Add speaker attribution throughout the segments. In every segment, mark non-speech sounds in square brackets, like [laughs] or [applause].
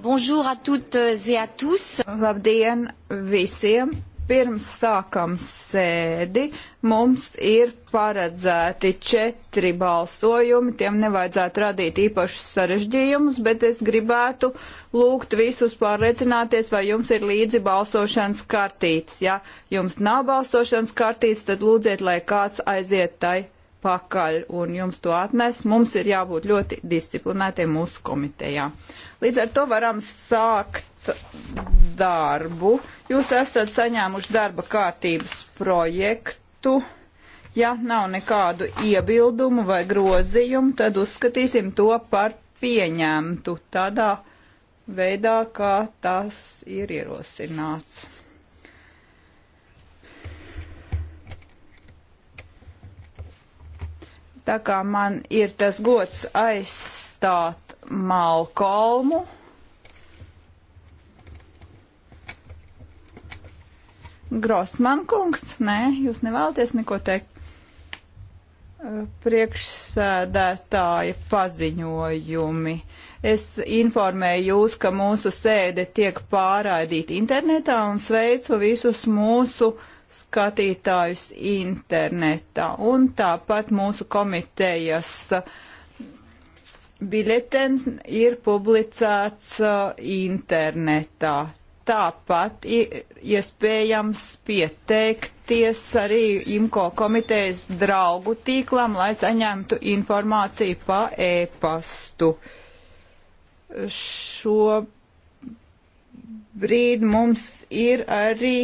Speaker 1: Bonjour à toutes euh, et à tous. Labdien visiem! Pirms sākam sēdi, mums ir paredzēti četri balsojumi, tiem nevajadzētu radīt īpašus sarežģījumus, bet es gribētu lūgt visus pārliecināties, vai jums ir līdzi balsošanas kartītes. Ja jums nav balsošanas kartītes, tad lūdziet, lai kāds aiziet tai pakaļ un jums to atnes, mums ir jābūt ļoti disciplinētiem mūsu komitejā. Līdz ar to varam sākt darbu. Jūs esat saņēmuši darba kārtības projektu. Ja nav nekādu iebildumu vai grozījumu, tad uzskatīsim to par pieņemtu tādā veidā, kā tas ir ierosināts. Tā kā man ir tas gods aizstāt Malkolmu. Grosman kungs, nē, jūs nevēlaties neko teikt. Eh, priekšsēdētāja paziņojumi. Es informēju jūs, ka mūsu sēde tiek pārraidīta internetā un sveicu visus mūsu uh, skatītājus internetā. Un tāpat mūsu komitejas uh, biļetens ir publicēts uh, internetā. Tāpat iespējams pieteikties arī IMCO komitejas draugu tīklam, lai saņemtu informāciju pa e-pastu. Šo brīdi mums ir arī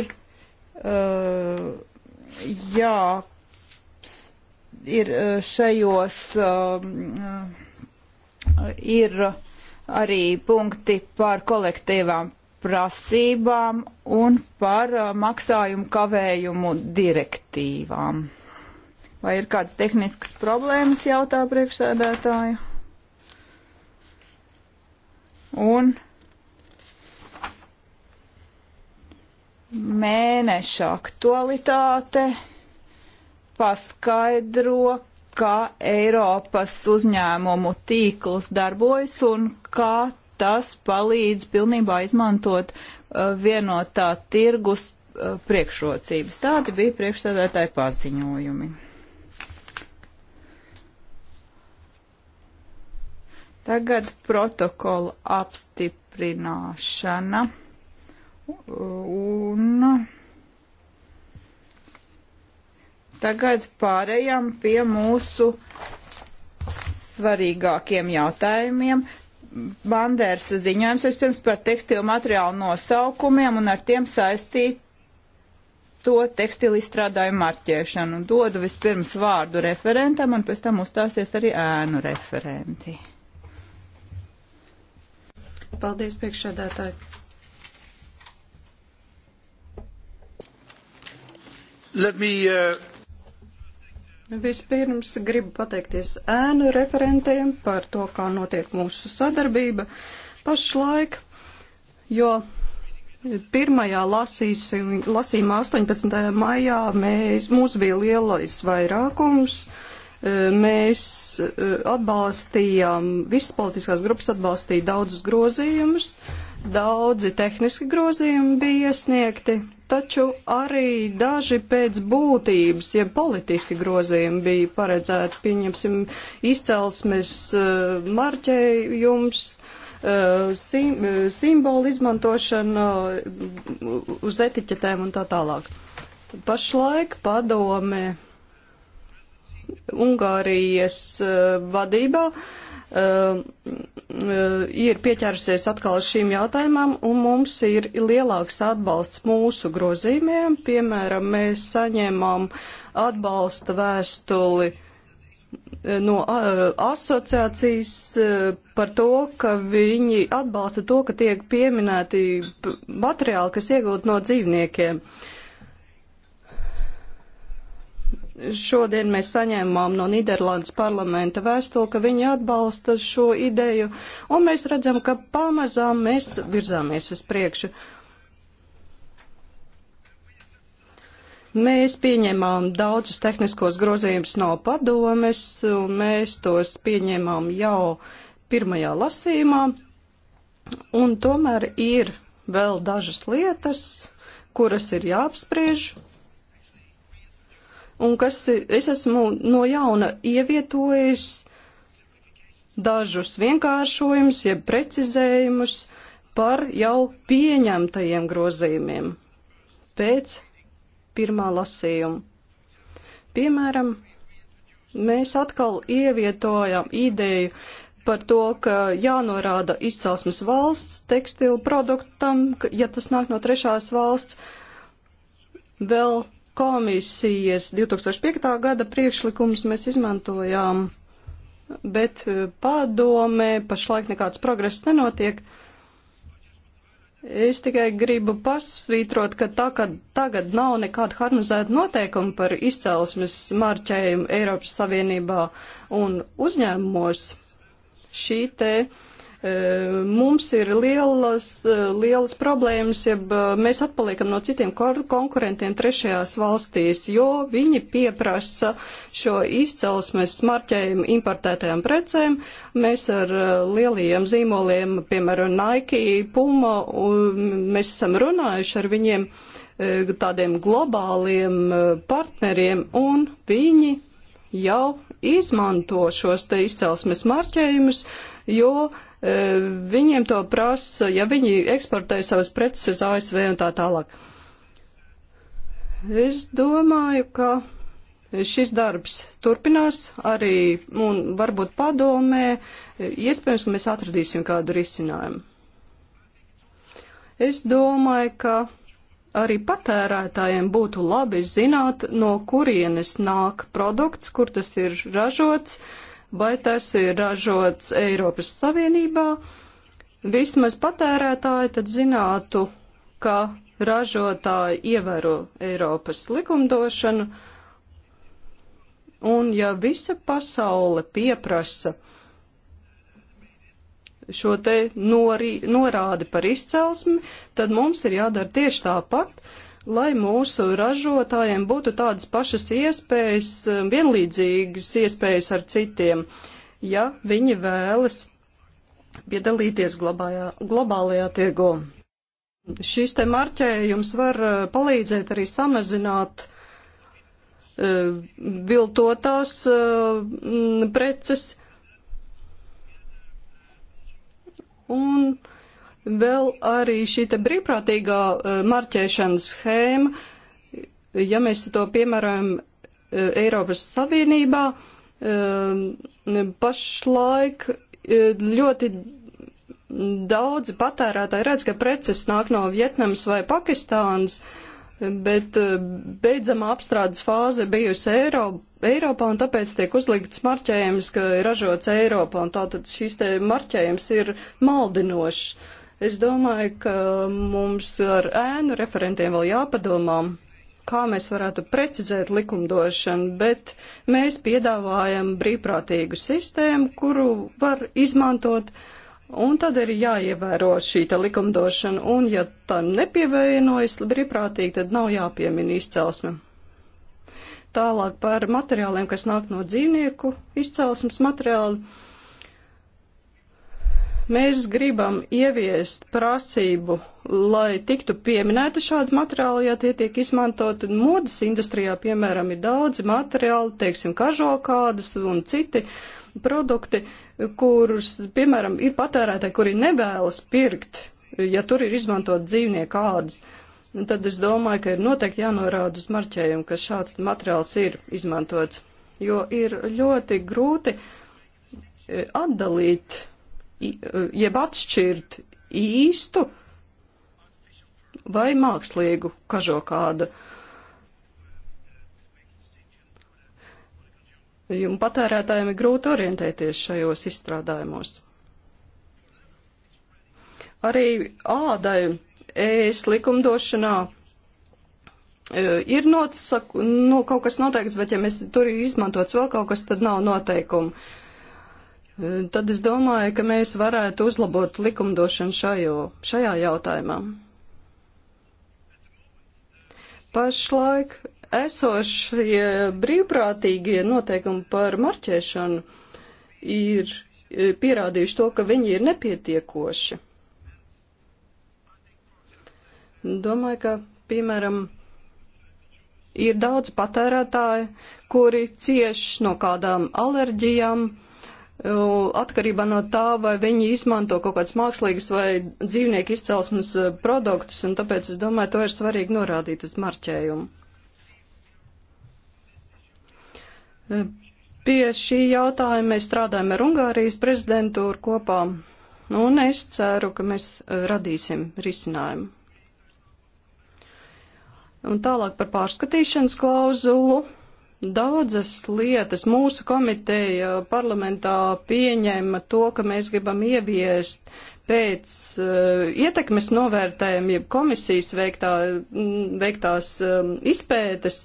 Speaker 1: Uh, jā, ir uh, šajos um, uh, ir arī punkti par kolektīvām prasībām un par maksājumu kavējumu direktīvām. Vai ir kādas tehniskas problēmas, jautā priekšsēdētāja? Un mēneša aktualitāte paskaidro, kā Eiropas uzņēmumu tīkls darbojas un kā tas palīdz pilnībā izmantot uh, vienotā tirgus uh, priekšrocības. Tādi bija priekšsēdētāji paziņojumi. Tagad protokola apstiprināšana. Un tagad pārējām pie mūsu svarīgākiem jautājumiem. Bandērs ziņojums vispirms par tekstilu materiālu nosaukumiem un ar tiem saistīt to tekstilu izstrādājumu marķēšanu. Dodu vispirms vārdu referentam un pēc tam uzstāsies arī ēnu referenti. Paldies, priekšsēdētāji.
Speaker 2: Me, uh...
Speaker 3: Vispirms gribu pateikties ēnu referentiem par to, kā notiek mūsu sadarbība pašlaik, jo pirmajā lasīsim, lasījumā 18. maijā mēs, mums bija lielais vairākums. Uh, Mēs eh, atbalstījām, visas politiskās grupas atbalstīja daudzus grozījumus, daudzi tehniski grozījumi bija iesniegti, taču arī daži pēc būtības, ja politiski grozījumi bija paredzēti, pieņemsim, izcelsmes eh, marķējums, eh, sim, simbolu izmantošana uz etiķetēm un tā tālāk. Pašlaik padome Ungārijas eh, vadībā eh, eh, ir pieķērusies atkal šīm jautājumam, un mums ir lielāks atbalsts mūsu grozījumiem. Piemēram, mēs saņēmām atbalsta vēstuli no asociācijas par to, ka viņi atbalsta to, ka tiek pieminēti materiāli, kas iegūt no dzīvniekiem. Uh, Šodien mēs saņēmām no Nīderlandes parlamenta vēstuli, ka viņi atbalsta šo ideju, un mēs redzam, ka pamazām mēs virzāmies uz priekšu. Mēs pieņēmām daudzus tehniskos grozījumus no padomes, un mēs tos pieņēmām jau pirmajā lasīmā, un tomēr ir vēl dažas lietas, kuras ir jāapspriež, un kas es esmu no jauna ievietojis dažus vienkāršojumus, jeb precizējumus par jau pieņemtajiem grozījumiem pēc pirmā lasījuma. Piemēram, mēs atkal ievietojam ideju par to, ka jānorāda izcelsmes valsts tekstilu produktam, ja tas nāk no trešās valsts. Vēl komisijas 2005. gada priekšlikumus mēs izmantojām, bet eh, padomē pašlaik nekāds progress nenotiek. Es tikai gribu pasvītrot, ka tā, ka tagad nav nekāda harmonizēta noteikuma par izcelsmes marķējumu Eiropas Savienībā un uzņēmumos šī te uh, E, mums ir lielas, e, lielas problēmas, ja e, mēs atpaliekam no citiem konkurentiem trešajās valstīs, jo viņi pieprasa šo izcelsmes marķējumu importētajām precēm. Mēs ar lielajiem zīmoliem, piemēram, Nike, Puma, mēs esam runājuši ar viņiem tādiem globāliem partneriem, un viņi jau izmanto šos te izcelsmes marķējumus, jo uh, E, viņiem to prasa, ja viņi eksportē savas preces uz ASV un tā tālāk. Es domāju, ka šis darbs turpinās arī, un varbūt padomē, iespējams, ka mēs atradīsim kādu risinājumu. Es domāju, ka arī patērētājiem būtu labi zināt, no kurienes nāk produkts, kur tas ir ražots, uh, vai tas ir ražots Eiropas Savienībā, vismaz patērētāji tad zinātu, ka ražotāji ievēro Eiropas likumdošanu, un ja visa pasaule pieprasa šo te norī, norādi par izcelsmi, tad mums ir jādara tieši tāpat, lai mūsu ražotājiem būtu tādas pašas iespējas, um, vienlīdzīgas iespējas ar citiem, ja viņi vēlas piedalīties globājā, globālajā tirgo. Šis te marķējums var uh, palīdzēt arī samazināt uh, viltotās uh, preces. Un Vēl arī šī te brīvprātīgā e, marķēšanas schēma, ja mēs to piemērojam e, Eiropas Savienībā, e, pašlaik ļoti daudzi patērētāji redz, ka preces nāk no Vietnams vai Pakistānas, bet beidzamā apstrādes fāze bijusi Eiro, Eiropā, un tāpēc tiek uzlikts marķējums, ka ir ražots Eiropā, un tātad šīs te marķējums ir maldinošs. Es domāju, ka mums ar ēnu referentiem vēl jāpadomā, kā mēs varētu precizēt likumdošanu, bet mēs piedāvājam brīvprātīgu sistēmu, kuru var izmantot, un tad ir jāievēro šī likumdošana, un ja tam nepievienojas brīvprātīgi, tad nav jāpiemina izcelsme. Tālāk par materiāliem, kas nāk no dzīvnieku izcelsmes materiālu Mēs gribam ieviest prasību, lai tiktu pieminēti šādi materiāli, ja tie tiek izmantoti modas industrijā, piemēram, ir daudzi materiāli, teiksim, kažokādas un citi produkti, kurus, piemēram, ir patērētāji, kuri nevēlas pirkt, ja tur ir izmantot dzīvnieku ādas. Tad es domāju, ka ir noteikti jānorāda uz marķējumu, ka šāds materiāls ir izmantots, jo ir ļoti grūti eh, atdalīt E, jeb atšķirt īstu vai mākslīgu kažokādu. Un patērētājiem ir grūti orientēties šajos izstrādājumos. Arī ādai ēs likumdošanā e, ir nosaku, nu, kaut kas noteikts, bet ja mēs tur izmantots vēl kaut kas, tad nav noteikumu tad es domāju, ka mēs varētu uzlabot likumdošanu šajo, šajā jautājumā. Pašlaik esošie brīvprātīgie noteikumi par marķēšanu ir e, pierādījuši to, ka viņi ir nepietiekoši. Domāju, ka, piemēram, ir daudz patērētāju, kuri cieš no kādām alerģijām, atkarībā no tā, vai viņi izmanto kaut kāds mākslīgs vai dzīvnieku izcelsmes eh, produktus, un tāpēc es domāju, to ir svarīgi norādīt uz marķējumu. Eh, pie šī jautājuma mēs strādājam ar Ungārijas prezidentūru kopā, un es ceru, ka mēs eh, radīsim risinājumu. Un tālāk par pārskatīšanas klauzulu. Daudzas lietas mūsu komiteja parlamentā pieņēma to, ka mēs gribam ieviest pēc uh, ietekmes novērtējuma, jeb komisijas veiktā, mm, veiktās um, izpētes.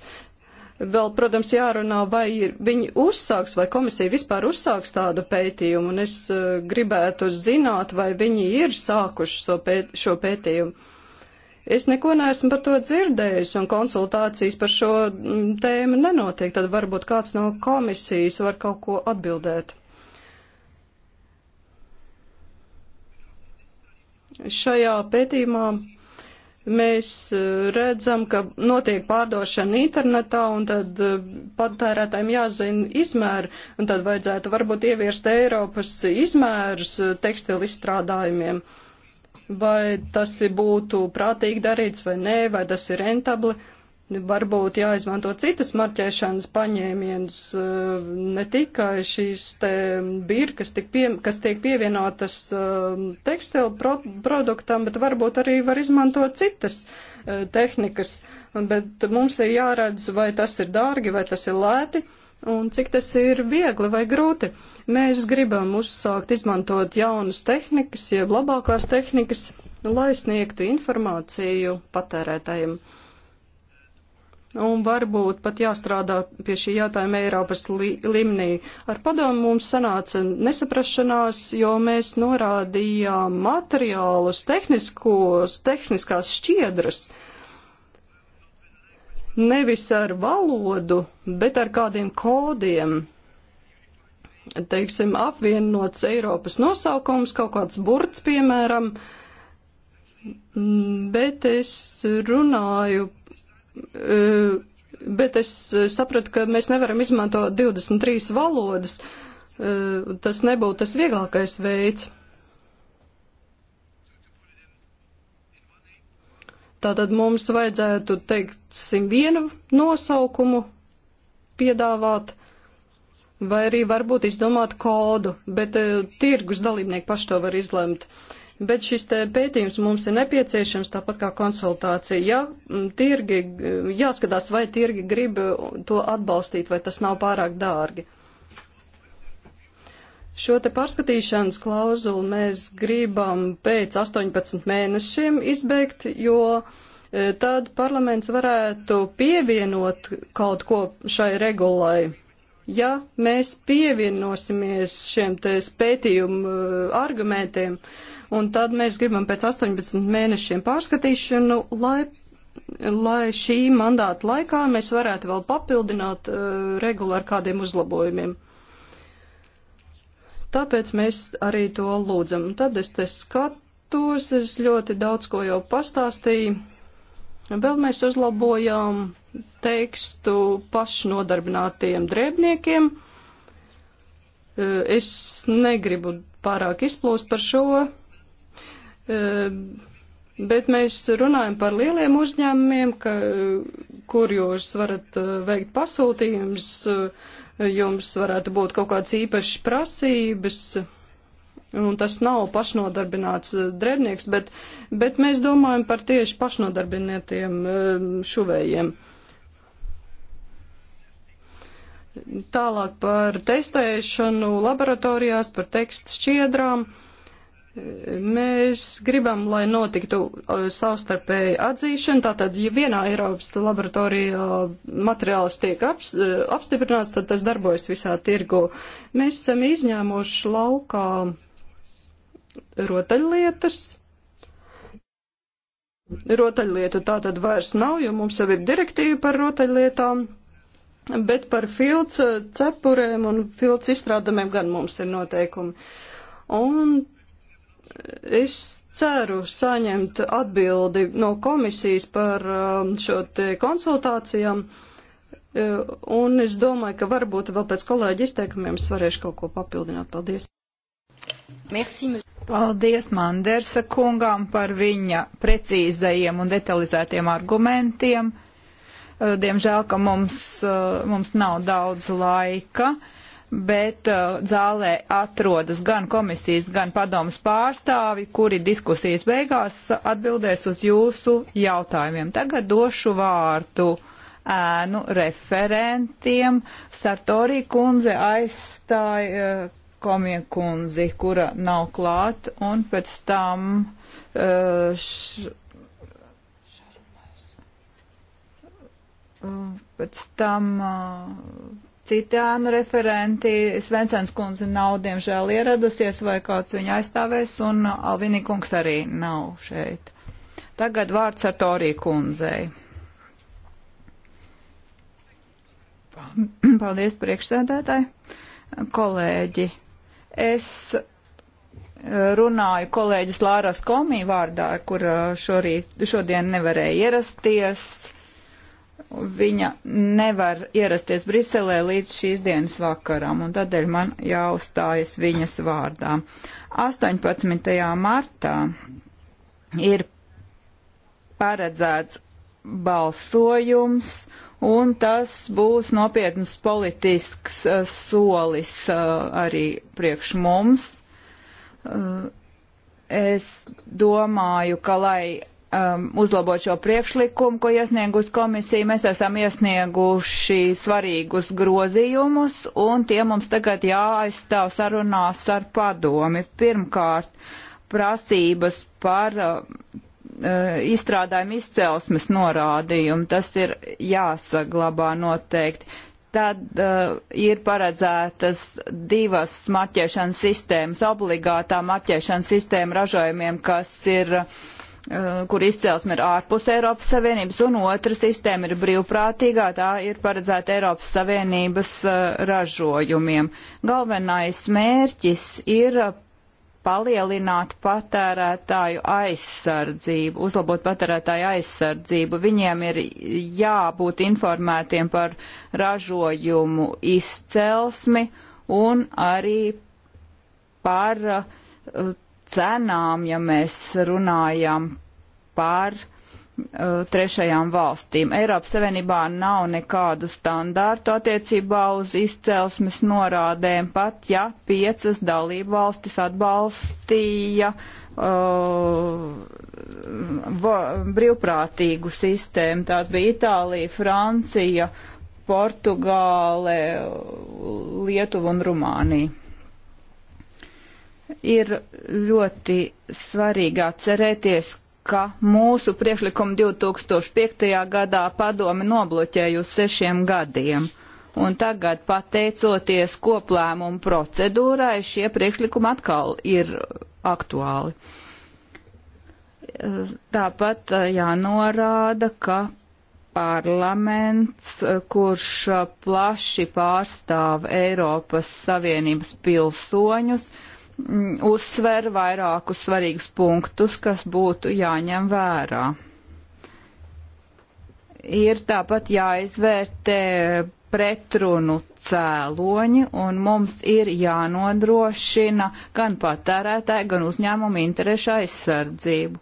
Speaker 3: Vēl, protams, jārunā, vai viņi uzsāks, vai komisija vispār uzsāks tādu pētījumu, un es uh, gribētu zināt, vai viņi ir sākuši so pēt, šo pētījumu. Es neko neesmu par to dzirdējis, un konsultācijas par šo mm, tēmu nenotiek. Tad varbūt kāds no komisijas var kaut ko atbildēt. Šajā pētījumā mēs e, redzam, ka notiek pārdošana internetā, un tad e, patērētājiem jāzina izmēri, un tad vajadzētu varbūt ieviest Eiropas izmērus e, tekstilu izstrādājumiem. Uh, vai tas būtu prātīgi darīts vai nē, vai tas ir rentabli. Varbūt jāizmanto citus marķēšanas paņēmienus, eh, ne tikai šīs te birkas, pie, kas tiek pievienotas eh, tekstilu pro, produktam, bet varbūt arī var izmantot citas eh, tehnikas. Bet mums ir jāredz, vai tas ir dārgi, vai tas ir lēti un cik tas ir viegli vai grūti. Mēs gribam uzsākt izmantot jaunas tehnikas, jeb labākās tehnikas, lai sniegtu informāciju patērētājiem. Un varbūt pat jāstrādā pie šī jautājuma Eiropas līmenī. Ar padomu mums sanāca nesaprašanās, jo mēs norādījām materiālus, tehniskos, tehniskās šķiedras, uh, nevis ar valodu, bet ar kādiem kodiem. Teiksim, apvienots Eiropas nosaukums, kaut kāds burts, piemēram, bet es runāju, eh, bet es sapratu, ka mēs nevaram izmantot 23 valodas, eh, tas nebūtu tas vieglākais veids. Tātad mums vajadzētu teikt 101 nosaukumu piedāvāt, vai arī varbūt izdomāt kodu, bet e, tirgus dalībnieki paši to var izlemt. Bet šis pētījums mums ir nepieciešams, tāpat kā konsultācija. Ja mm, tirgi, eh, jāskatās, vai tirgi grib to atbalstīt, vai tas nav pārāk dārgi. Šo te pārskatīšanas klauzulu mēs gribam pēc 18 mēnešiem izbeigt, jo e, tad parlaments varētu pievienot kaut ko šai regulai. Ja mēs pievienosimies šiem te pētījumu e, argumentiem, un tad mēs gribam pēc 18 mēnešiem pārskatīšanu, lai, lai šī mandāta laikā mēs varētu vēl papildināt uh, regulu ar kādiem uzlabojumiem. Tāpēc mēs arī to lūdzam. Un tad es te skatos, es ļoti daudz ko jau pastāstīju. Vēl mēs uzlabojām tekstu pašnodarbinātiem drēbniekiem. Es negribu pārāk izplūst par šo, bet mēs runājam par lieliem uzņēmumiem, ka, kur jūs varat veikt pasūtījumus jums varētu būt kaut kādas īpašas prasības, un tas nav pašnodarbināts drebnieks, bet, bet mēs domājam par tieši pašnodarbinātiem eh, šuvējiem. Tālāk par testēšanu laboratorijās, par tekstu šķiedrām. Uh, Mēs gribam, lai notiktu uh, savstarpēji atzīšana, tātad, ja vienā Eiropas laboratorijā uh, materiāls tiek aps, uh, apstiprināts, tad tas darbojas visā tirgu. Mēs esam izņēmuši laukā rotaļlietas. Rotaļlietu tātad vairs nav, jo mums jau ir direktīva par rotaļlietām, bet par filcu cepurēm un filcu izstrādamiem gan mums ir noteikumi. Un Es ceru saņemt atbildi no komisijas par um, šo te konsultācijām, uh, un es domāju, ka varbūt vēl pēc kolēģi izteikumiem es varēšu kaut ko papildināt. Paldies!
Speaker 1: Merci, Paldies Mandersa kungām par viņa precīzajiem un detalizētiem argumentiem. Uh, diemžēl, ka mums, uh, mums nav daudz laika bet uh, zālē atrodas gan komisijas, gan padomas pārstāvi, kuri diskusijas beigās atbildēs uz jūsu jautājumiem. Tagad došu vārtu ēnu referentiem. Sartori kundze aizstāja uh, komie kundzi, kura nav klāt, un pēc tam uh, š, uh, pēc tam uh, citānu referenti. Svensens kundze nav, diemžēl, ieradusies, vai kāds viņu aizstāvēs, un Alvinī kungs arī nav šeit. Tagad vārds ar Torī kundzei. [clears throat] Paldies priekšsēdētāji, kolēģi. Es eh, runāju kolēģis Lāras Komī vārdā, kur eh, šorīt, šodien nevarēja ierasties viņa nevar ierasties Briselē līdz šīs dienas vakaram, un tādēļ man jāuzstājas viņas vārdā. 18. martā ir paredzēts balsojums, un tas būs nopietnas politisks uh, solis uh, arī priekš mums. Uh, es domāju, ka lai um, uzlabot šo priekšlikumu, ko iesniegus komisija. Mēs esam iesnieguši svarīgus grozījumus, un tie mums tagad jāaizstāv sarunās ar padomi. Pirmkārt, prasības par uh, uh, izstrādājumu izcelsmes norādījumu. Tas ir jāsaglabā noteikti. Tad uh, ir paredzētas divas marķēšanas sistēmas, obligātā marķēšanas sistēma ražojumiem, kas ir uh, Uh, kur izcelsme ir ārpus Eiropas Savienības, un otra sistēma ir brīvprātīgā, tā ir paredzēta Eiropas Savienības uh, ražojumiem. Galvenais mērķis ir palielināt patērētāju aizsardzību, uzlabot patērētāju aizsardzību. Viņiem ir jābūt informētiem par ražojumu izcelsmi un arī par uh, cenām, ja mēs runājam par uh, trešajām valstīm. Eiropas Savienībā nav nekādu standārtu attiecībā uz izcelsmes norādēm, pat ja piecas dalību valstis atbalstīja uh, va, brīvprātīgu sistēmu. Tās bija Itālija, Francija, Portugāle, Lietuva un Rumānija ir ļoti svarīgi atcerēties, ka mūsu priekšlikumu 2005. gadā padome nobloķēja uz sešiem gadiem. Un tagad, pateicoties koplēmumu procedūrai, šie priekšlikumi atkal ir aktuāli. Tāpat eh, jānorāda, ka parlaments, eh, kurš eh, plaši pārstāv Eiropas Savienības pilsoņus, uh, Mm, uzsver vairākus svarīgus punktus, kas būtu jāņem vērā. Ir tāpat jāizvērtē pretrunu cēloņi, un mums ir jānodrošina gan patērētāji, gan uzņēmumu interešu aizsardzību.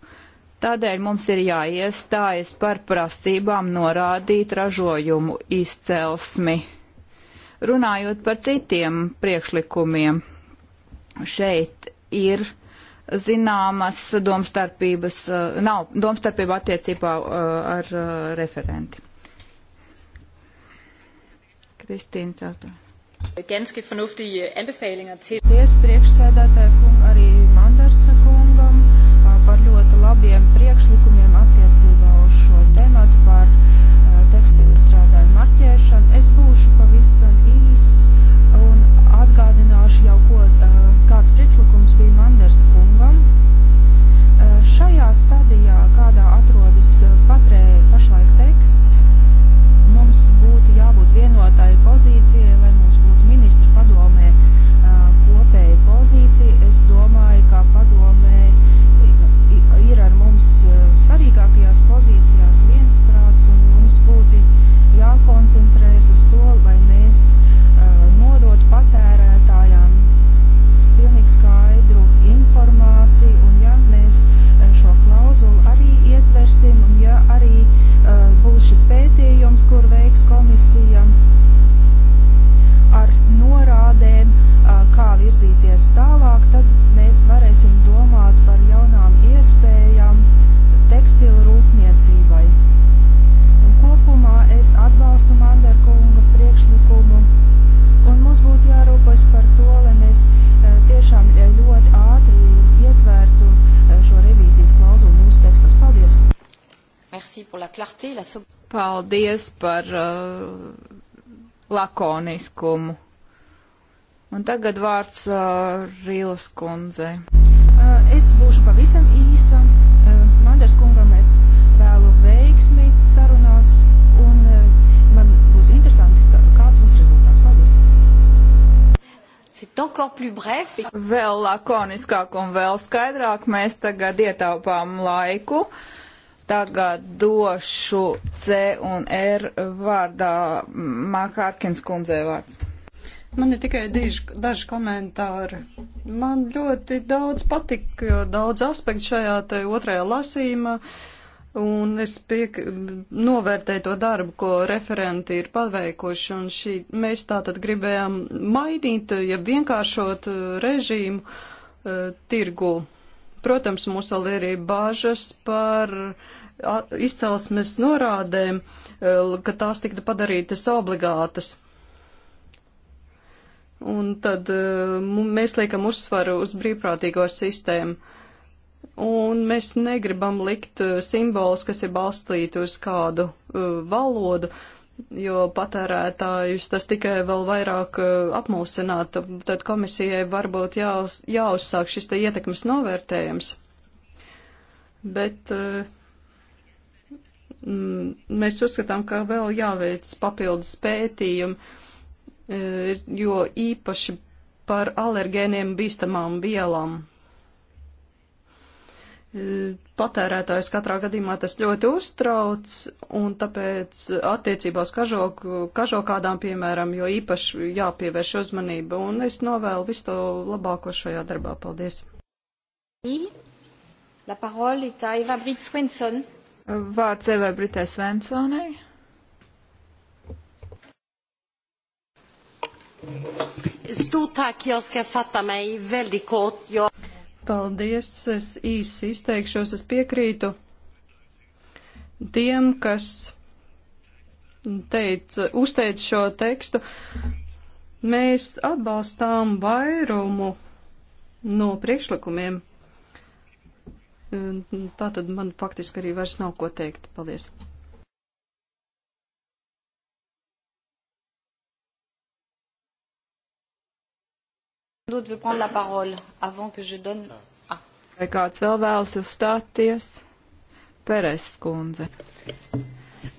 Speaker 1: Tādēļ mums ir jāiestājas par prasībām norādīt ražojumu izcelsmi. Runājot par citiem priekšlikumiem, šeit ir zināmas domstarpības, eh, nav domstarpība attiecībā eh, ar eh, referenti. Kristīna Celtā.
Speaker 2: Ganske fornuftige anbefalinger til. Yes, priekšsēdētāja kunga arī patrē, pašlaik teksts, mums būtu jābūt vienotai pozīcijai, lai mums būtu ministru padomē uh, kopēja pozīcija. Es domāju, ka padomē ir ar mums svarīgākajās pozīcijās viensprāts un mums būtu jākoncentrēs uz to, veiksim, un ja arī uh, būs šis pētījums, kur veiks komisija ar norādēm, uh, kā virzīties tālāk, tad mēs varēsim domāt par jaunām iespējām tekstilu rūpniecībai. Un kopumā es atbalstu Mandarkunga priekšlikumu, un mums būtu jārūpes par to, lai mēs uh, tiešām uh, Merci pour la clarté, la sob...
Speaker 1: Paldies par uh, lakoniskumu. Un tagad vārds uh, Rīlas kundzei.
Speaker 2: Uh, es būšu pavisam īsa. Uh, Manders kungam es vēlu veiksmi sarunās un uh, man būs interesanti, kā, kāds būs rezultāts.
Speaker 1: Paldies! Vēl lakoniskāk un vēl skaidrāk mēs tagad ietaupām laiku. Uh, Tagad došu C un R vārdā Makārkins kundzei vārds.
Speaker 3: Man ir tikai diži, daži komentāri. Man ļoti daudz patika, daudz aspektu šajā te otrajā lasījumā, un es piek, novērtēju to darbu, ko referenti ir paveikuši, un šī, mēs tātad gribējām mainīt, ja vienkāršot uh, režīmu uh, tirgu. Protams, mums vēl ir bāžas par uh, izcelsmes norādēm, e, ka tās tiktu padarītas obligātas. Un tad e, mēs liekam uzsvaru uz brīvprātīgo sistēmu. Un mēs negribam likt e, simbolus, kas ir balstīti uz kādu valodu, jo patērētājus tas tikai vēl vairāk apmulsinātu. Tad komisijai varbūt jāuz, jāuzsāk šis te ietekmes novērtējums. Bet uh, Mm, mēs uzskatām, ka vēl jāveic papildus pētījumi, e, jo īpaši par alergēniem bīstamām vielām. E, patērētājs katrā gadījumā tas ļoti uztrauc, un tāpēc attiecībās kažok, kažokādām, piemēram, jo īpaši jāpievērš uzmanība, un es novēlu visu to
Speaker 1: labāko šajā darbā. Paldies! La parole est à Eva Britt Swenson. Vārds Evai Britai Svensonai. Stort tack, jag ska fatta
Speaker 3: mig väldigt kort. Jag... Paldies, es īsi izteikšos, es piekrītu tiem, kas teica, uzteica šo tekstu. Mēs atbalstām vairumu no priekšlikumiem. Tā tad man faktiski arī vairs nav ko teikt. Paldies!
Speaker 2: D'autres veut prendre la parole avant que je donne. Ah.
Speaker 1: Vai kāds vēl vēlas uzstāties? Peres skundze.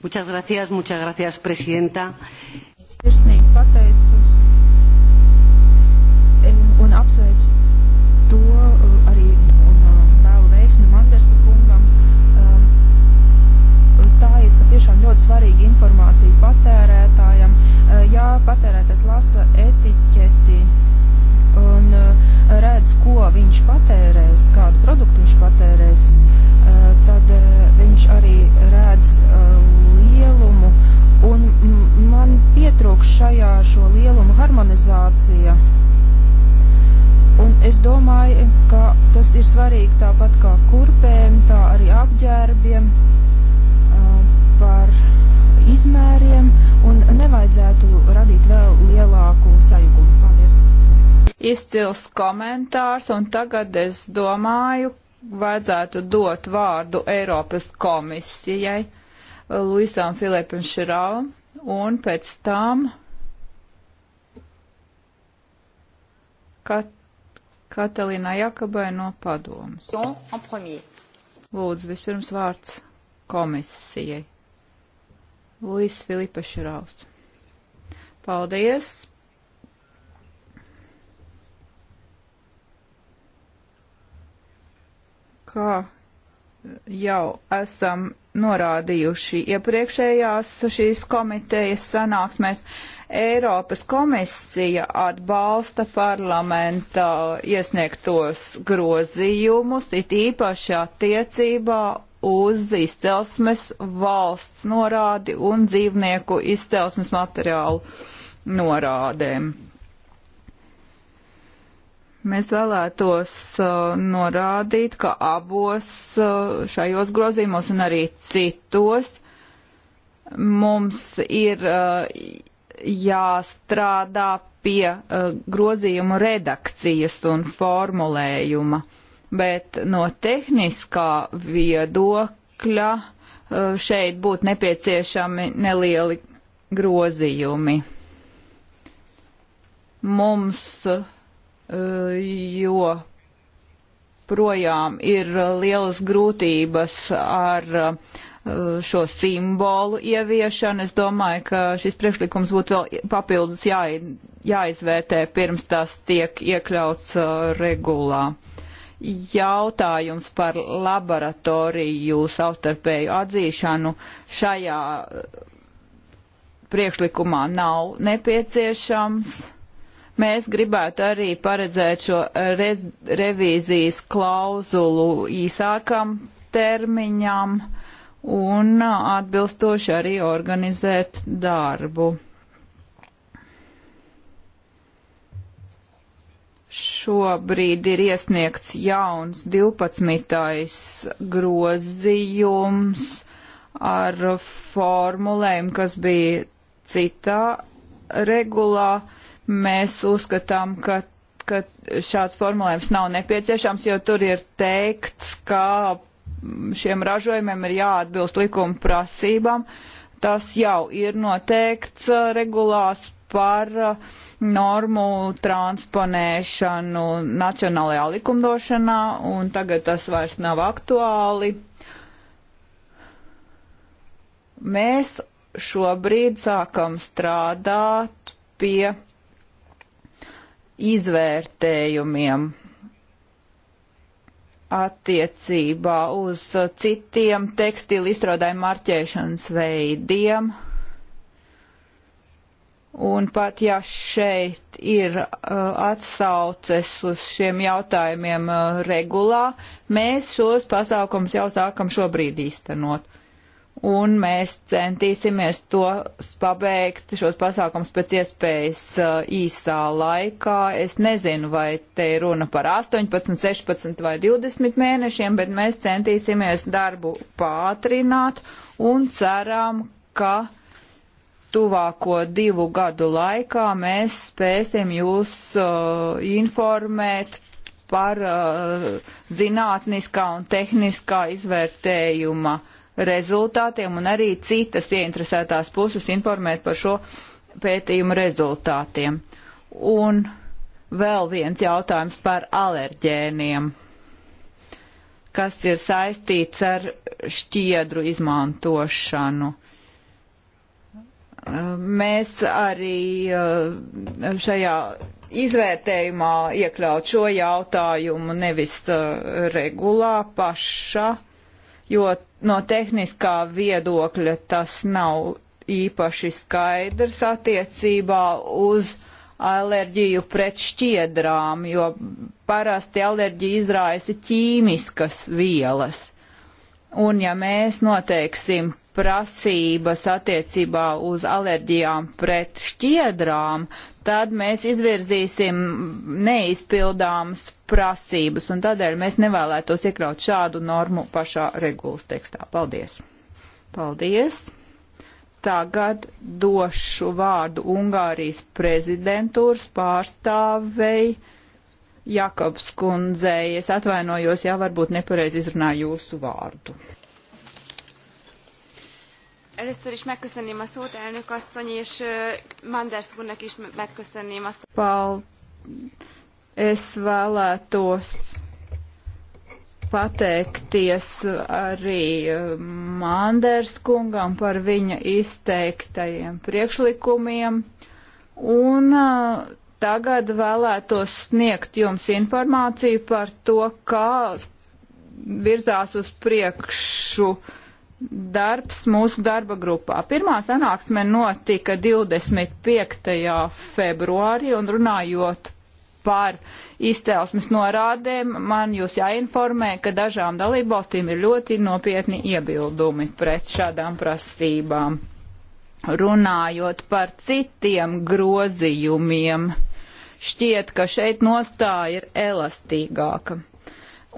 Speaker 1: Muchas gracias, muchas gracias, presidenta.
Speaker 2: Sirsnīgi pateicos tiešām ļoti svarīga informācija patērētājam. Eh, jā, patērētājs lasa etiķeti un eh, redz, ko viņš patērēs, kādu produktu viņš patērēs, eh, tad viņš arī redz lielumu. Un man pietrūks šajā šo lielumu harmonizācija. Un es domāju, ka tas ir svarīgi tāpat kā kurpēm, tā arī apģērbiem. Uh, par izmēriem un nevajadzētu radīt vēl lielāku sajukumu. Paldies!
Speaker 1: Izcils komentārs, un tagad es domāju, vajadzētu dot vārdu Eiropas komisijai Luisam Filipam Širāvam, un pēc tam Kat Katalīnā Jakabai no padomas. Lūdzu, vispirms vārds komisijai. Luis Filipa Šurāls. Paldies! Kā jau esam norādījuši iepriekšējās šīs komitejas sanāksmēs, Eiropas komisija atbalsta parlamentā iesniegtos grozījumus, it īpaši attiecībā uz izcelsmes valsts norādi un dzīvnieku izcelsmes materiālu norādēm. Mēs vēlētos uh, norādīt, ka abos uh, šajos grozījumos un arī citos mums ir uh, jāstrādā pie uh, grozījumu redakcijas un formulējuma. Uh, bet no tehniskā viedokļa e, šeit būtu nepieciešami nelieli grozījumi. Mums e, jo projām ir lielas grūtības ar e, šo simbolu ieviešanu. Es domāju, ka šis priekšlikums būtu vēl papildus jā, jāizvērtē pirms tas tiek iekļauts regulā jautājums par laboratoriju savstarpēju atzīšanu šajā eh, priekšlikumā nav nepieciešams. Mēs gribētu arī paredzēt šo re revīzijas klauzulu īsākam termiņam un atbilstoši arī organizēt darbu. Šobrīd ir iesniegts jauns 12. grozījums ar formulēm, kas bija citā regulā. Mēs uzskatām, ka, ka šāds formulējums nav nepieciešams, jo tur ir teikts, ka šiem ražojumiem ir jāatbilst likuma prasībām. Tas jau ir noteikts eh, regulās par uh, normu transponēšanu nacionālajā likumdošanā, un tagad tas vairs nav aktuāli. Mēs šobrīd sākam strādāt pie izvērtējumiem attiecībā uz citiem tekstilu izstrādājumu marķēšanas veidiem. Un pat ja šeit ir uh, atsauces uz šiem jautājumiem uh, regulā, mēs šos pasākums jau sākam šobrīd īstenot. Un mēs centīsimies to pabeigt, šos pasākums pēc iespējas uh, īsā laikā. Es nezinu, vai te ir runa par 18, 16 vai 20 mēnešiem, bet mēs centīsimies darbu pātrināt un ceram, ka uh, tuvāko divu gadu laikā mēs spēsim jūs uh, informēt par uh, zinātniskā un tehniskā izvērtējuma rezultātiem un arī citas ieinteresētās puses informēt par šo pētījumu rezultātiem. Un vēl viens jautājums par alerģēniem, kas ir saistīts ar šķiedru izmantošanu. Uh, mēs arī uh, šajā izvērtējumā iekļaut šo jautājumu nevis uh, regulā paša, jo no tehniskā viedokļa tas nav īpaši skaidrs attiecībā uz alerģiju pret šķiedrām, jo parasti alerģija izraisa ķīmiskas vielas. Un ja mēs noteiksim, prasības attiecībā uz alerģijām pret šķiedrām, tad mēs izvirzīsim neizpildāmas prasības, un tādēļ mēs nevēlētos iekļaut šādu normu pašā regulas tekstā. Paldies! Paldies! Tagad došu vārdu Ungārijas prezidentūras pārstāvei. Jakobs kundzei, es atvainojos, jā, varbūt nepareiz izrunāju jūsu vārdu. Először is megköszönném a szót, elnök asszony, és Manders úrnak is megköszönném azt. Pal, es vēlētos pateikties arī Manders kungam par viņa izteiktajiem priekšlikumiem. Un tagad vēlētos sniegt jums informāciju par to, kā virzās uz priekšu uh, darbs mūsu darba grupā. Pirmā sanāksme notika 25. februārī un runājot par izcelsmes norādēm, man jūs jāinformē, ka dažām dalībvalstīm ir ļoti nopietni iebildumi pret šādām prasībām. Runājot par citiem grozījumiem, šķiet, ka šeit nostāja ir elastīgāka.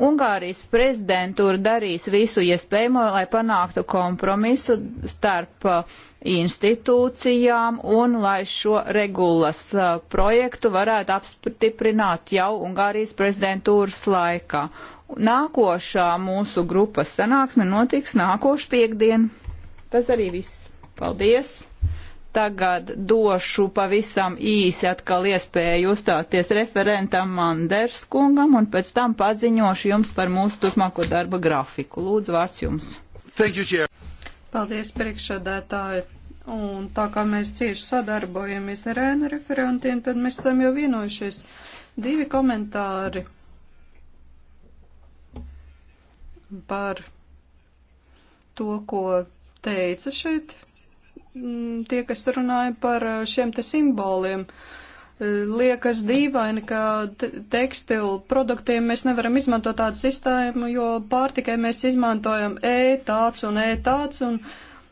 Speaker 1: Ungārijas prezidentūra darīs visu iespējamo, lai panāktu kompromisu starp uh, institūcijām un lai šo regulas uh, projektu varētu apstiprināt jau Ungārijas prezidentūras laikā. Nākošā mūsu grupas sanāksme notiks nākošu piekdienu. Tas arī viss. Paldies! Tagad došu pavisam īsi atkal iespēju uzstāties referentam Manders kungam un pēc tam paziņošu jums par mūsu turpmāko darba grafiku. Lūdzu, vārds jums. Thank you, Chair.
Speaker 3: Paldies, priekšsādātāji. Un tā kā mēs cieši sadarbojamies ar ēnu referentiem, tad mēs esam jau vienojušies. Divi komentāri par to, ko teica šeit Mm, tie, kas runāja par eh, šiem te simboliem. Eh, liekas dīvaini, ka tekstilu produktiem mēs nevaram izmantot tādu sistēmu, jo pārtikai mēs izmantojam e tāds un e tāds, un,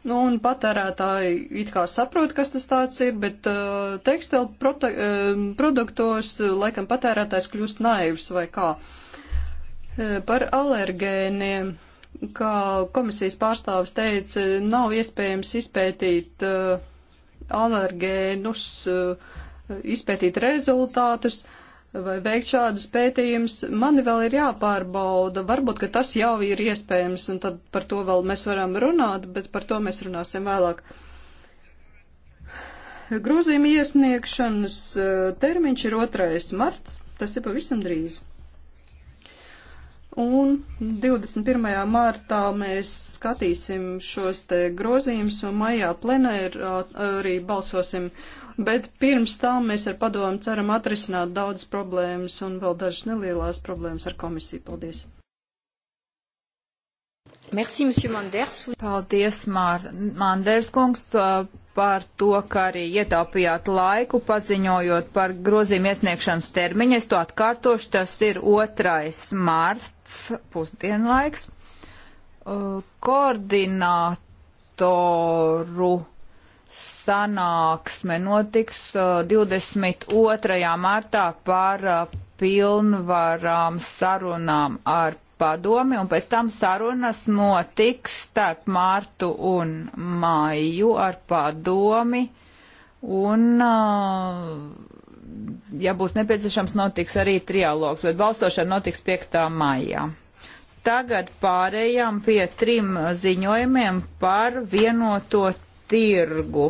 Speaker 3: nu, un patērētāji it kā saprot, kas tas tāds ir, bet uh, tekstilu produ uh, produktos laikam patērētājs kļūst naivs vai kā. Uh, par alergēniem. Uh, kā komisijas pārstāvis teica, nav iespējams izpētīt uh, alergēnus, uh, izpētīt rezultātus vai veikt šādus pētījumus. Mani vēl ir jāpārbauda, varbūt, ka tas jau ir iespējams, un tad par to vēl mēs varam runāt, bet par to mēs runāsim vēlāk. Grūzījuma iesniegšanas uh, termiņš ir 2. marts, tas ir pavisam drīz. Un 21. martā mēs skatīsim šos te grozījumus un maijā plenērā arī balsosim. Bet pirms tam mēs ar padomu ceram atrisināt daudz problēmas un vēl dažas
Speaker 1: nelielās problēmas ar komisiju. Paldies! Merci, Manders. Paldies, Mār Manders kungs par to, ka arī ietaupījāt laiku paziņojot par grozījumu iesniegšanas termiņu. Es to atkārtošu, tas ir 2. marts pusdienlaiks. Uh, koordinātoru sanāksme notiks 22. Uh, martā par uh, pilnvarām sarunām ar padomi, un pēc tam sarunas notiks starp mārtu un māju ar padomi, un, ja būs nepieciešams, notiks arī trialogs, bet balstošana notiks 5. maijā. Tagad pārējām pie trim ziņojumiem par vienoto tirgu.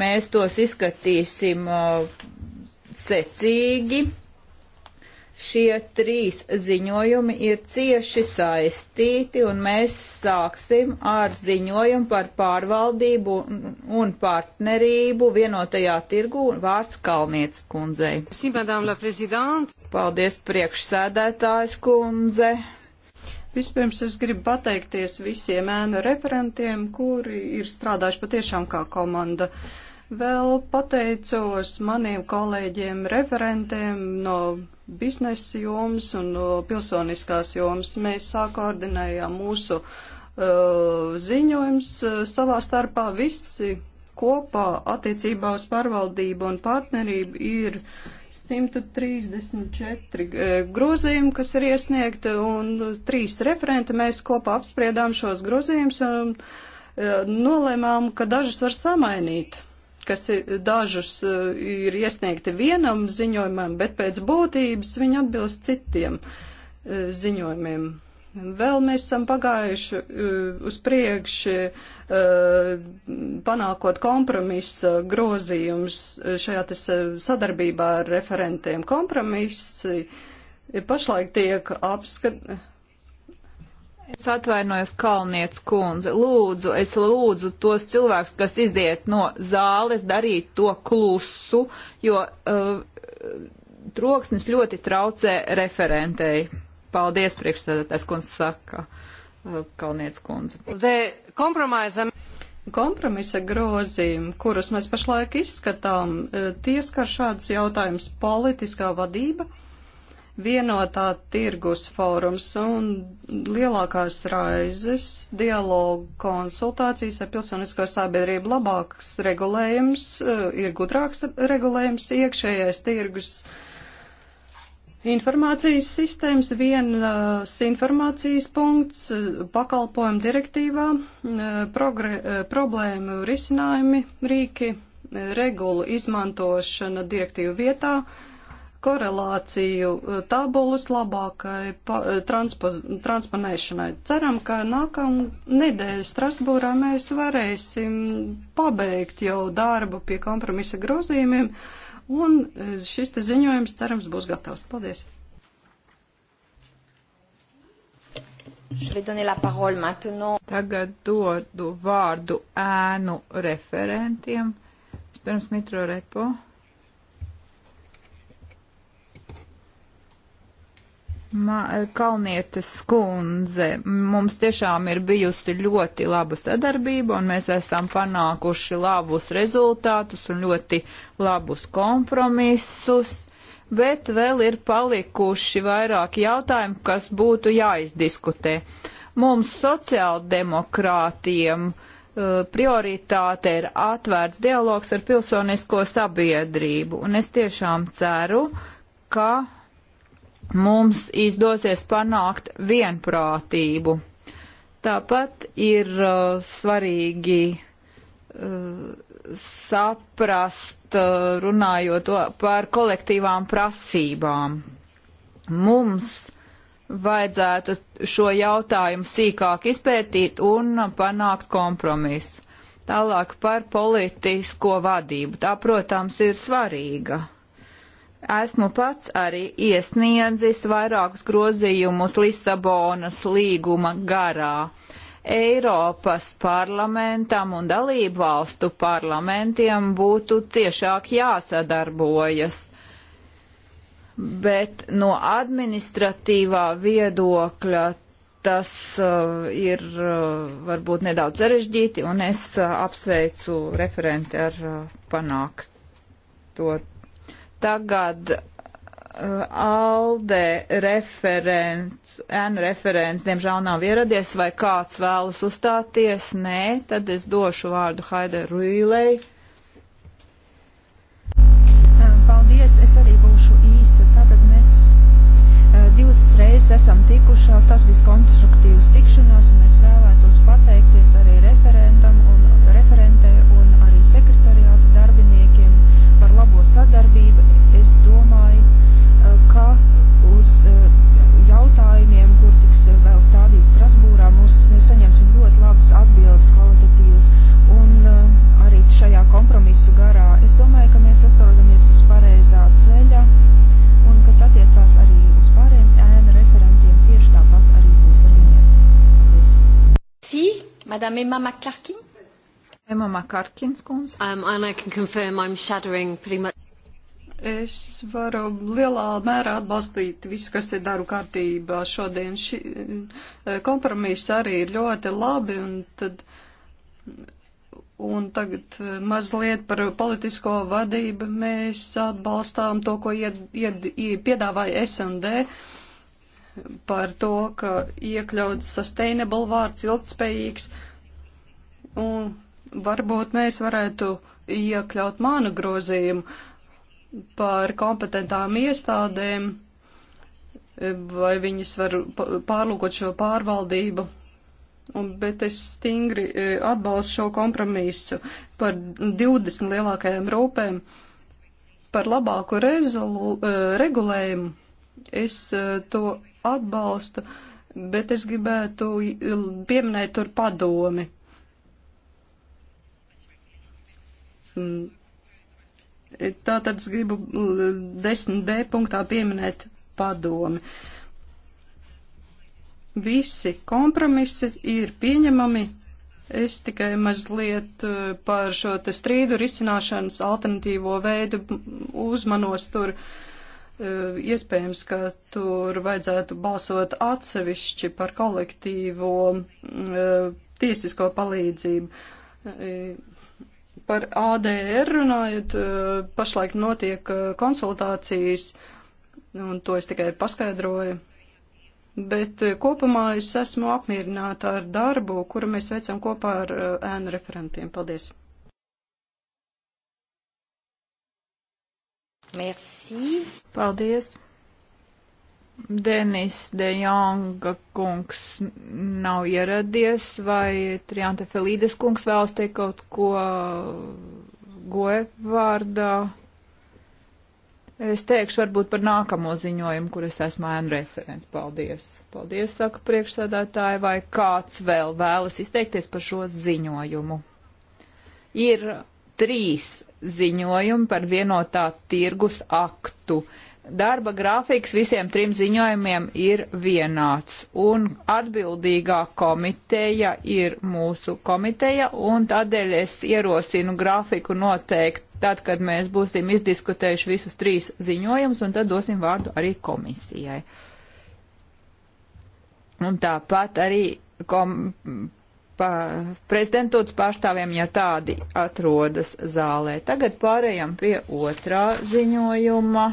Speaker 1: Mēs tos izskatīsim secīgi Šie trīs ziņojumi ir cieši saistīti, un mēs sāksim ar ziņojumu par pārvaldību un partnerību vienotajā tirgu un vārds Kalnietes kundzei. Paldies, priekšsēdētājs kundze! Vispirms es gribu pateikties visiem
Speaker 3: ēnu referentiem, kuri ir strādājuši patiešām kā komanda. Uh, Vēl pateicos maniem kolēģiem referentiem no biznesa jomas un no pilsoniskās jomas. Mēs sākoordinējām mūsu uh, ziņojums uh, savā starpā visi kopā attiecībā uz pārvaldību un partnerību ir 134 uh, grozījumi, kas ir iesniegti, un trīs referenti mēs kopā apspriedām šos grozījumus un uh, nolēmām, ka dažus var samainīt kas ir, dažus e, ir iesniegti vienam ziņojumam, bet pēc būtības viņi atbilst citiem e, ziņojumiem. Vēl mēs esam pagājuši e, uz priekšu, panākot kompromisa grozījums šajā sadarbībā ar referentiem. Kompromisi pašlaik tiek apskatīti
Speaker 1: Es atvainojos Kalnietes kundze. Lūdzu, es lūdzu tos cilvēkus, kas iziet no zāles, darīt to klusu, jo uh, troksnis ļoti traucē referentei. Paldies, priekšsēdētājs kundze saka uh, Kalnietes kundze.
Speaker 3: Kompromisa grozījumi, kurus mēs pašlaik izskatām, uh, tie skar šādus jautājumus - politiskā vadība vienotā tirgus fórums un lielākās raizes dialogu konsultācijas ar pilsonisko sabiedrību labāks regulējums, eh, ir gudrāks regulējums, iekšējais tirgus informācijas sistēmas, vienas informācijas punkts pakalpojumu direktīvā, eh, progre, eh, problēmu risinājumi, rīki, regulu izmantošana direktīvu vietā, uh, korelāciju eh, tabulas labākai pa, eh, transpoz, transponēšanai. Ceram, ka nākamā nedēļa Strasbūrā mēs varēsim pabeigt jau darbu pie kompromisa grozījumiem, un eh, šis te ziņojums, cerams, būs gatavs. Paldies!
Speaker 1: Tagad dodu vārdu ēnu referentiem. Pirms mitro repo. Ma, eh, Kalnietes kundze, mums tiešām ir bijusi ļoti laba sadarbība, un mēs esam panākuši labus rezultātus un ļoti labus kompromisus, bet vēl ir palikuši vairāki jautājumi, kas būtu jāizdiskutē. Mums sociāldemokrātiem eh, prioritāte ir atvērts dialogs ar pilsonisko sabiedrību, un es tiešām ceru, ka mums izdosies panākt vienprātību. Tāpat ir uh, svarīgi uh, saprast, uh, runājot par kolektīvām prasībām. Mums vajadzētu šo jautājumu sīkāk izpētīt un panākt kompromisu. Tālāk par politisko vadību. Tā, protams, ir svarīga Esmu pats arī iesniedzis vairākus grozījumus Lisabonas līguma garā. Eiropas parlamentam un dalību valstu parlamentiem būtu ciešāk jāsadarbojas. Bet no administratīvā viedokļa tas uh, ir uh, varbūt nedaudz sarežģīti, un es uh, apsveicu referenti ar uh, panākto Tagad uh, Alde referents, ēnu referents, diemžēl nav ieradies, vai kāds vēlas uzstāties? Nē, tad es došu vārdu Haidai Rūlei.
Speaker 2: Uh, paldies, es arī būšu īsa. Tātad mēs uh, divas reizes esam tikušās, tas bija konstruktīvs tikšanās, un es vēlēju
Speaker 1: Merci. Madame Emma McClarkin. Emma McClarkins kundze. Um, and I can confirm I'm shadowing pretty much. Es
Speaker 3: varu lielā mērā atbalstīt visu, kas ir daru kārtībā šodien. Ši, eh, kompromiss arī ir ļoti labi, un, tad, un tagad eh, mazliet par politisko vadību mēs atbalstām to, ko ied, ied, ied, piedāvāja S&D. Uh, par to, ka iekļauts sustainable vārds ilgtspējīgs, un varbūt mēs varētu iekļaut manu grozījumu par kompetentām iestādēm, vai viņas var pārlūkot šo pārvaldību. Un, bet es stingri e, atbalstu šo kompromisu par 20 lielākajām rūpēm, par labāku rezolu, e, regulējumu. Es e, to atbalsta, bet es gribētu pieminēt tur padomi. Mm. Tātad es gribu 10b punktā pieminēt padomi. Visi kompromisi ir pieņemami. Es tikai mazliet e, par šo te strīdu risināšanas alternatīvo veidu uzmanos tur. Uh, Eh, iespējams, ka tur vajadzētu balsot atsevišķi par kolektīvo mm, eh, tiesisko palīdzību. Eh, par ADR runājot, pašlaik notiek konsultācijas, un to es tikai paskaidroju. Bet kopumā es esmu apmierināta ar darbu, kuru mēs veicam kopā ar ēnu referentiem. Paldies!
Speaker 1: Merci. Paldies. Denis De Jonga kungs nav ieradies, vai Trianta Felīdes kungs vēlas teikt kaut ko goe vārdā? Es teikšu varbūt par nākamo ziņojumu, kur es esmu ēnu referents. Paldies. Paldies, saka priekšsēdētāji, vai kāds vēl vēlas izteikties par šo ziņojumu? Ir trīs ziņojumi par vienotā tirgus aktu. Darba grafiks visiem trim ziņojumiem ir vienāds, un atbildīgā komiteja ir mūsu komiteja, un tādēļ es ierosinu grafiku noteikt tad, kad mēs būsim izdiskutējuši visus trīs ziņojumus, un tad dosim vārdu arī komisijai. Un tāpat arī kom prezidentūtas pārstāvjiem, ja tādi atrodas zālē. Tagad pārējām pie otrā ziņojuma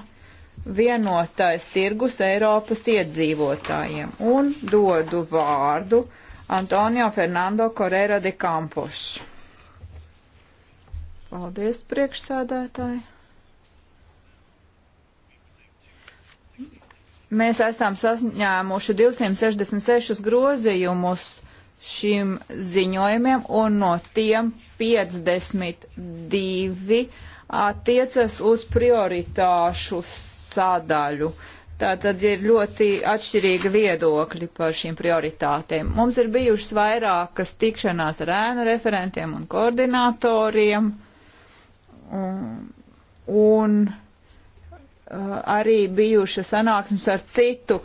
Speaker 1: vienotais tirgus Eiropas iedzīvotājiem un dodu vārdu Antonio Fernando Correra de Campos. Paldies, priekšsēdētāji! Mēs esam sasņēmuši 266 grozījumus šiem ziņojumiem, un no tiem 52 attiecas uz prioritāšu sadaļu. Tātad ir ļoti atšķirīgi viedokļi par šīm prioritātēm. Mums ir bijušas vairākas tikšanās ar ēnu referentiem un koordinatoriem, un, un uh, arī bijušas sanāksmes ar citu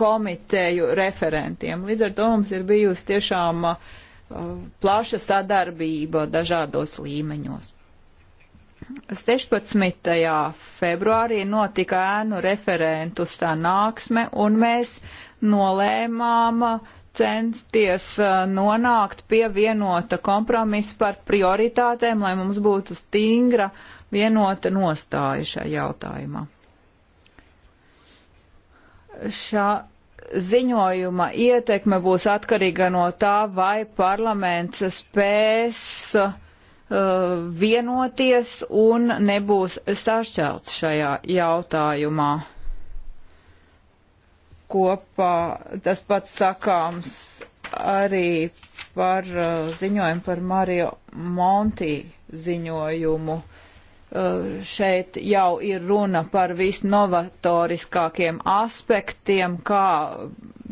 Speaker 1: komiteju referentiem. Līdz ar to mums ir bijusi tiešām uh, plaša sadarbība dažādos līmeņos. 16. februārī notika ēnu referentu sanāksme, un mēs nolēmām censties uh, nonākt pie vienota kompromisa par prioritātēm, lai mums būtu stingra vienota nostāja šajā jautājumā šā ziņojuma ietekme būs atkarīga no tā, vai parlaments spēs uh, vienoties un nebūs sašķelts šajā jautājumā. Kopā tas pats sakāms arī par uh, ziņojumu par Mario Monti ziņojumu. Uh, Eh, šeit jau ir runa par visnovatoriskākiem aspektiem, kā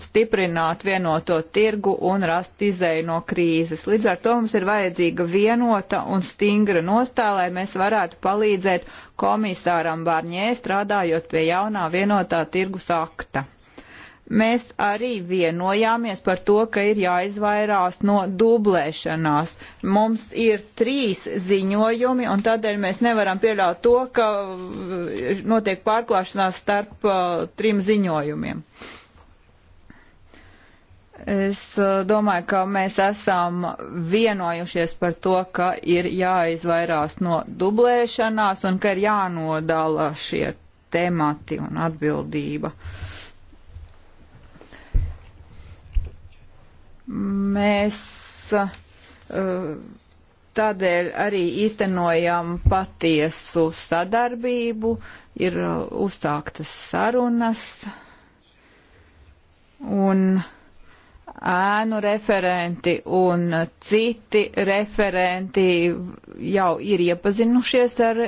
Speaker 1: stiprināt vienoto tirgu un rast izēju no krīzes. Līdz ar to mums ir vajadzīga vienota un stingra nostāja, lai mēs varētu palīdzēt komisāram Barņē strādājot pie jaunā vienotā tirgus akta mēs arī vienojāmies par to, ka ir jāizvairās no dublēšanās. Mums ir trīs ziņojumi, un tādēļ mēs nevaram pieļaut to, ka notiek pārklāšanās starp uh, trim ziņojumiem. Es uh, domāju, ka mēs esam vienojušies par to, ka ir jāizvairās no dublēšanās un ka ir jānodala šie temati un atbildība. Uh, Mēs uh, tādēļ arī īstenojam patiesu sadarbību, ir uh, uzsāktas sarunas un ēnu referenti un citi referenti jau ir iepazinušies ar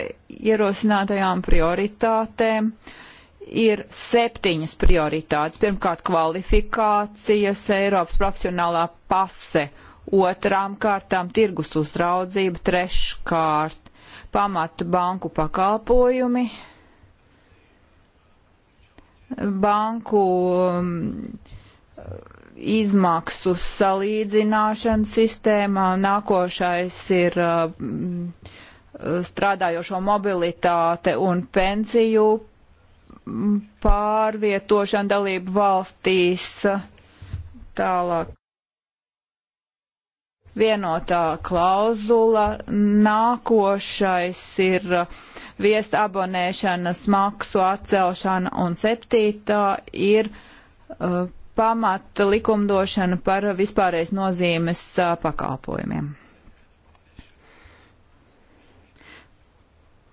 Speaker 1: ierosinātajām prioritātēm. Uh, ir septiņas prioritātes. Pirmkārt, kvalifikācijas Eiropas profesionālā pase, otrām kārtām tirgus uzraudzība, treškārt pamata banku pakalpojumi, banku um, izmaksu salīdzināšana sistēmā, nākošais ir um, strādājošo mobilitāte un pensiju pārvietošana dalību valstīs tālāk. Vienotā klauzula nākošais ir viesta abonēšanas maksu atcelšana un septītā ir uh, pamata likumdošana par vispārreiz nozīmes uh, pakalpojumiem.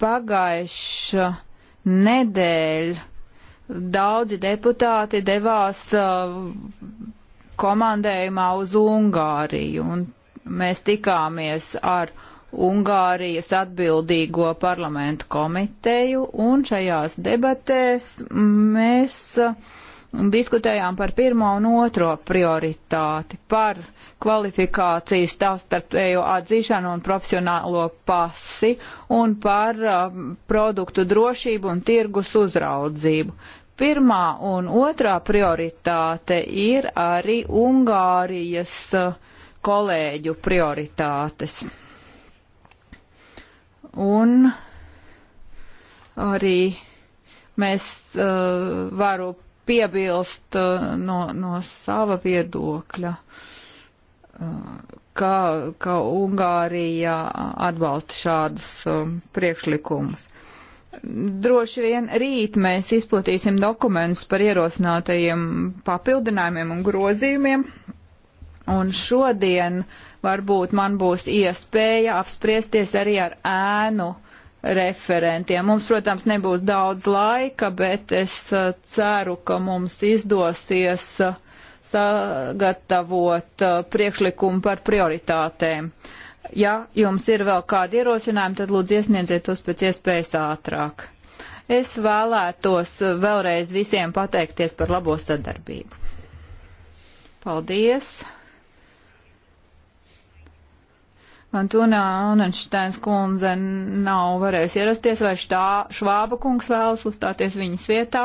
Speaker 1: Pagājuša nedēļ daudzi deputāti devās uh, komandējumā uz Ungāriju, un mēs tikāmies ar Ungārijas atbildīgo parlamentu komiteju, un šajās debatēs mēs uh, diskutējām par pirmo un otro prioritāti, par kvalifikāciju starptautējo atzīšanu un profesionālo pasi un par uh, produktu drošību un tirgus uzraudzību. Pirmā un otrā prioritāte ir arī Ungārijas uh, kolēģu prioritātes. Un arī mēs uh, varu piebilst uh, no, no sava viedokļa, uh, ka, ka Ungārija atbalsta šādus um, priekšlikumus. Droši vien rīt mēs izplatīsim dokumentus par ierosinātajiem papildinājumiem un grozījumiem, un šodien varbūt man būs iespēja apspriesties arī ar ēnu referentiem. Mums, protams, nebūs daudz laika, bet es uh, ceru, ka mums izdosies uh, sagatavot uh, priekšlikumu par prioritātēm. Ja jums ir vēl kādi ierosinājumi, tad lūdzu iesniedziet tos pēc iespējas ātrāk. Es vēlētos vēlreiz visiem pateikties par labo sadarbību. Paldies! Antūnā Unenšteins kundze nav varējusi ierasties, vai štā, Švāba kungs vēlas uzstāties viņas vietā.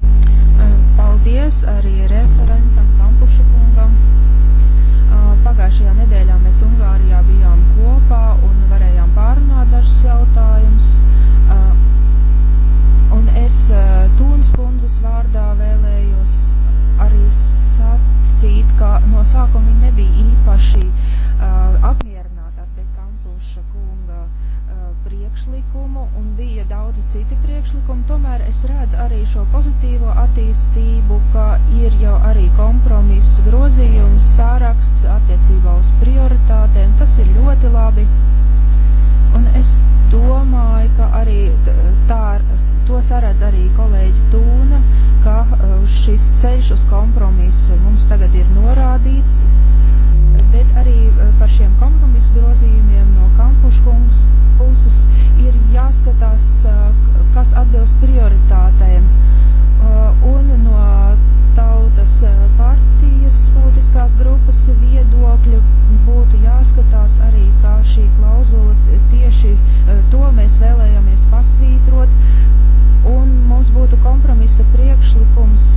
Speaker 2: Paldies arī referentam Kampuša kungam. Pagājušajā nedēļā mēs Ungārijā bijām kopā un varējām pārunāt dažus jautājumus. Un es Tūnas kundzes vārdā vēlējos arī sat sacīt, ka no sākuma viņi nebija īpaši uh, apmierināti ar Dekampuša kunga uh, priekšlikumu un bija daudzi citi priekšlikumi. Tomēr es redzu arī šo pozitīvo attīstību, ka ir jau arī kompromiss grozījums, sāraksts attiecībā uz prioritātēm. Tas ir ļoti labi. Un es domāju, ka arī tā, to saredz arī kolēģi Tūna, ka uh, šis ceļš uz kompromisu mums tagad ir norādīts, bet arī uh, par šiem kompromisu grozījumiem no kampuškungs puses ir jāskatās, uh, kas atbilst prioritātēm. Un no tautas pārējiem visas politiskās grupas viedokļu būtu jāskatās arī, kā šī klauzula tieši eh, to mēs vēlējamies pasvītrot, un mums būtu kompromisa priekšlikums,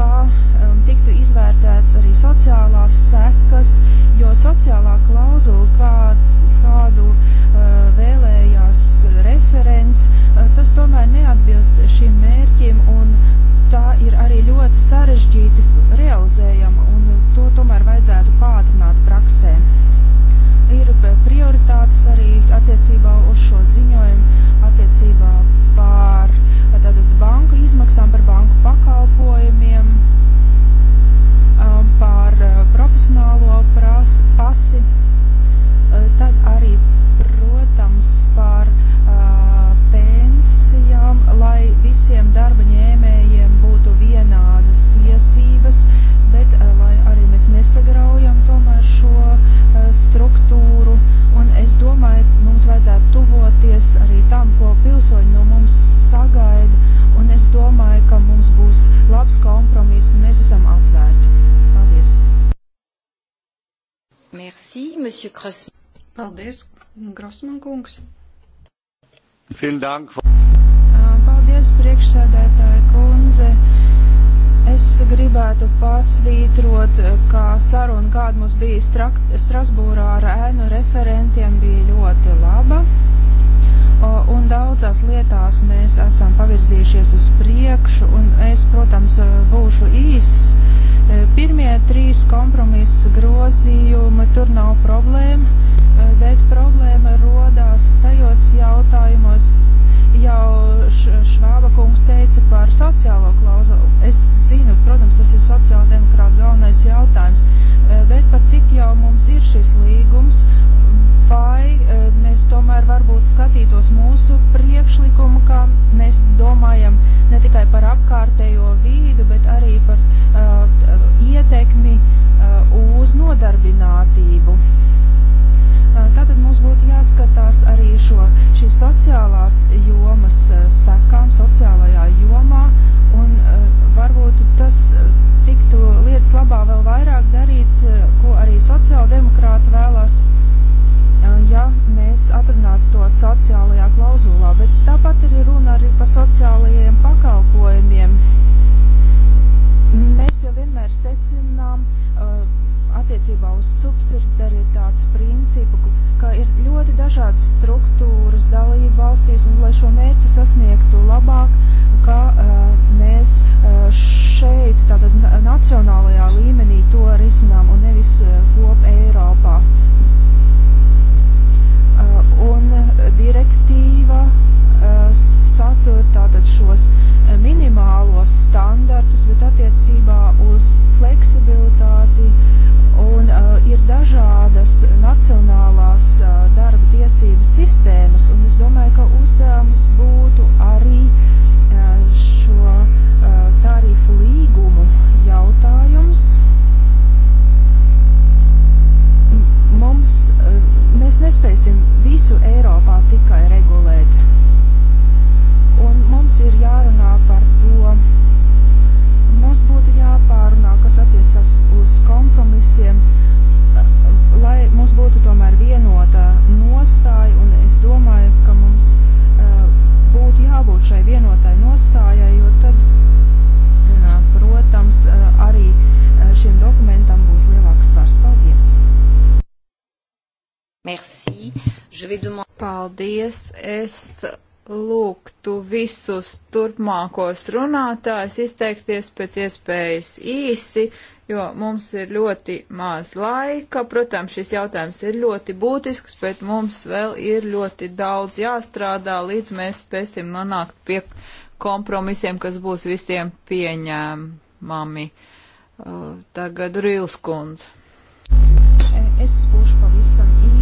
Speaker 2: kā um, tiktu izvērtēts arī sociālās sekas, jo sociālā klauzula, kād, kādu uh, vēlējās referents, uh, tas tomēr neatbilst šim mērķim un tā ir arī ļoti sarežģīti realizējama, un to tomēr vajadzētu pātrināt praksē. Ir prioritātes arī attiecībā uz šo ziņojumu, attiecībā par tātad, banku izmaksām, par banku pakalpojumiem, um, par uh, profesionālo pras, pasi, uh, tad arī, protams, par uh, pensijām, lai visiem darba ņēmējiem nesagraujam tomēr šo uh, struktūru, un es domāju, mums vajadzētu tuvoties arī tam, ko pilsoņi no mums sagaida, un es domāju, ka mums būs labs kompromiss, un mēs esam atvērti. Paldies! Merci, monsieur Grossman. Paldies, Grossman kungs. Vielen Dank. Paldies, priekšsēdētāji Es gribētu pasvītrot, eh, kā saruna, kāda mums bija Strak Strasbūrā ar ēnu referentiem, bija ļoti laba. O, un daudzās lietās mēs esam pavirzījušies uz priekšu, un es, protams, eh, būšu īss Pirmie trīs kompromisu grozījumi tur nav problēma, bet problēma rodās tajos jautājumos, jau Švāba kungs teica par sociālo klauzulu. Es zinu, protams, tas ir sociāldemokrāta galvenais jautājums, bet pat cik jau mums ir šis līgums, vai mēs tomēr varbūt skatītos mūsu priekšlikumu, kā mēs domājam ne tikai par apkārtējo mums būtu jāskatās arī šo, šī sociālās jomas eh, sekām sociālajā jomā, un eh, varbūt tas eh, tiktu lietas labā vēl vairāk darīts, ko arī sociāldemokrāti vēlas ja mēs atrunātu to sociālajā klauzulā, bet tāpat ir runa arī par sociālajiem pakalpojumiem. Mēs jau vienmēr secinām, uh, attiecībā uz subsidiaritātes principu, ka ir ļoti dažādas struktūras dalība valstīs, un lai šo mērķu sasniegtu labāk, ka uh, mēs uh, šeit, tātad nacionālajā līmenī, to risinām, un nevis uh, kop Eiropā. Uh, un direktīva Eh, satur tātad šos eh, minimālos standartus, bet attiecībā uz fleksibilitāti un uh, ir dažādas nacionālās uh, darba tiesības sistēmas, un es domāju, ka uzdevums būtu arī uh, šo uh, tarifu līgumu jautājums. Mums, uh, mēs nespēsim visu Eiropā tikai regulēt un mums ir jārunā par to. Mums būtu jāpārunā, kas attiecas uz kompromisiem, lai mums būtu tomēr vienota nostāja, un es domāju, ka mums eh, būtu jābūt šai vienotai nostājai, jo tad, protams, eh, arī eh, šim dokumentam būs lielāks svars. Paldies! Merci. Je vais demander...
Speaker 1: Paldies. Es lūgtu visus turpmākos runātājus izteikties pēc iespējas īsi, jo mums ir ļoti maz laika. Protams, šis jautājums ir ļoti būtisks, bet mums vēl ir ļoti daudz jāstrādā, līdz mēs spēsim nonākt pie kompromisiem, kas būs visiem pieņēmami. Uh, tagad Rīlskundze.
Speaker 2: Es būšu pavisam īsi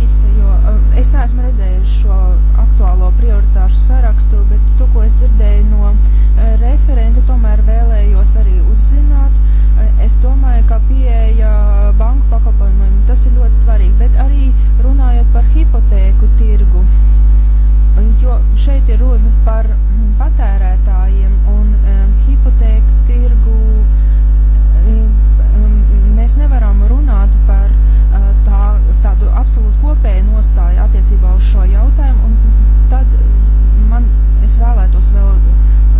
Speaker 2: Es neesmu redzējusi šo aktuālo prioritāšu sarakstu, bet to, ko es dzirdēju no eh, referenta, tomēr vēlējos arī uzzināt. Eh, es domāju, ka pieeja banku pakalpojumiem tas ir ļoti svarīgi, bet arī runājot par hipotēku tirgu, jo šeit ir runa par patērētājiem un um, hipotēku tirgu. Um, mēs nevaram runāt par tādu absolūtu kopēju nostāju attiecībā uz šo jautājumu, un tad eh, man es vēlētos vēl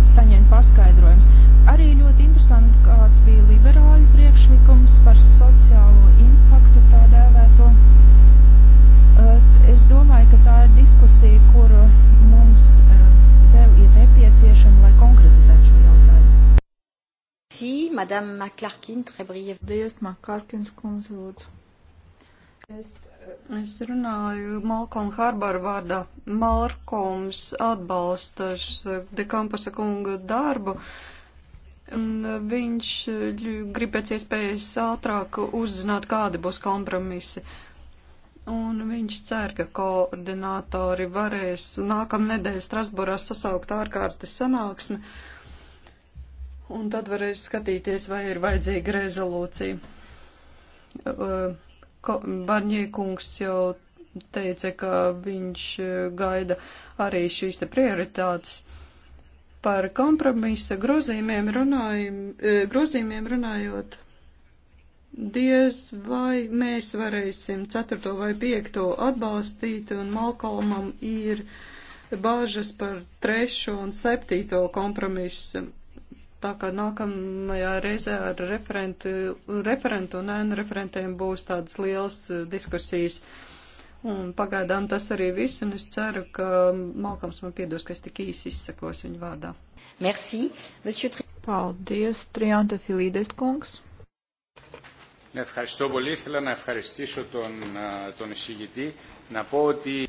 Speaker 2: saņemt paskaidrojums. Arī ļoti interesanti, kāds bija liberāļu priekšlikums par sociālo impaktu tā dēvēto. Eh, es domāju, ka tā ir diskusija, kuru mums eh, vēl ir nepieciešama, lai konkretizētu šo
Speaker 1: jautājumu. Si, Madame McClarkin, très brièvement. Dievs, McClarkins, kundze, lūdzu.
Speaker 3: Es Es runāju Malcolm Harbour vārdā. Malcolms atbalsta Dekampasa kunga darbu. Un viņš grib pēc iespējas ātrāk uzzināt, kādi būs kompromisi. Un viņš cer, ka koordinātori varēs nākamnedēļ Strasburā sasaukt ārkārtas sanāksmi. Un tad varēs skatīties, vai ir vajadzīga rezolūcija. Uh, Barņiekungs jau teica, ka viņš e, gaida arī šīs te prioritātes. Par kompromisa grozījumiem, runājum, e, grozījumiem runājot, diez vai mēs varēsim 4. vai 5. atbalstīt, un Malkolmam ir bāžas par 3. un 7. kompromisu. Tā kā nākamajā reizē ar referenti, referentu un ēnu referentiem būs tādas lielas eh, diskusijas. Un pagaidām tas arī viss, un es ceru,
Speaker 1: ka Malkams man piedos, ka es tik īsi izsakos viņu vārdā. Merci, monsieur. Paldies, Trianta Filīdes kungs.
Speaker 3: Ευχαριστώ πολύ. Θέλω να ευχαριστήσω τον, τον εισηγητή, να πω ότι...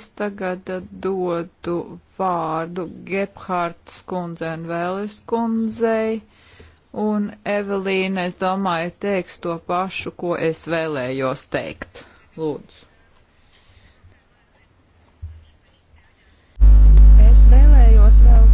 Speaker 1: Es tagad dodu vārdu Gebhārts kundzei un Vēlis kundzei. Un Evelīna, es domāju, teiks to pašu, ko es vēlējos teikt. Lūdzu.
Speaker 2: Es vēlējos vēl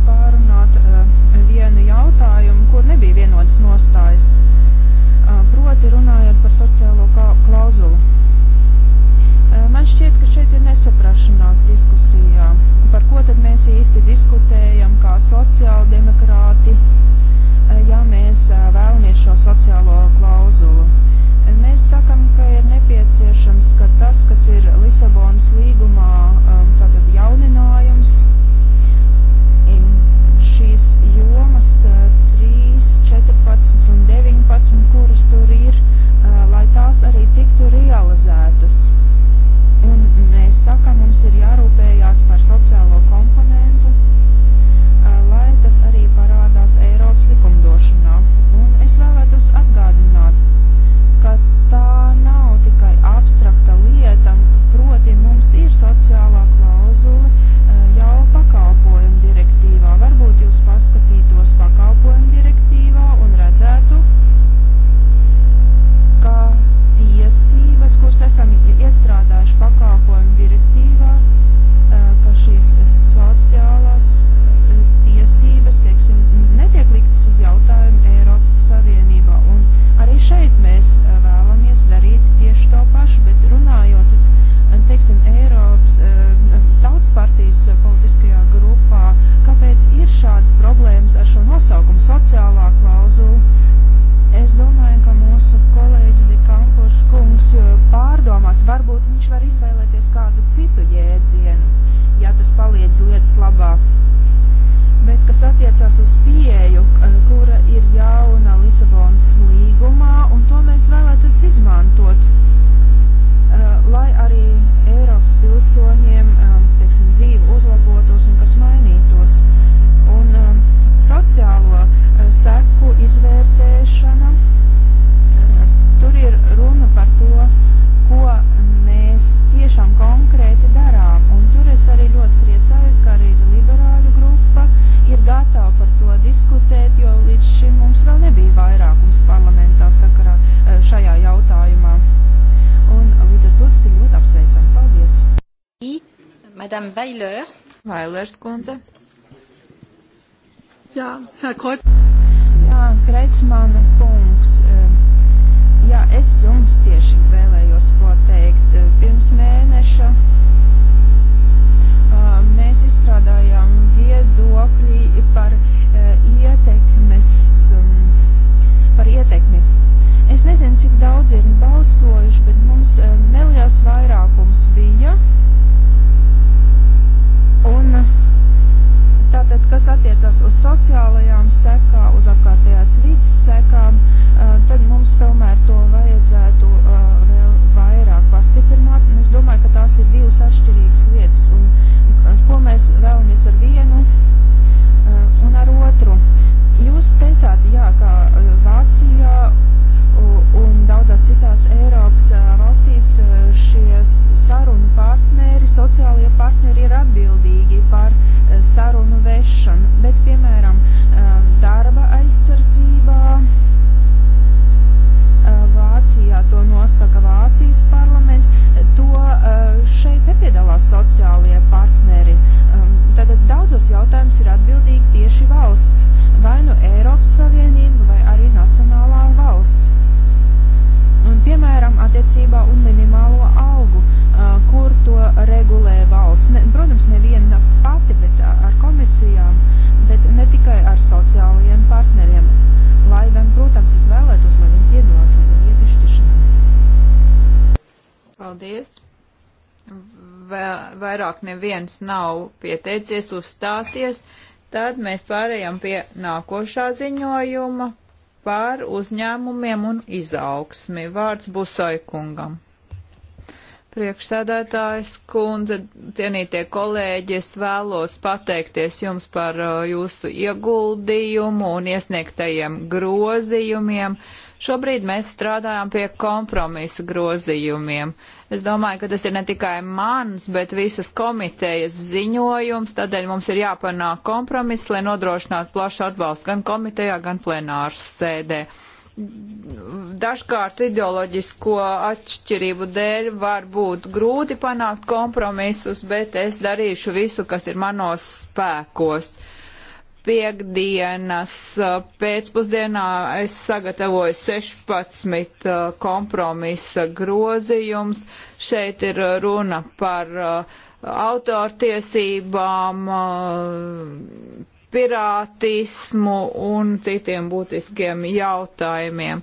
Speaker 2: Vailers kundze. Jā, Herr Kreuz.
Speaker 1: neviens nav pieteicies uzstāties, tad mēs pārējām pie nākošā ziņojuma par uzņēmumiem un izaugsmi. Vārds Busoikungam. Priekšsēdētājs kundze, cienītie kolēģi, es vēlos pateikties jums par uh, jūsu ieguldījumu un iesniegtajiem grozījumiem. Uh, Šobrīd mēs strādājam pie kompromisa grozījumiem. Es domāju, ka tas ir ne tikai mans, bet visas komitejas ziņojums, tādēļ mums ir jāpanāk kompromiss, lai nodrošinātu plašu atbalstu gan komitejā, gan plenāras sēdē. Dažkārt ideoloģisko atšķirību dēļ var būt grūti panākt kompromisus, bet es darīšu visu, kas ir manos spēkos. Uh, piekdienas pēcpusdienā es sagatavoju 16 kompromisa grozījums. Šeit ir runa par autortiesībām, pirātismu un citiem būtiskiem jautājumiem.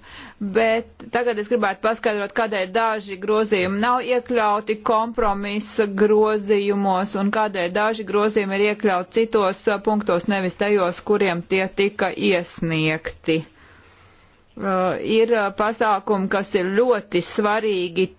Speaker 1: Bet tagad es gribētu paskaidrot, kādēļ daži grozījumi nav iekļauti kompromisa grozījumos un kādēļ daži grozījumi ir iekļauti citos uh, punktos, nevis tajos, kuriem tie tika iesniegti. Uh, ir uh, pasākumi, kas ir ļoti svarīgi.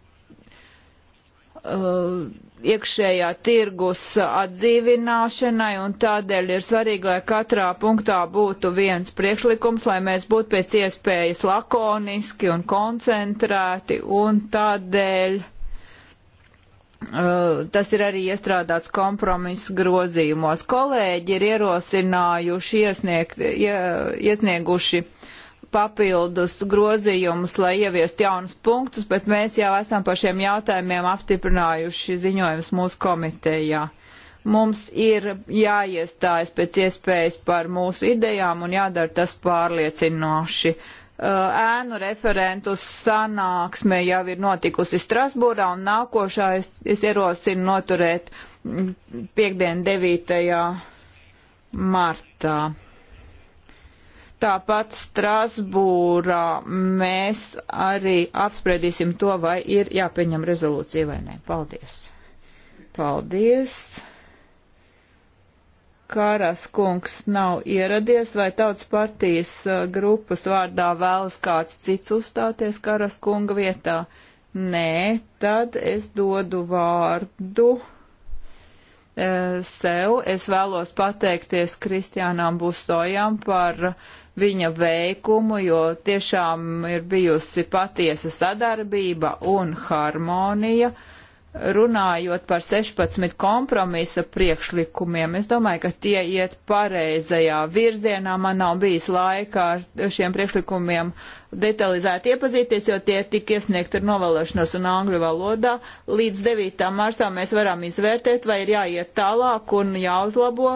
Speaker 1: Uh, iekšējā tirgus atdzīvināšanai, un tādēļ ir svarīgi, lai katrā punktā būtu viens priekšlikums, lai mēs būtu pēc iespējas lakoniski un koncentrēti, un tādēļ uh, tas ir arī iestrādāts kompromisu grozījumos. Kolēģi ir ierosinājuši, iesniegt, ie, iesnieguši uh, papildus grozījumus, lai ieviest jaunus punktus, bet mēs jau esam par šiem jautājumiem apstiprinājuši ziņojumus mūsu komitejā. Mums ir jāiestājas pēc iespējas par mūsu idejām un jādara tas pārliecinoši. Uh, ēnu referentus sanāksme jau ir notikusi Strasbūrā un nākošā es, es ierosinu noturēt mm, piekdien 9. martā. Tāpat Strasbūrā mēs arī apspriedīsim to, vai ir jāpieņem rezolūcija vai nē. Paldies! Paldies! Kāras kungs nav ieradies, vai tautas partijas uh, grupas vārdā vēlas kāds cits uzstāties Kāras kunga vietā? Nē, tad es dodu vārdu uh, sev. Es vēlos pateikties Kristiānām Bustojām par viņa veikumu, jo tiešām ir bijusi patiesa sadarbība un harmonija. Uh, runājot par 16 kompromisa priekšlikumiem, es domāju, ka tie iet pareizajā virzienā. Man nav bijis laika ar šiem priekšlikumiem detalizēti iepazīties, jo tie tika iesniegti ar novēlošanos un angļu valodā. Līdz 9. marsā mēs varam izvērtēt, vai ir jāiet tālāk un jāuzlabo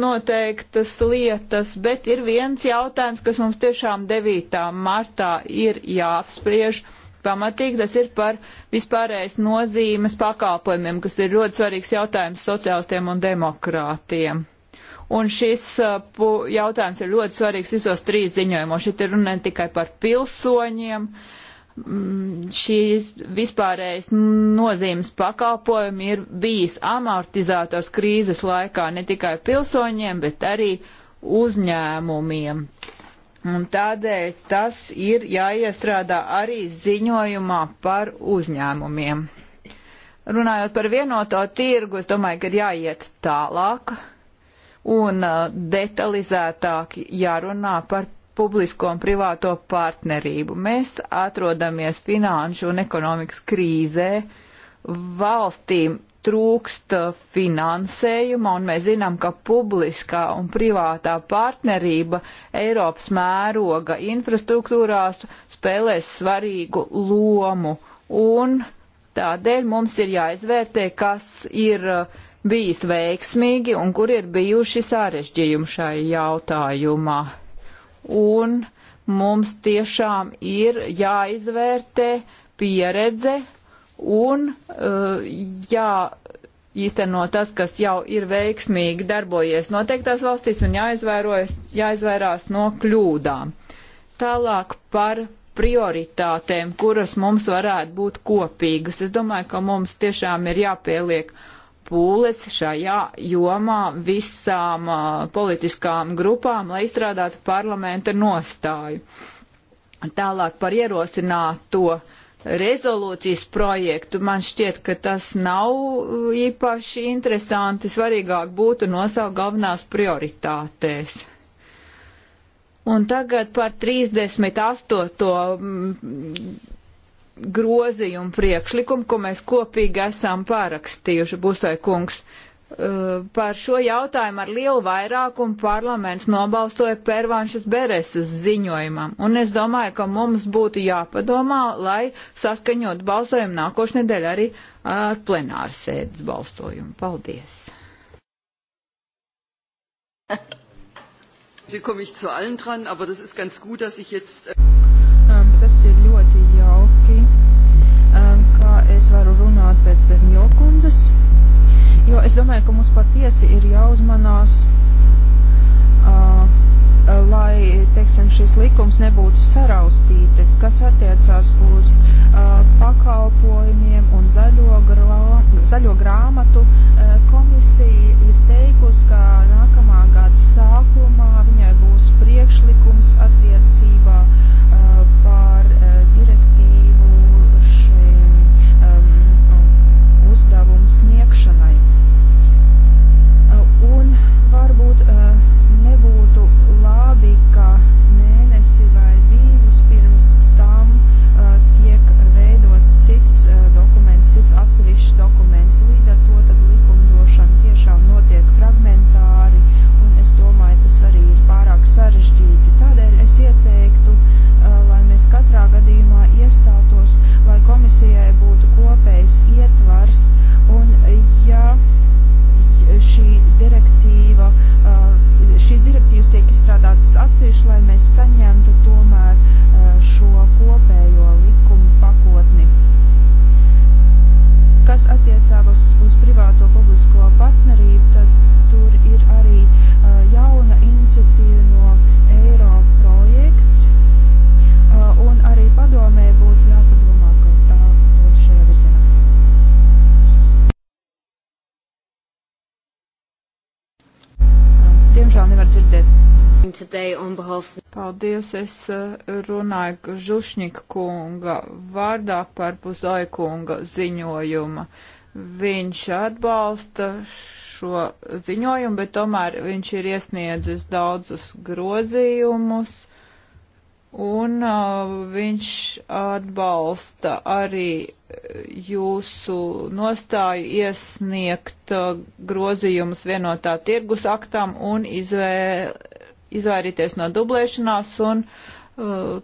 Speaker 1: noteiktas lietas, bet ir viens jautājums, kas mums tiešām 9. martā ir jāapspriež pamatīgi, tas ir par vispārējais nozīmes pakalpojumiem, kas ir ļoti svarīgs jautājums sociālistiem un demokrātiem. Un šis uh, jautājums ir ļoti svarīgs visos trīs ziņojumos. Šeit ir runa ne tikai par pilsoņiem, mm, šīs vispārējais nozīmes pakalpojumi ir bijis amortizators krīzes laikā ne tikai pilsoņiem, bet arī uzņēmumiem. Un tādēļ tas ir jāiestrādā arī ziņojumā par uzņēmumiem. Runājot par vienoto tirgu, es domāju, ka ir jāiet tālāk un uh, detalizētāk jārunā par publisko un privāto partnerību. Mēs atrodamies finanšu un ekonomikas krīzē. Valstīm trūkst uh, finansējuma, un mēs zinām, ka publiskā un privātā partnerība Eiropas mēroga infrastruktūrās spēlēs svarīgu lomu, un tādēļ mums ir jāizvērtē, kas ir uh, bijis veiksmīgi un kur ir bijuši sarežģījumi šai jautājumā. Un mums tiešām ir jāizvērtē pieredze un uh, jā, īstenot tas, kas jau ir veiksmīgi darbojies noteiktās valstīs un jāizvairās no kļūdām. Tālāk par prioritātēm, kuras mums varētu būt kopīgas. Es domāju, ka mums tiešām ir jāpieliek pūles šajā jomā visām uh, politiskām grupām, lai izstrādātu parlamenta nostāju. Tālāk par ierosināto uh, rezolūcijas projektu. Man šķiet, ka tas nav uh, īpaši interesanti. Svarīgāk būtu nosaukt galvenās prioritātēs. Un tagad par 38. Mm, grozījumu priekšlikumu, ko mēs kopīgi esam pārakstījuši, Busai kungs. Uh, par šo jautājumu ar lielu vairākumu parlaments nobalstoja Pērvānšas Bereses ziņojumam. Un es domāju, ka mums būtu jāpadomā, lai saskaņot balsojumu nākošnedēļ arī ar plenāru sēdes balsojumu. Paldies!
Speaker 3: Hier komme ich zu allen dran, aber das ist ganz gut, dass ich jetzt. Um,
Speaker 2: äh, ähm, tas ir ļoti jauki, um, ähm, ka es varu runāt pēc Bernjokundzes. Jo es domāju, ka mums patiesi ir jāuzmanās, uh, lai, teiksim, šis likums nebūtu saraustītas, kas attiecās uz uh, pakalpojumiem un zaļo, grā, zaļo grāmatu. Uh, komisija ir teikusi, ka nākamā gada sākumā viņai būs priekšlikums attiecībā
Speaker 1: Day on behalf. Paldies, es eh, runāju Žušņika kunga vārdā par Buzoja kunga ziņojumu. Viņš atbalsta šo ziņojumu, bet tomēr viņš ir iesniedzis daudzus grozījumus. Un uh, viņš atbalsta arī eh, jūsu nostāju iesniegt uh, grozījumus vienotā tirgus aktām un izvēle, izvairīties no dublēšanās un uh,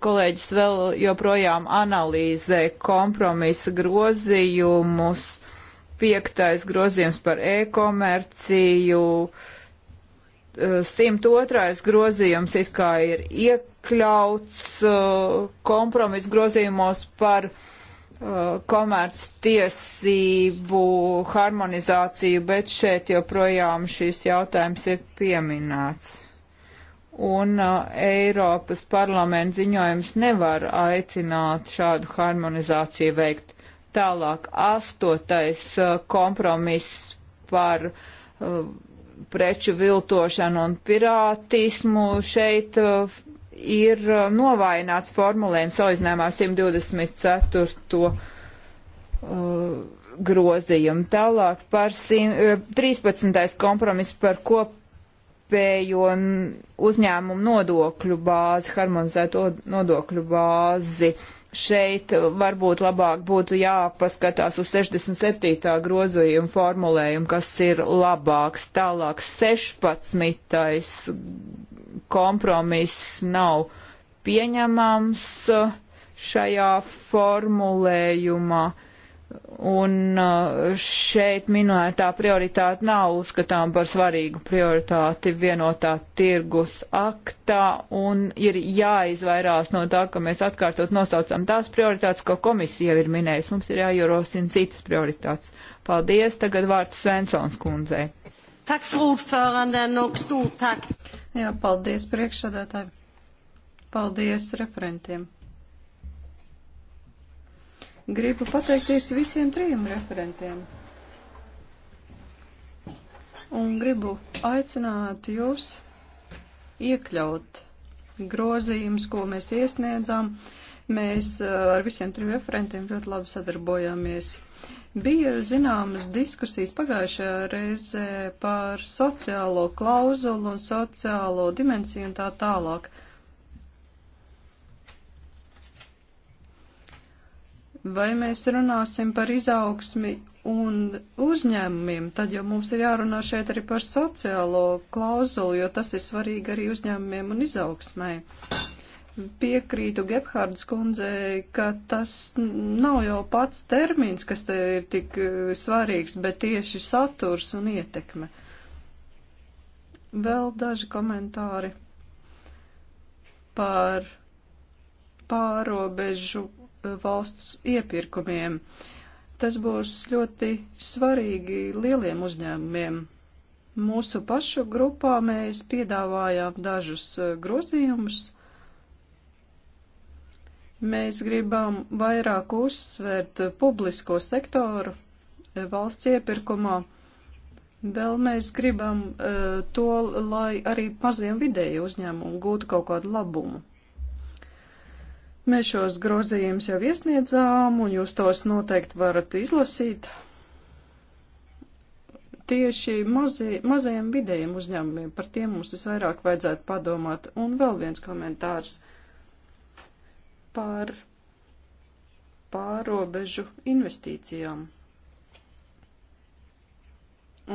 Speaker 1: kolēģis vēl joprojām analīzē kompromisa grozījumus, piektais grozījums par e-komerciju, 102. Uh, grozījums it kā ir iekļauts uh, kompromisa grozījumos par komerc tiesību harmonizāciju, bet šeit joprojām šis jautājums ir pieminēts un uh, Eiropas parlamenta ziņojums nevar aicināt šādu harmonizāciju veikt. Tālāk, astotais uh, kompromiss par uh, preču viltošanu un pirātismu šeit uh, ir uh, novaināts formulējums salīdzinājumā 124. Uh, grozījumu. Tālāk par 13. Uh, kompromisu par kop kopējo uzņēmumu nodokļu bāzi, harmonizēto nodokļu bāzi. Šeit varbūt labāk būtu jāpaskatās uz 67. grozījumu formulējumu, kas ir labāks. Tālāk 16. kompromiss nav pieņemams šajā formulējumā. Uh, Un uh, šeit minētā prioritāte nav uzskatām par svarīgu prioritāti vienotā tirgus aktā un ir jāizvairās no tā, ka mēs atkārtot nosaucam tās prioritātes, ko komisija jau ir minējusi. Mums ir jāierosina citas prioritātes. Paldies. Tagad vārds Svensons kundzei.
Speaker 3: Tak, Jā, paldies priekšsādātāji. Paldies referentiem. Gribu pateikties visiem trim referentiem. Un gribu aicināt jūs iekļaut grozījumus, ko mēs iesniedzām. Mēs eh, ar visiem trim referentiem ļoti labi sadarbojāmies. Bija zināmas diskusijas pagājušajā reizē par sociālo klauzulu un sociālo dimensiju un tā tālāk. Vai mēs runāsim par izaugsmi un uzņēmumiem, tad jau mums ir jārunā šeit arī par sociālo klauzulu, jo tas ir svarīgi arī uzņēmumiem un izaugsmai. Piekrītu Gebhardas kundzei, ka tas nav jau pats termins, kas te ir tik eh, svarīgs, bet tieši saturs un ietekme. Vēl daži komentāri par pārobežu valsts iepirkumiem. Tas būs ļoti svarīgi lieliem uzņēmumiem. Mūsu pašu grupā mēs piedāvājām dažus e, grozījumus. Mēs gribam vairāk uzsvērt publisko sektoru e, valsts iepirkumā. Vēl mēs gribam uh, to, lai arī maziem vidēji uzņēmumi gūtu kaut kādu labumu. Mēs šos grozījumus jau iesniedzām, un jūs tos noteikti varat izlasīt. Tieši mazie, mazajiem vidējiem uzņēmumiem par tiem mums visvairāk vajadzētu padomāt. Un vēl viens komentārs par pārobežu investīcijām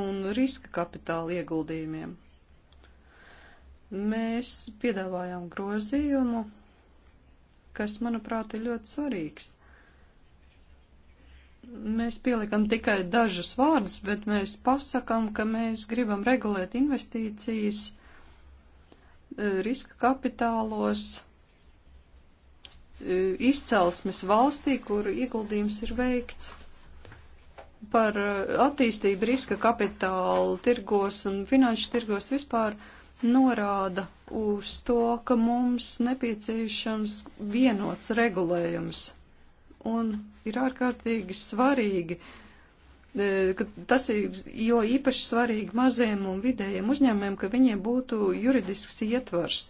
Speaker 3: un riska kapitāla ieguldījumiem. Mēs piedāvājām grozījumu kas, manuprāt, ir ļoti svarīgs. Mēs pielikam tikai dažus vārdus, bet mēs pasakam, ka mēs gribam regulēt investīcijas e, riska kapitālos e, izcelsmes valstī, kur ieguldījums ir veikts par e, attīstību riska kapitāla tirgos un finanšu tirgos vispār norāda uz to, ka mums nepieciešams vienots regulējums. Un ir ārkārtīgi svarīgi, e, ka tas ir jo īpaši svarīgi maziem un vidējiem uzņēmumiem, ka viņiem būtu juridisks ietvars.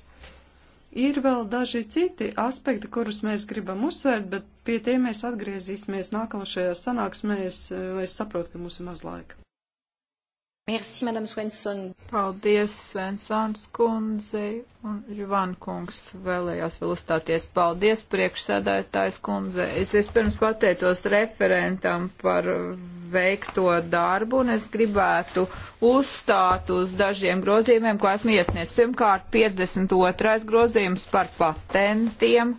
Speaker 3: Ir vēl daži citi aspekti, kurus mēs gribam uzsvērt, bet pie tiem mēs atgriezīsimies nākamajā sanāksmēs. E, es saprotu, ka mums ir maz laika.
Speaker 1: Merci, Madame Swenson. Paldies, Svensons kundzei un Žvan kungs vēlējās vēl uzstāties. Paldies, priekšsēdētājs kundze. Es vispirms pateicos referentam par veikto darbu un es gribētu uzstāt uz dažiem grozījumiem, ko esmu iesniedz. Pirmkārt, 52. grozījums par patentiem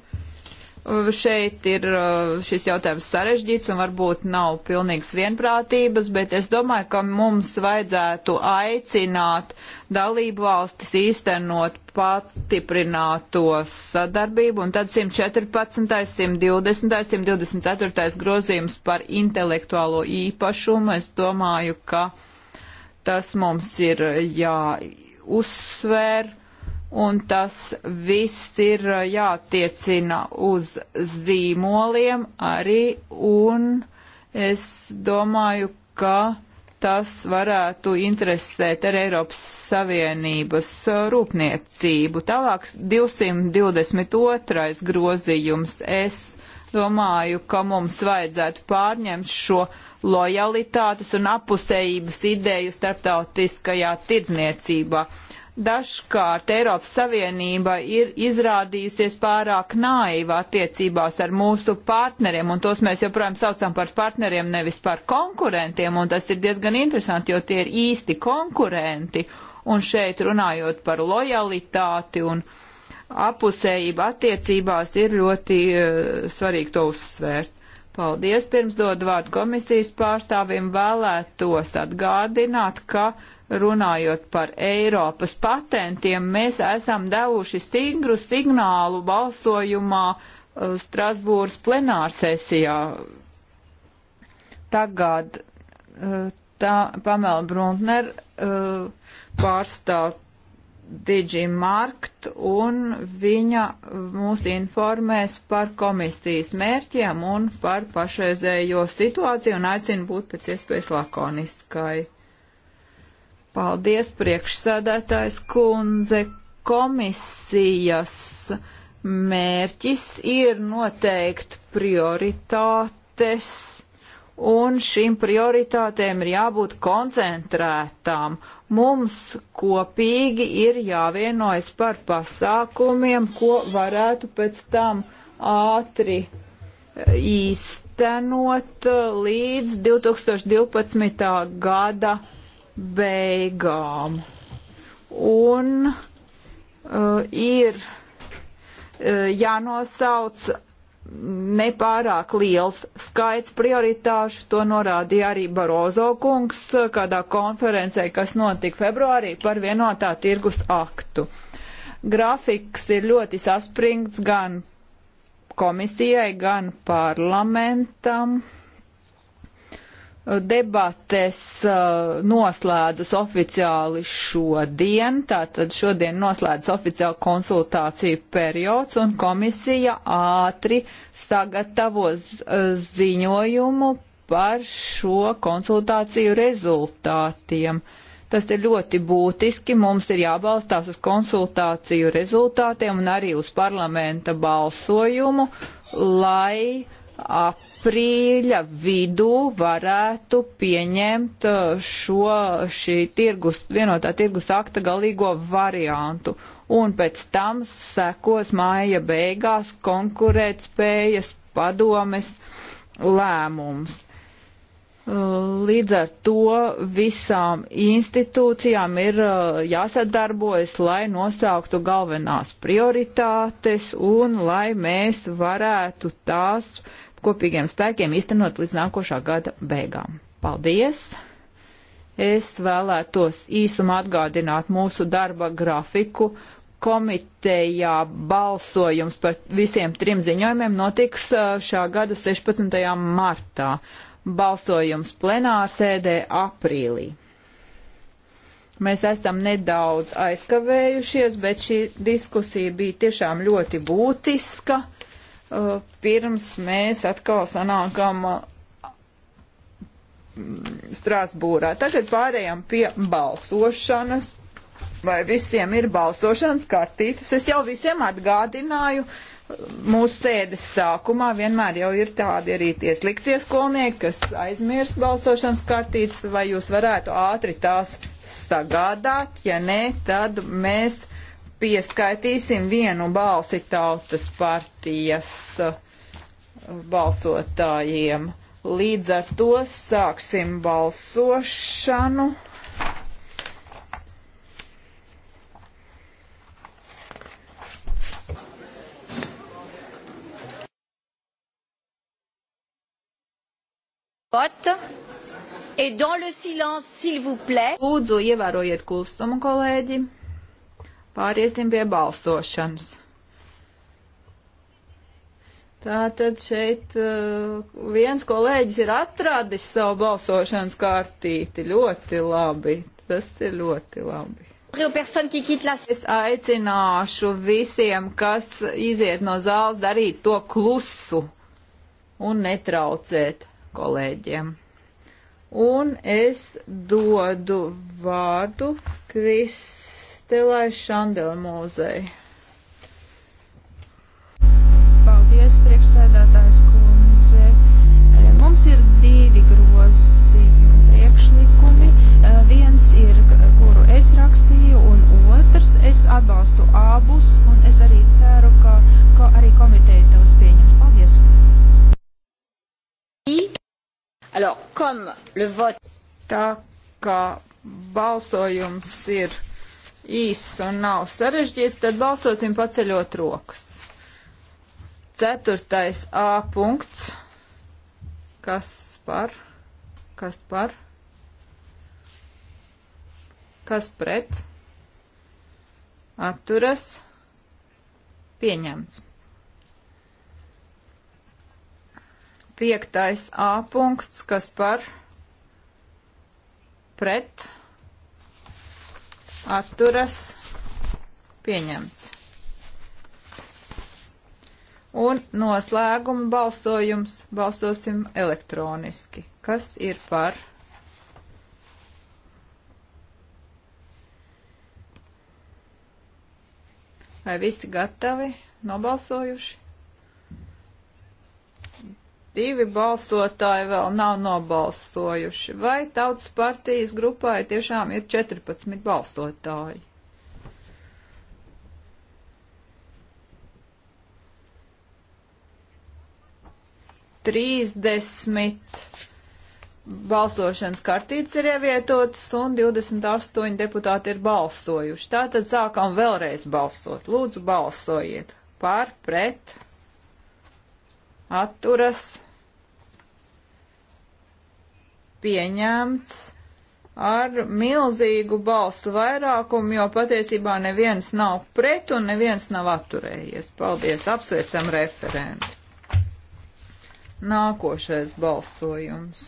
Speaker 1: Šeit ir uh, šis jautājums sarežģīts un varbūt nav pilnīgs vienprātības, bet es domāju, ka mums vajadzētu aicināt dalību valstis īstenot pastiprināto sadarbību, un tad 114., 120., 124. grozījums par intelektuālo īpašumu. Es domāju, ka tas mums ir jāuzsver. Ja, un tas viss ir uh, jātiecina uz zīmoliem arī, un es domāju, ka tas varētu interesēt ar Eiropas Savienības uh, rūpniecību. Tālāk 222. grozījums. Es domāju, ka mums vajadzētu pārņemt šo lojalitātes un apusējības ideju starptautiskajā tirdzniecībā. Dažkārt Eiropas Savienība ir izrādījusies pārāk naiva attiecībās ar mūsu partneriem, un tos mēs joprojām saucam par partneriem, nevis par konkurentiem, un tas ir diezgan interesanti, jo tie ir īsti konkurenti, un šeit runājot par lojalitāti un apusējību attiecībās ir ļoti uh, svarīgi to uzsvērt. Paldies, pirms dod vārdu komisijas pārstāvim vēlētos atgādināt, ka runājot par Eiropas patentiem, mēs esam devuši stingru signālu balsojumā uh, Strasbūras plenārsesijā. Tagad uh, tā Pamela Bruntner uh, pārstāv Digimarkt un viņa mūs informēs par komisijas mērķiem un par pašreizējo situāciju un aicina būt pēc iespējas lakoniskai. Paldies, priekšsēdētājs kundze. Komisijas mērķis ir noteikt prioritātes, un šīm prioritātēm ir jābūt koncentrētām. Mums kopīgi ir jāvienojas par pasākumiem, ko varētu pēc tam ātri īstenot līdz 2012. gada beigām. Un uh, ir uh, jānosauc nepārāk liels skaits prioritāšu. To norādīja arī Barozo kungs uh, kādā konferencē, kas notika februārī par vienotā tirgus aktu. Grafiks ir ļoti saspringts gan komisijai, gan parlamentam debates uh, noslēdzas oficiāli šodien, tātad šodien noslēdzas oficiāli konsultāciju periods un komisija ātri sagatavos uh, ziņojumu par šo konsultāciju rezultātiem. Tas ir ļoti būtiski, mums ir jābalstās uz konsultāciju rezultātiem un arī uz parlamenta balsojumu, lai ap aprīļa vidū varētu pieņemt uh, šo šī tirgus, vienotā tirgus akta galīgo variantu. Un pēc tam sekos māja beigās konkurētspējas padomes lēmums. Uh, līdz ar to visām institūcijām ir uh, jāsadarbojas, lai nosauktu galvenās prioritātes un lai mēs varētu tās kopīgiem spēkiem īstenot līdz nākošā gada beigām. Paldies! Es vēlētos īsumā atgādināt mūsu darba grafiku. Komitejā balsojums par visiem trim ziņojumiem notiks uh, šā gada 16. martā. Balsojums plenārsēdē aprīlī. Mēs esam nedaudz aizkavējušies, bet šī diskusija bija tiešām ļoti būtiska. Eh, pirms mēs atkal sanākam eh, Strasbūrā. Tagad pārējām pie balsošanas. Vai visiem ir balsošanas kartītes? Es jau visiem atgādināju, mūsu sēdes sākumā vienmēr jau ir tādi arī tie sliktie skolnieki, kas aizmirst balsošanas kartītes, vai jūs varētu ātri tās sagādāt, ja nē, tad mēs pieskaitīsim vienu balsi tautas partijas uh, balsotājiem. Līdz ar to sāksim balsošanu. vote. Et dans le silence, s'il vous plaît. Lūdzu, ievērojiet klusumu, kolēģi. Pāriesim pie balsošanas. Tātad šeit uh, viens kolēģis ir atradis savu balsošanas kārtīti. Ļoti labi. Tas ir ļoti labi. Es aicināšu visiem, kas iziet no zāles, darīt to klusu un netraucēt kolēģiem. Un es dodu vārdu Kris. Stilai Šandela mūzei.
Speaker 2: Paldies, priekšsēdētājs kundze. E, mums ir divi groziņu priekšlikumi. E, viens ir, kuru es rakstīju, un otrs es atbalstu abus, un es arī ceru, ka, ka arī komiteja tavs pieņems. Paldies!
Speaker 1: Alors, comme le vote... Tā kā balsojums ir īss un nav sarežģīts, tad balsosim paceļot rokas. Ceturtais A punkts. Kas par? Kas par? Kas pret? Atturas. Pieņemts. Piektais A punkts. Kas par? Pret atturas pieņemts. Un noslēguma balsojums balsosim elektroniski. Kas ir par? Vai visi gatavi, nobalsojuši? divi balsotāji vēl nav nobalsojuši. Vai tautas partijas grupai tiešām ir 14 balsotāji? Trīsdesmit balsošanas kartītes ir ievietotas un 28 deputāti ir balsojuši. Tātad sākam vēlreiz balsot. Lūdzu, balsojiet par, pret, atturas pieņemts ar milzīgu balstu vairākumu, jo patiesībā neviens nav pret un neviens nav atturējies. Paldies, apsveicam referentu. Nākošais balsojums.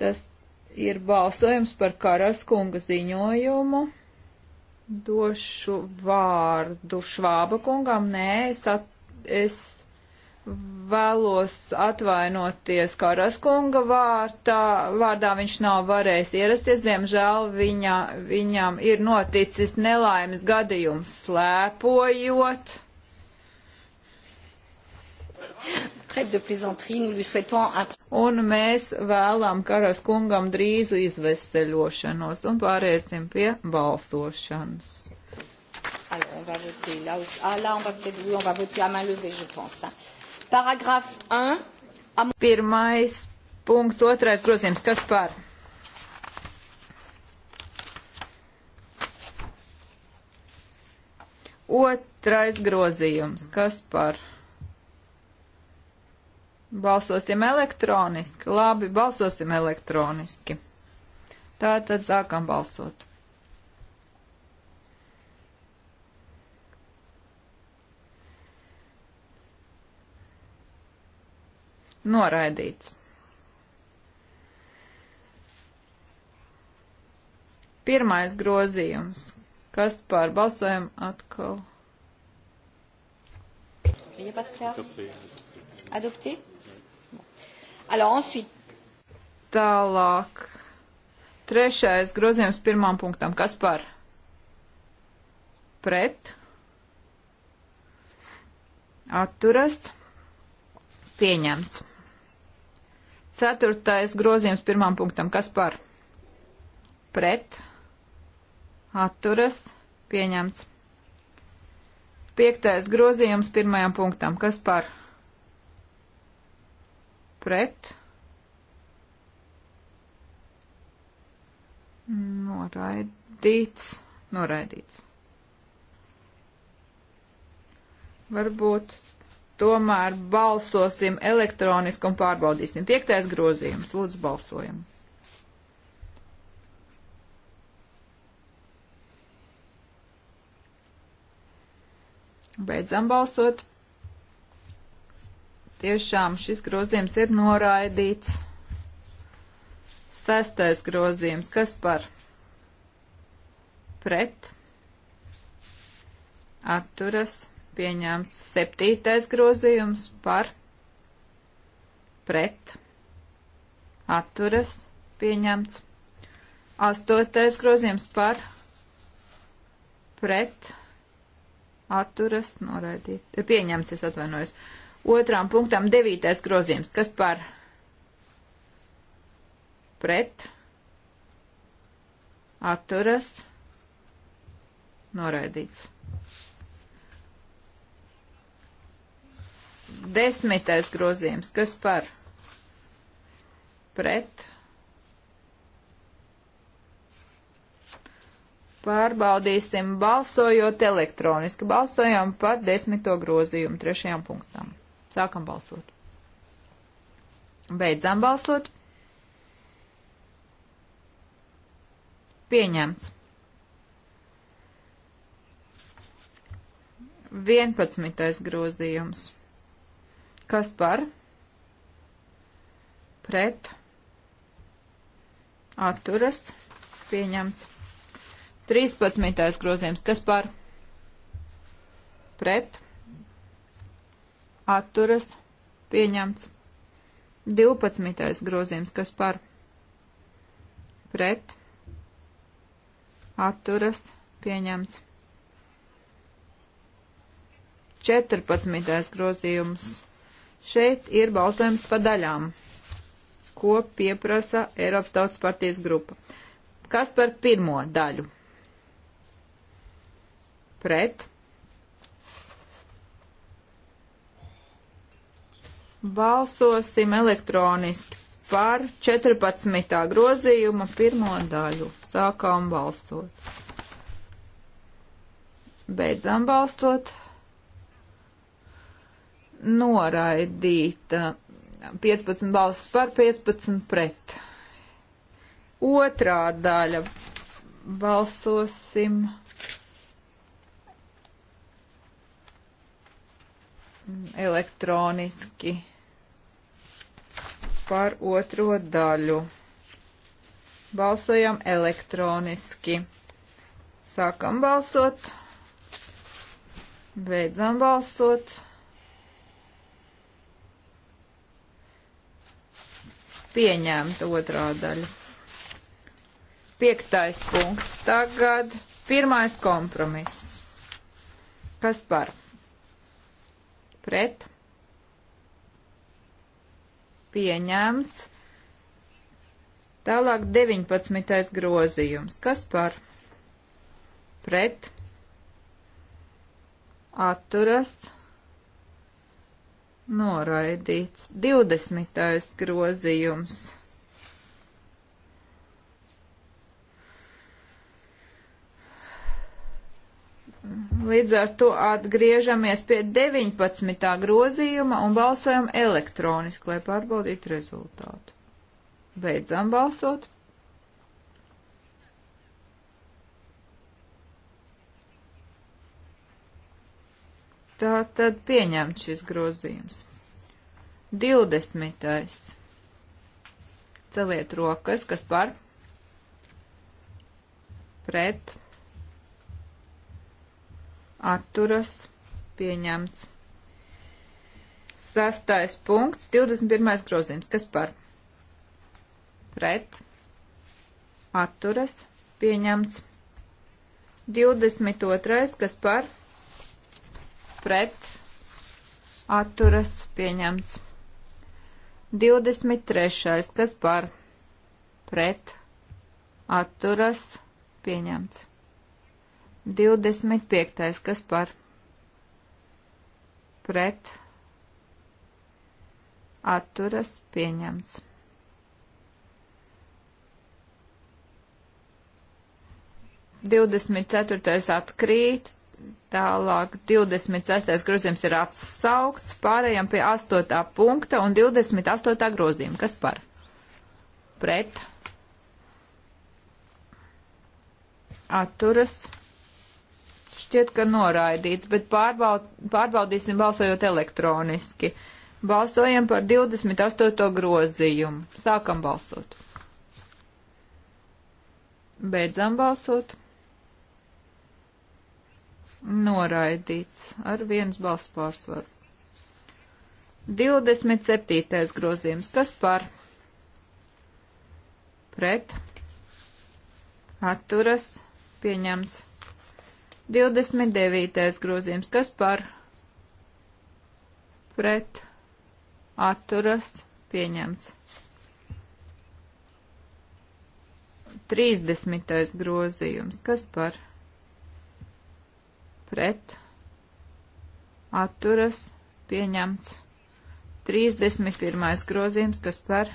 Speaker 1: Tas ir balsojums par karaskunga ziņojumu. Došu vārdu švāba kungam. Nē, es at Es vēlos atvainoties Karaskunga vārtā. Vārdā viņš nav varējis ierasties. Diemžēl viņa, viņam ir noticis nelaimes gadījums slēpojot. Un mēs vēlam Karas kungam drīzu izveseļošanos un pāriesim pie balsošanas. Alors, on va voter là aussi. Ah, là, on va peut-être, oui, on va voter à main levée, je pense. Hein. Paragraphe 1. Am... Pirmais punkts, otrais grozījums. Kas par? Otrais grozījums. Kas par? Balsosim elektroniski. Labi, balsosim elektroniski. Tātad sākam balsot. Noraidīts. 1. grozījums. Kas par balsojumu atkal? Viņa pat klāra. Adopti. Alors ensuite. Tālāk. Trešais grozījums pirmām punktam. Kas par? Pret. Atturas. Pieņemts. Ceturtais grozījums pirmām punktam. Kas par? Pret. Atturas. Pieņemts. Piektais grozījums pirmajam punktam. Kas par? Pret. Noraidīts. Noraidīts. Varbūt tomēr balsosim elektroniski un pārbaudīsim. Piektais grozījums. Lūdzu, balsojam. Beidzam balsot. Tiešām šis grozījums ir noraidīts. Sestais grozījums. Kas par? Pret. Atturas pieņemts. Septītais grozījums par pret atturas pieņemts. Astotais grozījums par pret atturas noraidīt. Eh, pieņemts, es atvainojos. Otrām punktām devītais grozījums. Kas par pret atturas noraidīts? Desmitais grozījums, kas par pret pārbaudīsim balsojot elektroniski. Balsojam par desmito grozījumu trešajam punktam. Sākam balsot. Beidzam balsot. Pieņemts. 11. grozījums. Kas par? Pret. Atturas. Pieņemts. 13. grozījums. Kas par? Pret. Atturas. Pieņemts. 12. grozījums. Kas par? Pret. Atturas. Pieņemts. 14. grozījums Šeit ir balsojums pa daļām, ko pieprasa Eiropas Tautas partijas grupa. Kas par pirmo daļu? Pret. Balsosim elektroniski par 14. grozījuma pirmo daļu. Sākām balsot. Beidzām balsot noraidīta. 15 balsis par, 15 pret. Otrā daļa. Balsosim. elektroniski par otro daļu. Balsojam elektroniski. Sākam balsot. Beidzam balsot. pieņemta otrā daļa. Piektais punkts tagad. Pirmais kompromiss. Kas par? Pret. Pieņemts. Tālāk 19. grozījums. Kas par? Pret. Atturas. Atturas noraidīts. 20. grozījums. Līdz ar to atgriežamies pie 19. grozījuma un balsojam elektroniski, lai pārbaudītu rezultātu. Beidzam balsot. Tā tad pieņemt šis grozījums. 20. Celiet rokas, kas par pret atturas pieņemts. Sastais punkts, 21. grozījums, kas par pret atturas pieņemts. 22. kas par pret pret atturas pieņemts. 23. kas par pret atturas pieņemts. 25. kas par pret atturas pieņemts. Divdesmit ceturtais atkrīt, Tālāk 26. grozījums ir atsaukts, pārējām pie 8. punkta un 28. grozījuma. Kas par? Pret. Atturas. Šķiet, ka noraidīts, bet pārbaud, pārbaudīsim balsojot elektroniski. Balsojam par 28. grozījumu. Sākam balsot. Beidzam balsot noraidīts ar viens balss pārsvaru. 27. grozījums. Kas par? Pret. Atturas. Pieņemts. 29. grozījums. Kas par? Pret. Atturas. Pieņemts. 30. grozījums. Kas par? pret atturas pieņemts. 31. grozījums, kas par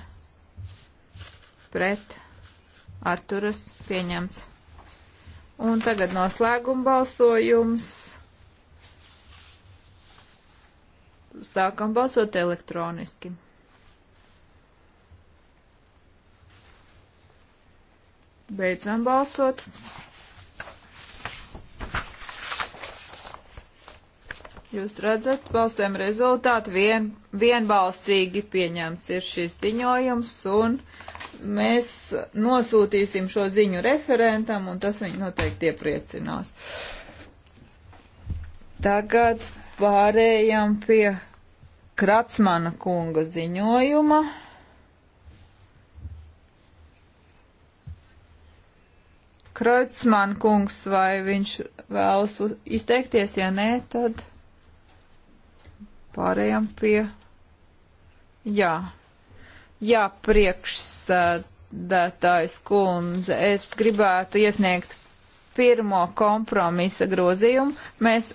Speaker 1: pret atturas pieņemts. Un tagad noslēguma balsojums. Sākam balsot elektroniski. Beidzam balsot. Jūs redzat, balsēm rezultāti vien, vienbalsīgi pieņemts ir šis ziņojums, un mēs nosūtīsim šo ziņu referentam, un tas viņu noteikti iepriecinās. Tagad pārējām pie Kratsmana kunga ziņojuma. Kratsmana kungs, vai viņš vēlas izteikties, ja nē, tad. Pārējām pie. Jā. Jā, priekšsēdētājs kundze, es gribētu iesniegt pirmo kompromisa grozījumu. Mēs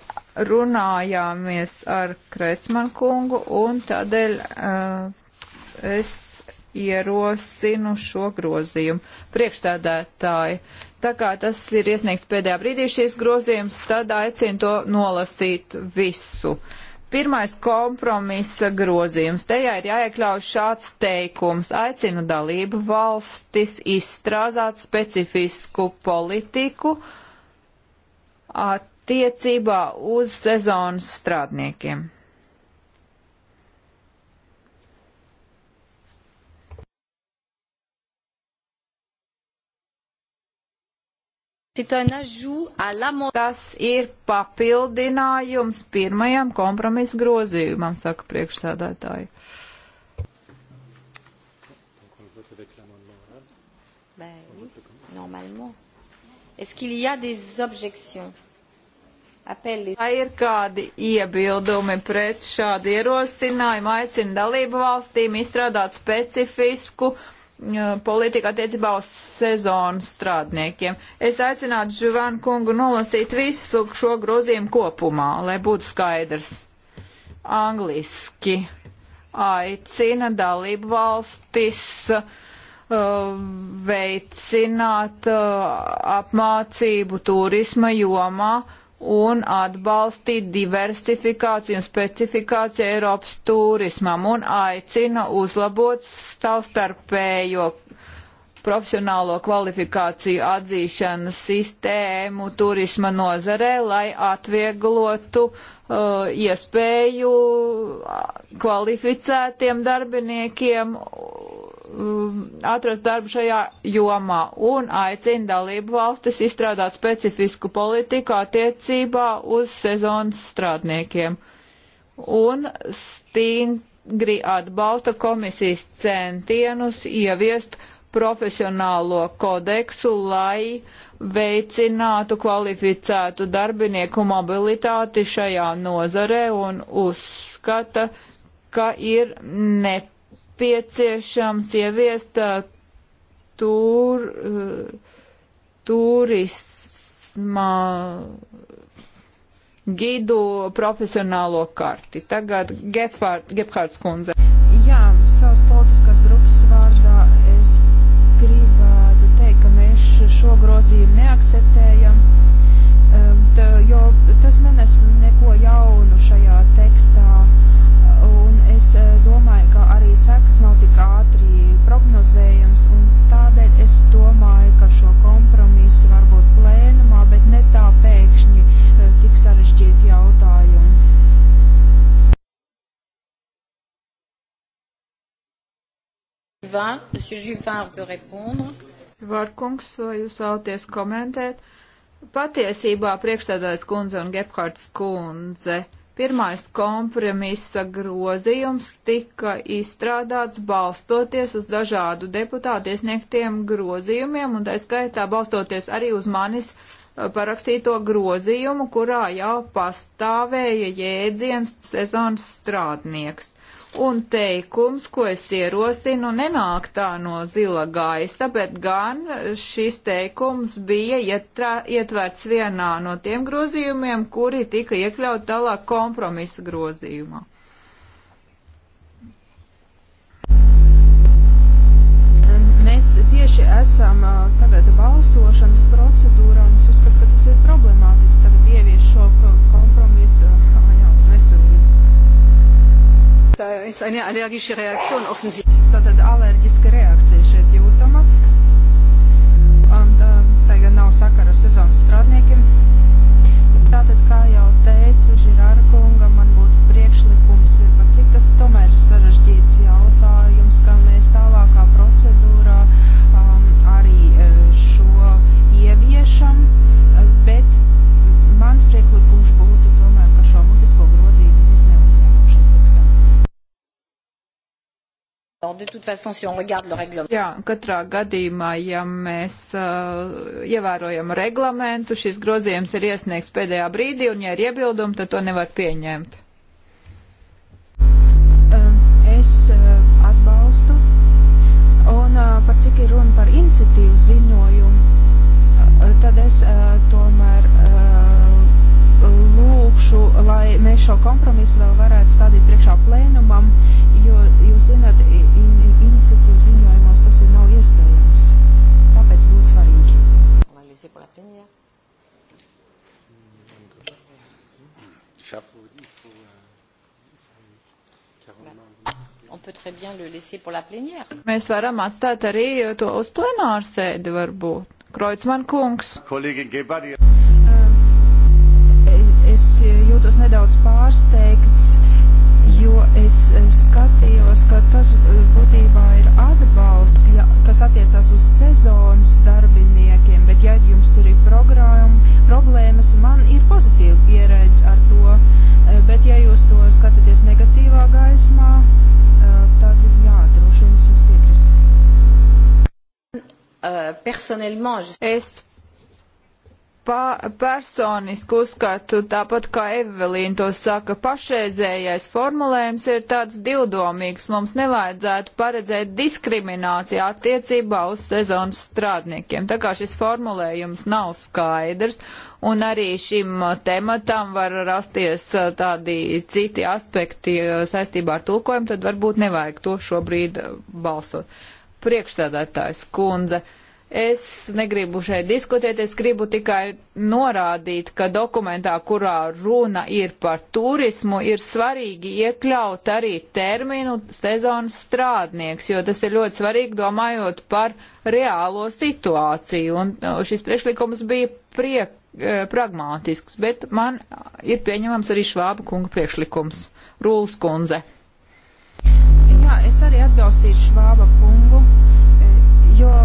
Speaker 1: runājāmies ar Kretsmanu kungu un tādēļ uh, es ierosinu šo grozījumu. Priekšstādētāji, tā kā tas ir iesniegts pēdējā brīdī šīs grozījums, tad aicinu to nolasīt visu. Uh, Pirmais kompromisa grozījums. Tajā ir jāiekļauj šāds teikums. Aicinu dalību valstis izstrādāt specifisku politiku attiecībā uz sezonas strādniekiem. Tas ir papildinājums pirmajam kompromisu grozījumam, saka priekšsēdētāji. Vai ir kādi iebildumi pret šādu ierosinājumu? Aicina dalību valstīm izstrādāt specifisku uh, politika attiecībā uz sezonu strādniekiem. Es aicinātu Žuvanu kungu nolasīt visu šo grozījumu kopumā, lai būtu skaidrs. Angliski aicina dalību valstis uh, veicināt uh, apmācību turisma jomā, uh, un atbalstīt diversifikāciju un specifikāciju Eiropas turismam un aicina uzlabot savstarpējo profesionālo kvalifikāciju atzīšanas sistēmu turisma nozarē, lai atvieglotu uh, iespēju uh, kvalificētiem darbiniekiem Um, atrast darbu šajā jomā un aicina dalību valstis izstrādāt specifisku politiku attiecībā uz sezonas strādniekiem un stingri atbalsta komisijas centienus ieviest profesionālo kodeksu, lai veicinātu kvalificētu darbinieku mobilitāti šajā nozarē un uzskata, ka ir nepieciešams nepieciešams ieviest uh, tur, uh, turisma gidu profesionālo karti. Tagad Gephards kundze.
Speaker 2: Jā, savas politiskās grupas vārdā es gribētu teikt, ka mēs šo grozījumu neakceptējam, um, jo tas nenes neko jau sekas nav tik ātri prognozējams, un tādēļ es domāju, ka šo kompromisu varbūt plēnumā, bet ne tā pēkšņi eh, tik sarežģīti jautājumi.
Speaker 1: Varkungs, vai jūs vēlaties komentēt? Patiesībā priekšstādājas kundze un Gebhards kundze. Uh, Pirmais kompromisa grozījums tika izstrādāts balstoties uz dažādu deputātu iesniegtiem grozījumiem, un tā skaitā balstoties arī uz manis uh, parakstīto grozījumu, kurā jau pastāvēja jēdziens sezonas strādnieks un teikums, ko es ierosinu, nenāk tā no zila gaisa, bet gan šis teikums bija ietrā, ietverts vienā no tiem grozījumiem, kuri tika iekļaut tālāk kompromisa grozījumā.
Speaker 2: Mēs tieši esam tagad balsošanas procedūrā, un es uzskatu, ka tas ir problemātiski tagad ievies šo da ist eine allergische Reaktion offensichtlich. Tātad alerģiska reakcija šeit jūtama. Un tā, tagad nav sakara sezonas strādniekiem. Tātad, kā jau teicu, Žirāra kunga, man būtu priekšlikums, par cik tas tomēr ir sarežģīts jautājums, ka mēs tālākā procedūrā um, arī e, šo ieviešam, bet mans prieklikums būtu
Speaker 1: Jā, katrā gadījumā, ja mēs uh, ievērojam reglamentu, šis grozījums ir iesniegts pēdējā brīdī, un ja ir iebildumi, tad to nevar pieņemt.
Speaker 2: Um, es uh, atbalstu, un uh, par cik ir runa par iniciatīvu ziņojumu, uh, tad es uh, tomēr. Uh, priekšu, lai mēs šo kompromisu vēl varētu stādīt priekšā plēnumam, jo, jūs zināt, in, in, iniciatīvu ziņojumos tas ir nav iespējams. Tāpēc būtu svarīgi.
Speaker 1: Mēs varam atstāt arī to uz plenārsēdi varbūt. Kreutzmann kungs. Kolēģi Gebhardt
Speaker 2: jūtos nedaudz pārsteigts, jo es eh, skatījos, ka tas eh, būtībā ir atbalsts, ja, kas attiecās uz sezonas darbiniekiem, bet ja jums tur ir programma, problēmas, man ir pozitīva pieredze ar to, eh, bet ja jūs to skatāties negatīvā gaismā, tad jā, droši vien es jums piekrīstu. Uh, personnellement, je... es
Speaker 1: pa, personiski uzskatu, tāpat kā Evelīna to saka, pašreizējais formulējums ir tāds divdomīgs. Mums nevajadzētu paredzēt diskrimināciju attiecībā uz sezonas strādniekiem. Tā kā šis formulējums nav skaidrs, un arī šim tematam var rasties uh, tādi citi aspekti uh, saistībā ar tulkojumu, tad varbūt nevajag to šobrīd uh, balsot. Priekšsēdētājs kundze. Uh, Es negribu šeit diskutēt, es gribu tikai norādīt, ka dokumentā, kurā runa ir par turismu, ir svarīgi iekļaut arī terminu sezonas strādnieks, jo tas ir ļoti svarīgi domājot par reālo situāciju. Un uh, šis priekšlikums bija priek, uh, pragmātisks, bet man ir pieņemams arī švāba kunga priekšlikums. Rūlas kundze.
Speaker 2: Jā, es arī atbalstīšu švāba kungu, eh, jo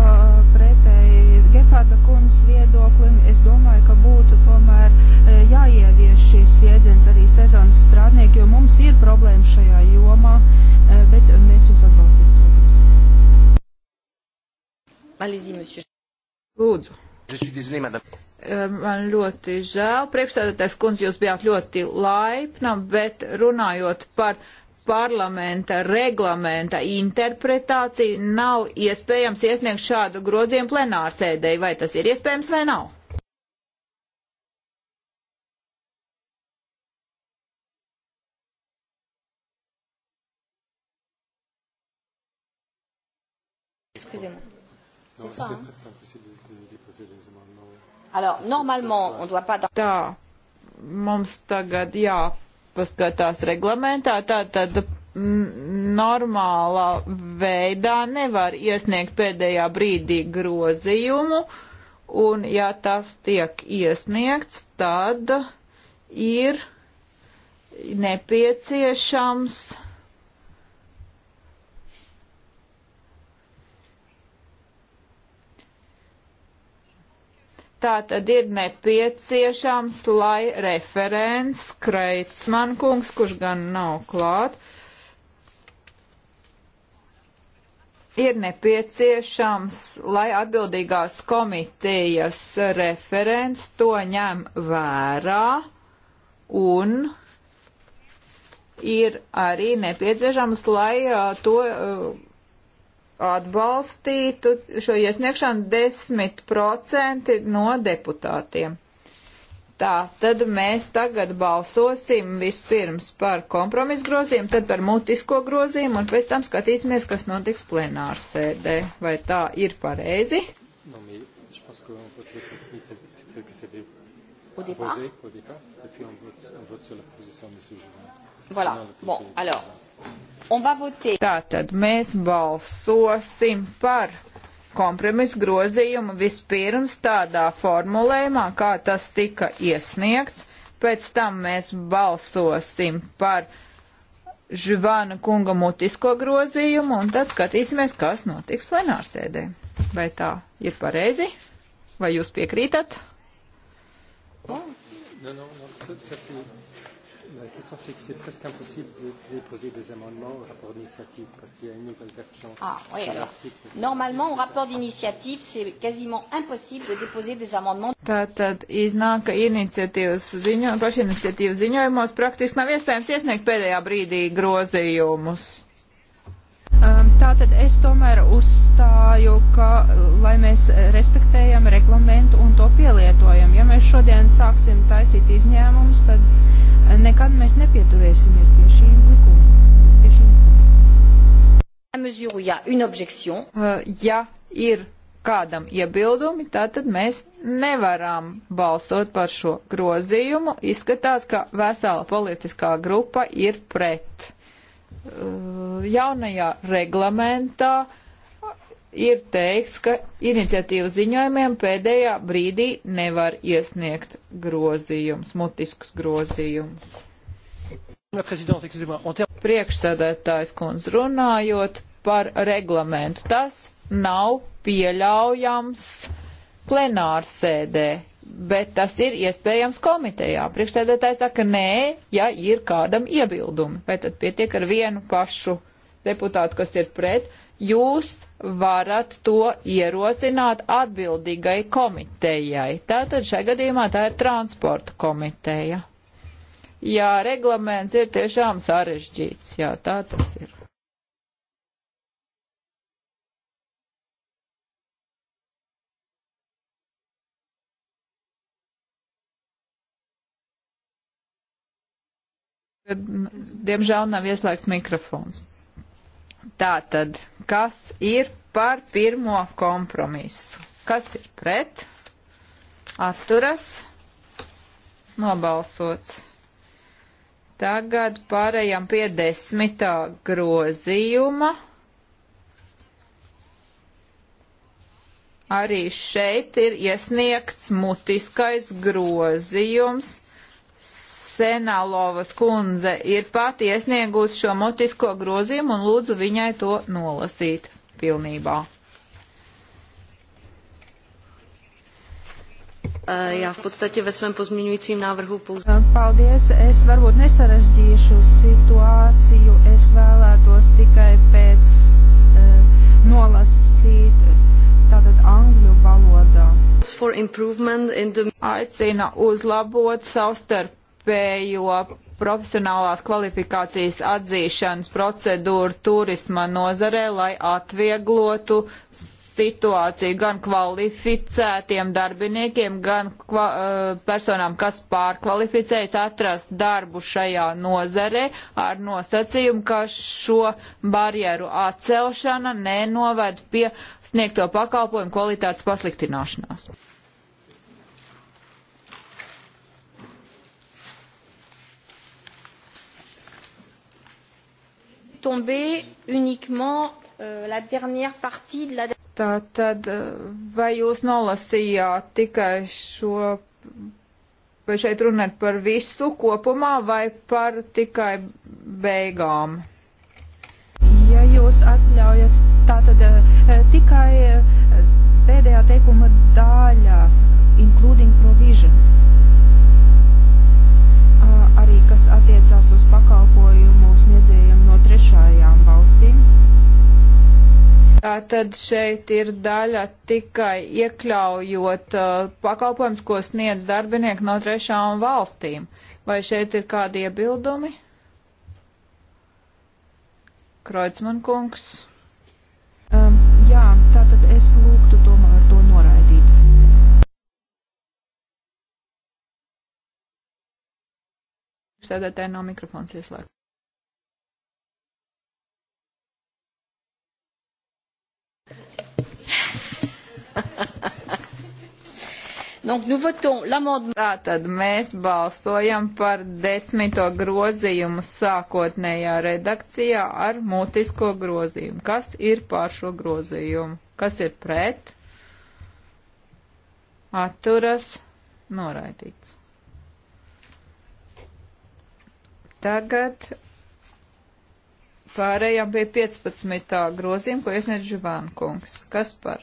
Speaker 2: padomas viedoklim. Es domāju, ka būtu tomēr e, jāievieš šīs iedzins arī sezonas strādnieki, jo mums ir problēma šajā jomā, e, bet mēs jūs atbalstītu, protams.
Speaker 1: Allez-y, monsieur. Lūdzu. E, man ļoti žēl, priekšstādātais kundze, jūs bijāt ļoti laipna, bet runājot par parlamenta reglamenta interpretāciju, nav iespējams iesniegt šādu grozījumu plenārsēdēji. Vai tas ir iespējams vai nav? Alors, normalement, on ne doit pas. Tā, mums tagad jā jāpaskatās reglamentā, tātad normālā veidā nevar iesniegt pēdējā brīdī grozījumu, un ja tas tiek iesniegts, tad ir nepieciešams uh, Tā tad ir nepieciešams, lai referents Kreitsman kungs, kurš gan nav klāt, ir nepieciešams, lai atbildīgās komitejas referents to ņem vērā un ir arī nepieciešams, lai uh, to uh, atbalstītu šo iesniegšanu 10% no deputātiem. Tā, tad mēs tagad balsosim vispirms par kompromisu grozījumu, tad par mutisko grozījumu un pēc tam skatīsimies, kas notiks plenāru sēdē. Vai tā ir pareizi?
Speaker 2: No, mais, au départ. Posé, au départ, et puis on vote, on vote sur la position de M. Juvin. Voilà. Bon,
Speaker 1: alors, Tātad mēs balsosim par kompromisu grozījumu vispirms tādā formulējumā, kā tas tika iesniegts, pēc tam mēs balsosim par Žvana kunga mutisko grozījumu un tad skatīsimies, kas notiks plenārsēdē. Vai tā ir pareizi? Vai jūs piekrītat?
Speaker 2: No, no, no, La question, c'est que c'est presque impossible de déposer des amendements au rapport d'initiative parce qu'il y a une nouvelle version ah, oui, de l'article.
Speaker 1: Normalement, au rapport d'initiative, c'est quasiment impossible de déposer des amendements. Tātad iznāk, ka iniciatīvas ziņo, pašiniciatīvas ziņojumos praktiski nav iespējams iesniegt pēdējā brīdī grozījumus.
Speaker 2: Tātad es tomēr uzstāju, ka, lai mēs respektējam reglamentu un to pielietojam. Ja mēs šodien sāksim taisīt izņēmumus, tad nekad mēs nepieturēsimies pie šīm likumiem. Pie šīm
Speaker 1: likumiem. Uh, ja ir kādam iebildumi, tātad mēs nevaram balsot par šo grozījumu. Izskatās, ka vesela politiskā grupa ir pret. Eh, jaunajā reglamentā ir teikts, ka iniciatīvu ziņojumiem pēdējā brīdī nevar iesniegt grozījums, mutiskus grozījumus. Priekšsēdētājs kundz runājot par reglamentu, tas nav pieļaujams plenārsēdē bet tas ir iespējams komitejā. Priekšsēdētājs saka, nē, ja ir kādam iebildumi, vai tad pietiek ar vienu pašu deputātu, kas ir pret, jūs varat to ierosināt atbildīgai komitejai. Tātad šajā gadījumā tā ir transporta komiteja. Jā, reglaments ir tiešām sarežģīts, jā, tā tas ir. Diemžēl nav ieslēgts mikrofons. Tātad, kas ir par pirmo kompromisu? Kas ir pret? Atturas? Nobalsots. Tagad pārējām pie desmitā grozījuma. Arī šeit ir iesniegts mutiskais grozījums Senalovas kundze ir pati iesniegusi šo motisko grozījumu un lūdzu viņai to nolasīt
Speaker 2: pilnībā. Já v podstatě ve svém pozměňujícím návrhu pouze. Paldies, es varbūt nesarežģīšu situāciju, es vēlētos tikai pēc eh, nolasīt tātad angļu valodā.
Speaker 1: The... Aicina uzlabot savstarp kopējo profesionālās kvalifikācijas atzīšanas procedūru turisma nozarē, lai atvieglotu situāciju gan kvalificētiem darbiniekiem, gan kva, eh, personām, kas pārkvalificējas atrast darbu šajā nozarē ar nosacījumu, ka šo barjeru atcelšana nenoved pie sniegto pakalpojumu kvalitātes pasliktināšanās.
Speaker 2: tomber uniquement euh,
Speaker 1: la dernière partie de la. Tātad, eh, vai jūs nolasījāt tikai šo, vai šeit runāt par visu kopumā vai par tikai beigām?
Speaker 2: Ja jūs atļaujat, tātad uh, tikai uh, pēdējā teikuma daļa, including provision arī kas attiecās uz pakalpojumu sniedzējiem trešajām valstīm.
Speaker 1: Tad šeit ir daļa tikai iekļaujot uh, pakalpojums, ko sniedz darbinieki no trešām valstīm. Vai šeit ir kādi iebildumi? Kreutzmann kungs. Um, jā, tātad es lūgtu tomēr to noraidīt. Sēdētāji nav no mikrofons ieslēgts. [laughs] Donc, nu votons l'amendement. Tātad mēs balsojam par desmito grozījumu sākotnējā redakcijā ar mutisko grozījumu. Kas ir pār šo grozījumu? Kas ir pret? Atturas. Noraidīts. Tagad pārējām pie 15. grozījuma, ko iesniedz Živānkungs. Kas par?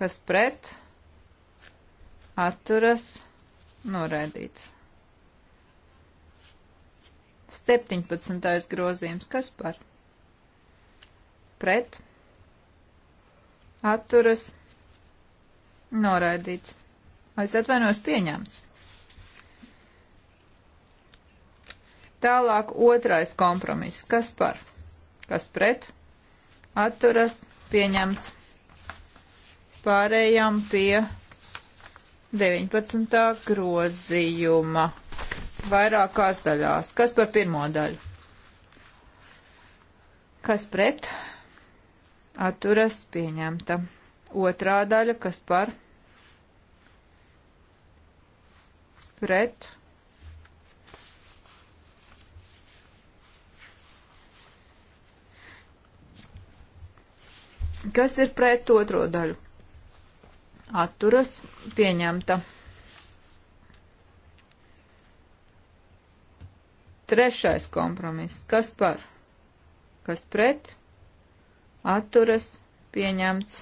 Speaker 1: kas pret atturas noraidīts. 17. grozījums, kas par pret atturas noraidīts. Es atvainojos pieņemts. Tālāk otrais kompromiss, kas par, kas pret atturas pieņemts. Pārējām pie 19. grozījuma vairākās daļās. Kas par pirmo daļu? Kas pret? Atturas pieņemta. Otrā daļa, kas par? pret. Kas ir pret otro daļu? atturas pieņemta. Trešais kompromiss. Kas par? Kas pret? Atturas pieņemts.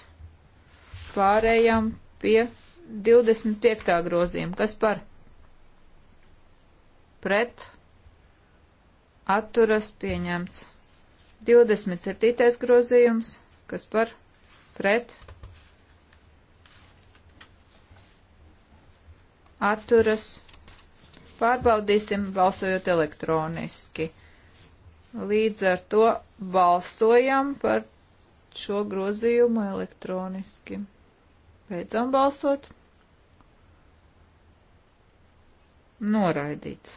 Speaker 1: Pārējām pie 25. grozījuma. Kas par? Pret? Atturas pieņemts. 27. grozījums. Kas par? Pret? atturas pārbaudīsim balsojot elektroniski. Līdz ar to balsojam par šo grozījumu elektroniski. Beidzam balsot. Noraidīts.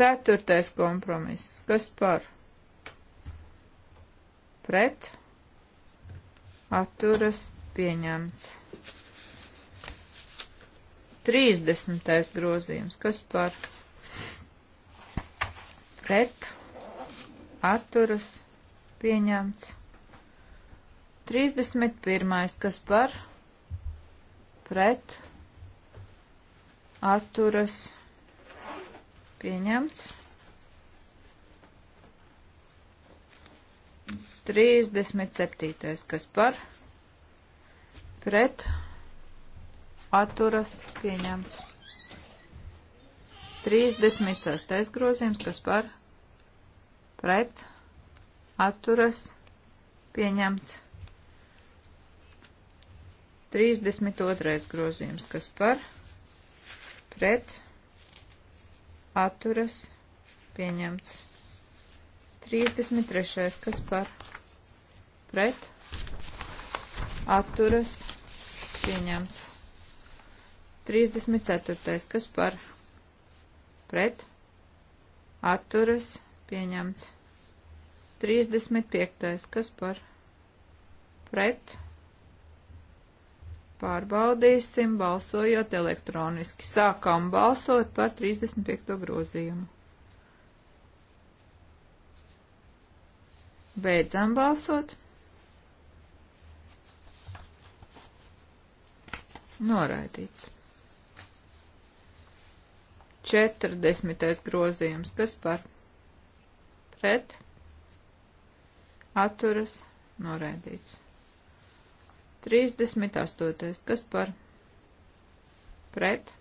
Speaker 1: Ceturtais kompromiss. Kas par? Pret? atturas pieņemts. 30. grozījums, kas par pret atturas pieņemts. 31. kas par pret atturas pieņemts. 37. kas par pret atturas pieņemts. 36. grozījums, kas par pret atturas pieņemts. 32. grozījums, kas par pret atturas pieņemts. 33. kas par pret pret atturas pieņemts. 34. kas par pret atturas pieņemts. 35. kas par pret pārbaudīsim balsojot elektroniski. Sākam balsot par 35. grozījumu. Beidzam balsot. Noraidīts. 40. grozījums. Kas par? Pret. Atturas. Noraidīts. 38. Kas par? Pret.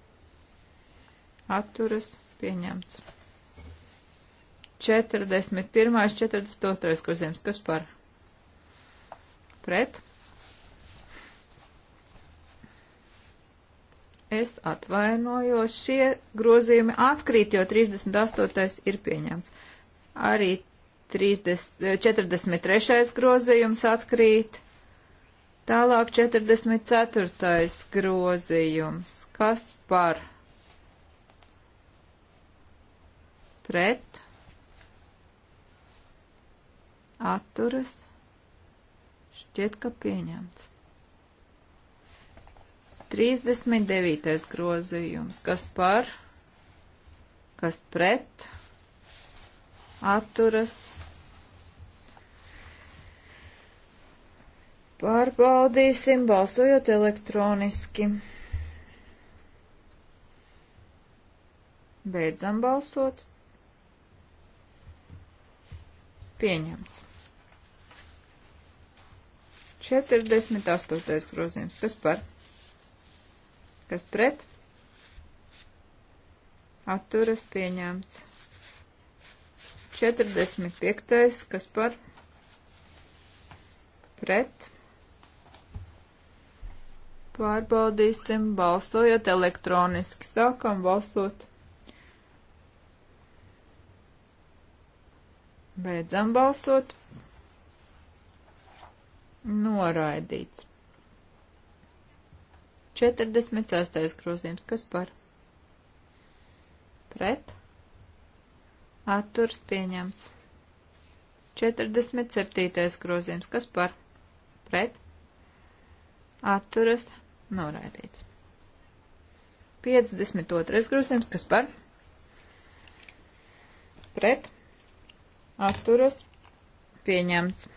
Speaker 1: Atturas. Pieņemts. 41. 42. grozījums. Kas par? Pret. Es atvainojos, šie grozījumi atkrīt, jo 38. ir pieņemts. Arī 30, 43. Eh, grozījums atkrīt. Tālāk 44. grozījums. Kas par? Pret? Atturas? Šķiet, ka pieņemts. 39. grozījums. Kas par? Kas pret? Atturas. Pārbaudīsim, balsojot elektroniski. Beidzam balsot. Pieņemts. 48. grozījums. Kas par? Kas pret? Atturas pieņemts. 45. Kas par? Pret. Pārbaudīsim, balsojot elektroniski. Sākam balsot. Beidzam balsot. Noraidīts. 46. grozījums, kas par? Pret. Atturs pieņemts. 47. grozījums, kas par? Pret. Atturas noraidīts. 52. grozījums, kas par? Pret. Atturas pieņemts.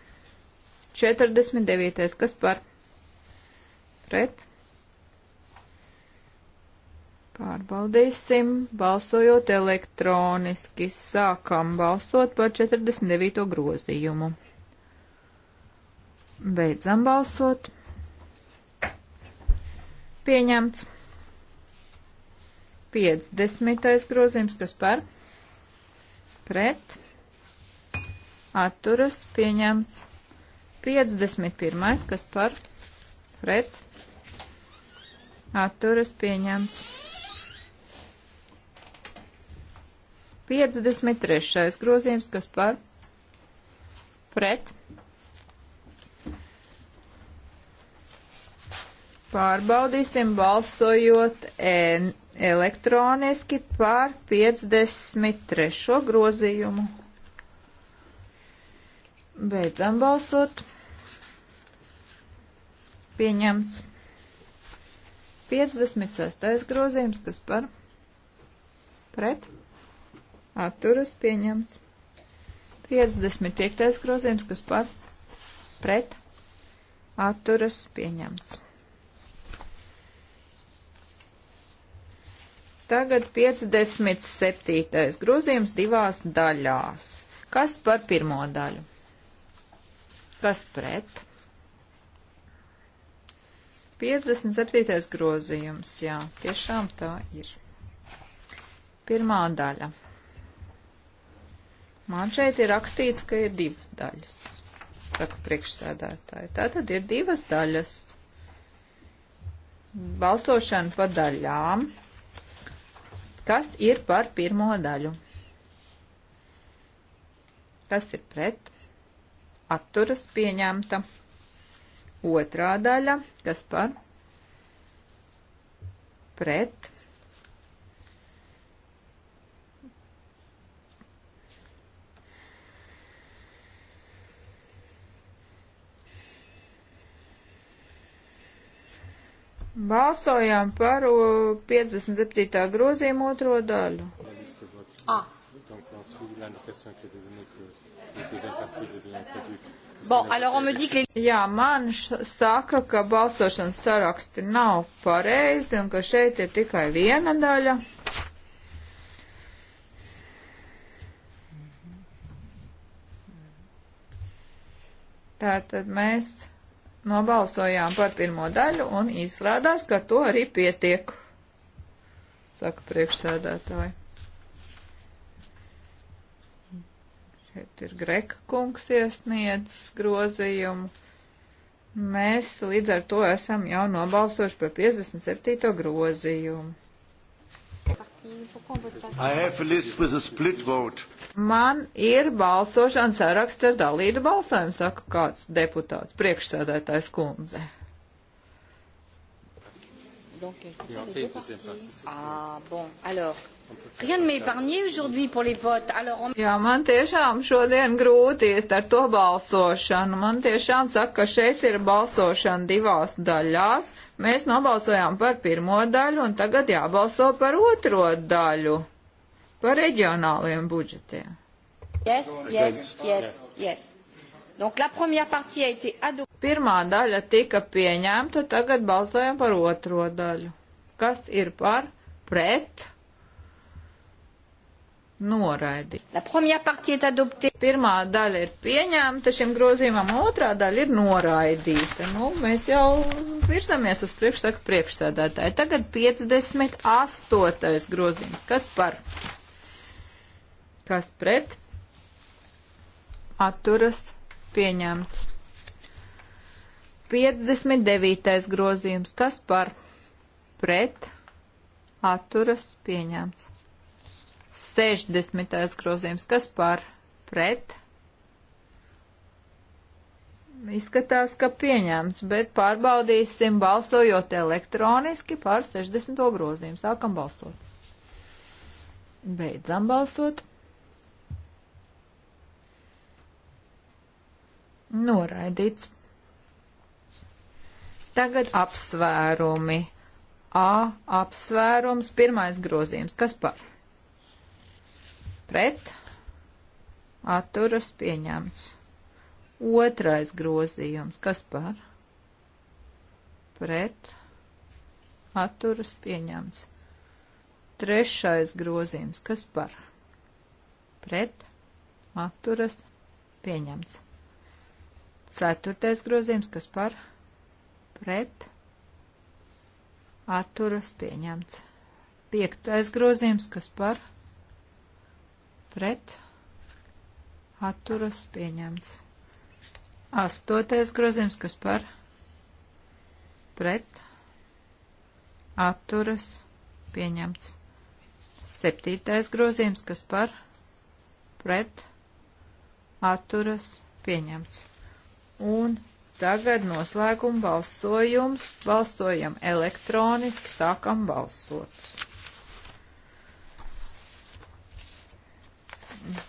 Speaker 1: 49. kas par? Pret Pārbaudīsim, balsojot elektroniski. Sākam balsot par 49. grozījumu. Beidzam balsot. Pieņemts. 50. grozījums, kas par? Pret. Atturas. Pieņemts. 51. kas par? Pret. Atturas. Pieņemts. 53. grozījums, kas par pret pārbaudīsim balsojot elektroniski par 53. grozījumu. Beidzam balsot. Pieņemts. 56. grozījums, kas par pret atturas pieņemts. 55. grozījums, kas par pret atturas pieņemts. Tagad 57. grozījums divās daļās. Kas par pirmo daļu? Kas pret? 57. grozījums, jā, tiešām tā ir. Pirmā daļa Man šeit ir rakstīts, ka ir divas daļas, saka priekšsēdētāji. Tātad ir divas daļas. Balsošana pa daļām. Kas ir par pirmo daļu? Kas ir pret? Atturas pieņemta. Otrā daļa, kas par? Pret. Balsojām par 57. grozījumu otro daļu.
Speaker 2: Ah. Bon, alors on me dit que...
Speaker 1: Jā, man saka, ka balsošanas saraksti nav pareizi un ka šeit ir tikai viena daļa. Tātad mēs Nobalsojām par pirmo daļu un izrādās, ka ar to arī pietiek, saka priekšsēdētāji. Šeit ir Greka kungs iesniedz grozījumu. Mēs līdz ar to esam jau nobalsojuši par 57. grozījumu. I have a list with a split vote. Man ir balsošanas saraksts ar dalītu balsojumu, saka kāds deputāts, priekšsēdētājs kundze. Jā, man tiešām šodien grūti iet ar to balsošanu. Man tiešām saka, ka šeit ir balsošana divās daļās. Mēs nobalsojām par pirmo daļu un tagad jābalso par otro daļu par reģionāliem budžetiem. Yes, yes, yes, yes. Donc, la première partie a été adoptée. Pirmā daļa tika pieņemta, tagad balsojam par otro daļu. Kas ir par pret? Noraidi. La première partie est adoptée. Pirmā daļa ir pieņemta šim grozījumam, otrā daļa ir noraidīta. Nu, mēs jau virzamies uz priekšsaka priekšsēdētāju. Tagad 58. grozījums. Kas par? kas pret, atturas, pieņemts. 59. grozījums, kas par pret, atturas, pieņemts. 60. grozījums, kas par pret, izskatās, ka pieņemts, bet pārbaudīsim balsojot elektroniski par 60. grozījumu. Sākam balsot. Beidzam balsot. Noraidīts. Tagad apsvērumi. A apsvērums, pirmais grozījums. Kas par? Pret. Atturas pieņemts. Otrais grozījums. Kas par? Pret. Atturas pieņemts. Trešais grozījums. Kas par? Pret. Atturas pieņemts. Ceturtais grozījums, kas par pret atturas pieņemts. Piektais grozījums, kas par pret atturas pieņemts. Astotais grozījums, kas par pret atturas pieņemts. Septītais grozījums, kas par pret atturas pieņemts. Un tagad noslēguma balsojums. Balsojam elektroniski, sākam balsot.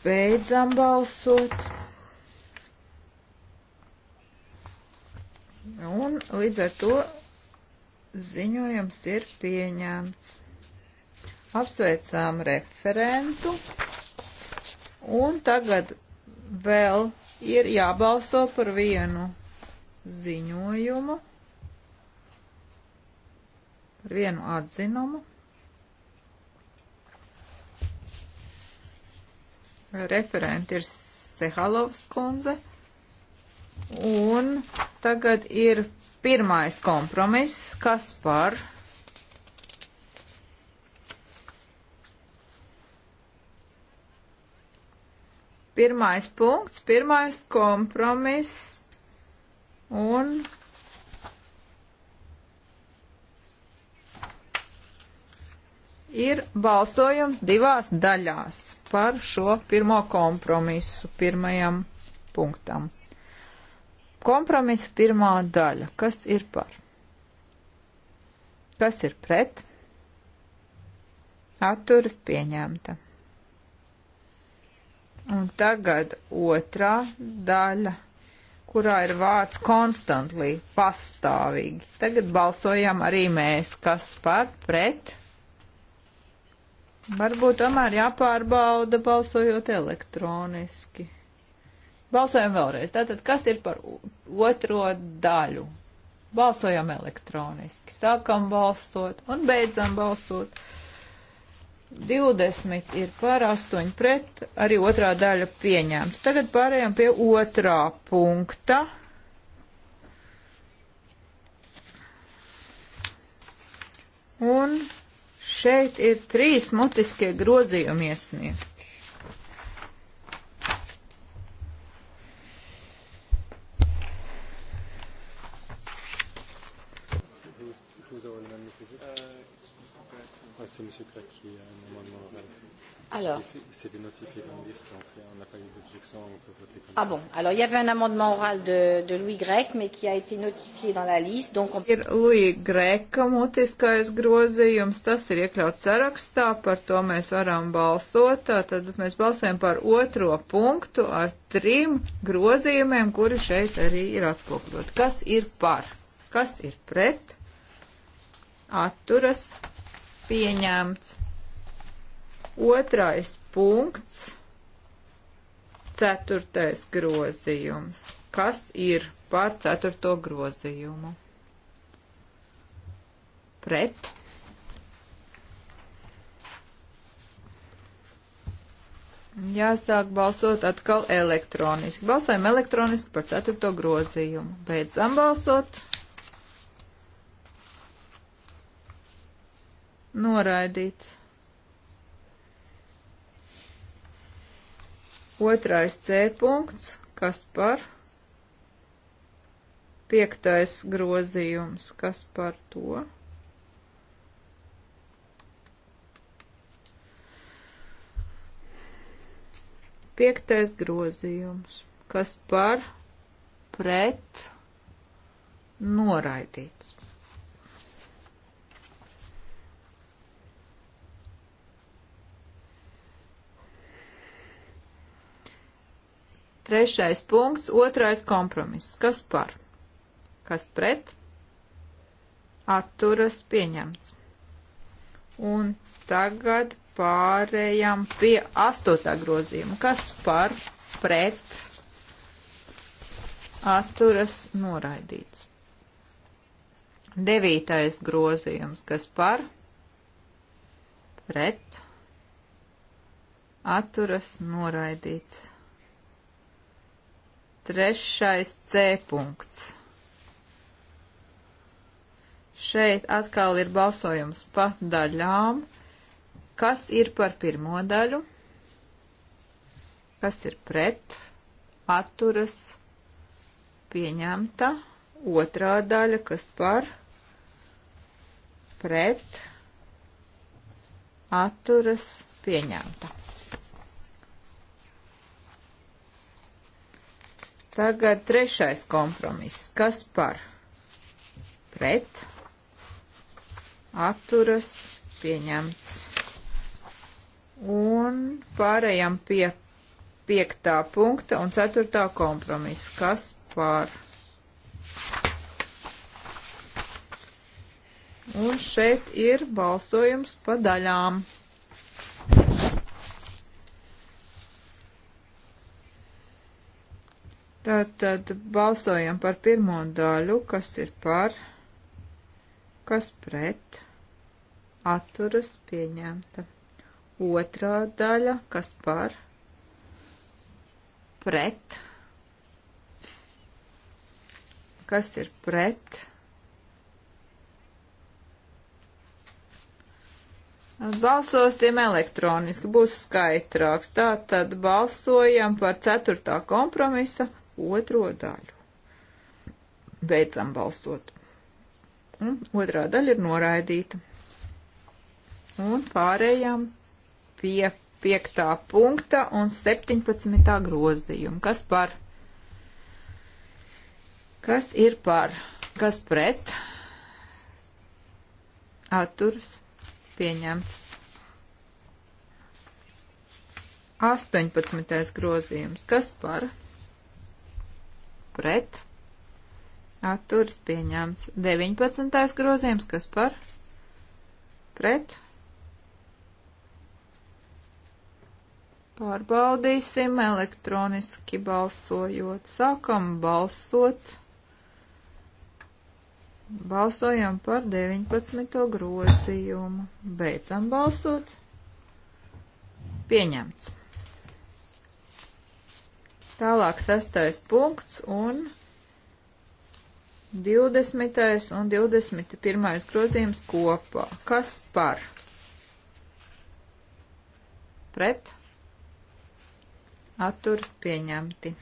Speaker 1: Beidzam balsot. Un līdz ar to ziņojums ir pieņemts. Apsveicām referentu. Un tagad vēl ir jābalso par vienu ziņojumu, par vienu atzinumu. Referenti ir Sehalovs kundze. Un tagad ir pirmais kompromiss, kas par Pirmais punkts, pirmais kompromiss un ir balsojums divās daļās par šo pirmo kompromisu pirmajam punktam. Kompromisa pirmā daļa. Kas ir par? Kas ir pret? Atturas pieņemta. Un tagad otrā daļa, kurā ir vārds constantly, pastāvīgi. Tagad balsojam arī mēs, kas par pret. Varbūt tomēr jāpārbauda balsojot elektroniski. Balsojam vēlreiz. Tātad, kas ir par otro daļu? Balsojam elektroniski. Sākam balsot un beidzam balsot. 20 ir par 8 pret, arī otrā daļa pieņemta. Tagad pārējām pie otrā punkta. Un šeit ir trīs mutiskie grozījumi iesniegt.
Speaker 2: secret qui est normalement oral. Alors C'était notifié comme liste, donc euh, on n'a pas eu d'objection, on peut voter comme
Speaker 1: ah ça. Ah bon, alors il y avait un amendement oral de, de Louis Grec, mais qui a été notifié dans la liste, donc on... Ir Louis Greka mutiskais grozījums, tas ir iekļauts sarakstā, par to mēs varam balsot, tad mēs balsojam par otro punktu ar trim grozījumiem, kuri šeit arī ir atspokļot. Kas ir par? Kas ir pret? Atturas? pieņemts. Otrais punkts, ceturtais grozījums. Kas ir par ceturto grozījumu? Pret. Jāsāk balsot atkal elektroniski. Balsājam elektroniski par ceturto grozījumu. Beidzam balsot. noraidīts. Otrais C punkts, kas par? Piektais grozījums, kas par to? Piektais grozījums, kas par pret noraidīts. Trešais punkts, otrais kompromiss. Kas par? Kas pret? Atturas pieņemts. Un tagad pārējām pie astotā grozījuma. Kas par? Pret? Atturas noraidīts. Devītais grozījums. Kas par? Pret? Atturas noraidīts. Trešais C punkts. Šeit atkal ir balsojums pa daļām. Kas ir par pirmo daļu? Kas ir pret? Atturas pieņemta. Otrā daļa, kas par pret? Atturas pieņemta. Tagad trešais kompromiss. Kas par? Pret. Atturas pieņemts. Un pārējām pie piektā punkta un ceturtā kompromisa. Kas par? Un šeit ir balsojums pa daļām. Tātad balsojam par pirmo daļu, kas ir par, kas pret, atturas pieņemta. Otrā daļa, kas par, pret, kas ir pret. Balsosim elektroniski, būs skaitrāks. Tātad balsojam par ceturtā kompromisa otro daļu. Beidzam balsot. Un otrā daļa ir noraidīta. Un pārējām pie 5. punkta un 17. grozījuma. Kas par? Kas ir par? Kas pret? Atturs pieņemts. 18. grozījums. Kas par? pret, atturas pieņemts. 19. grozījums, kas par, pret, pārbaudīsim elektroniski balsojot, sākam balsot, balsojam par 19. grozījumu, beidzam balsot, pieņemts. Tālāk sastais punkts un 20. un 21. grozījums kopā. Kas par? Pret? Atturs pieņemti.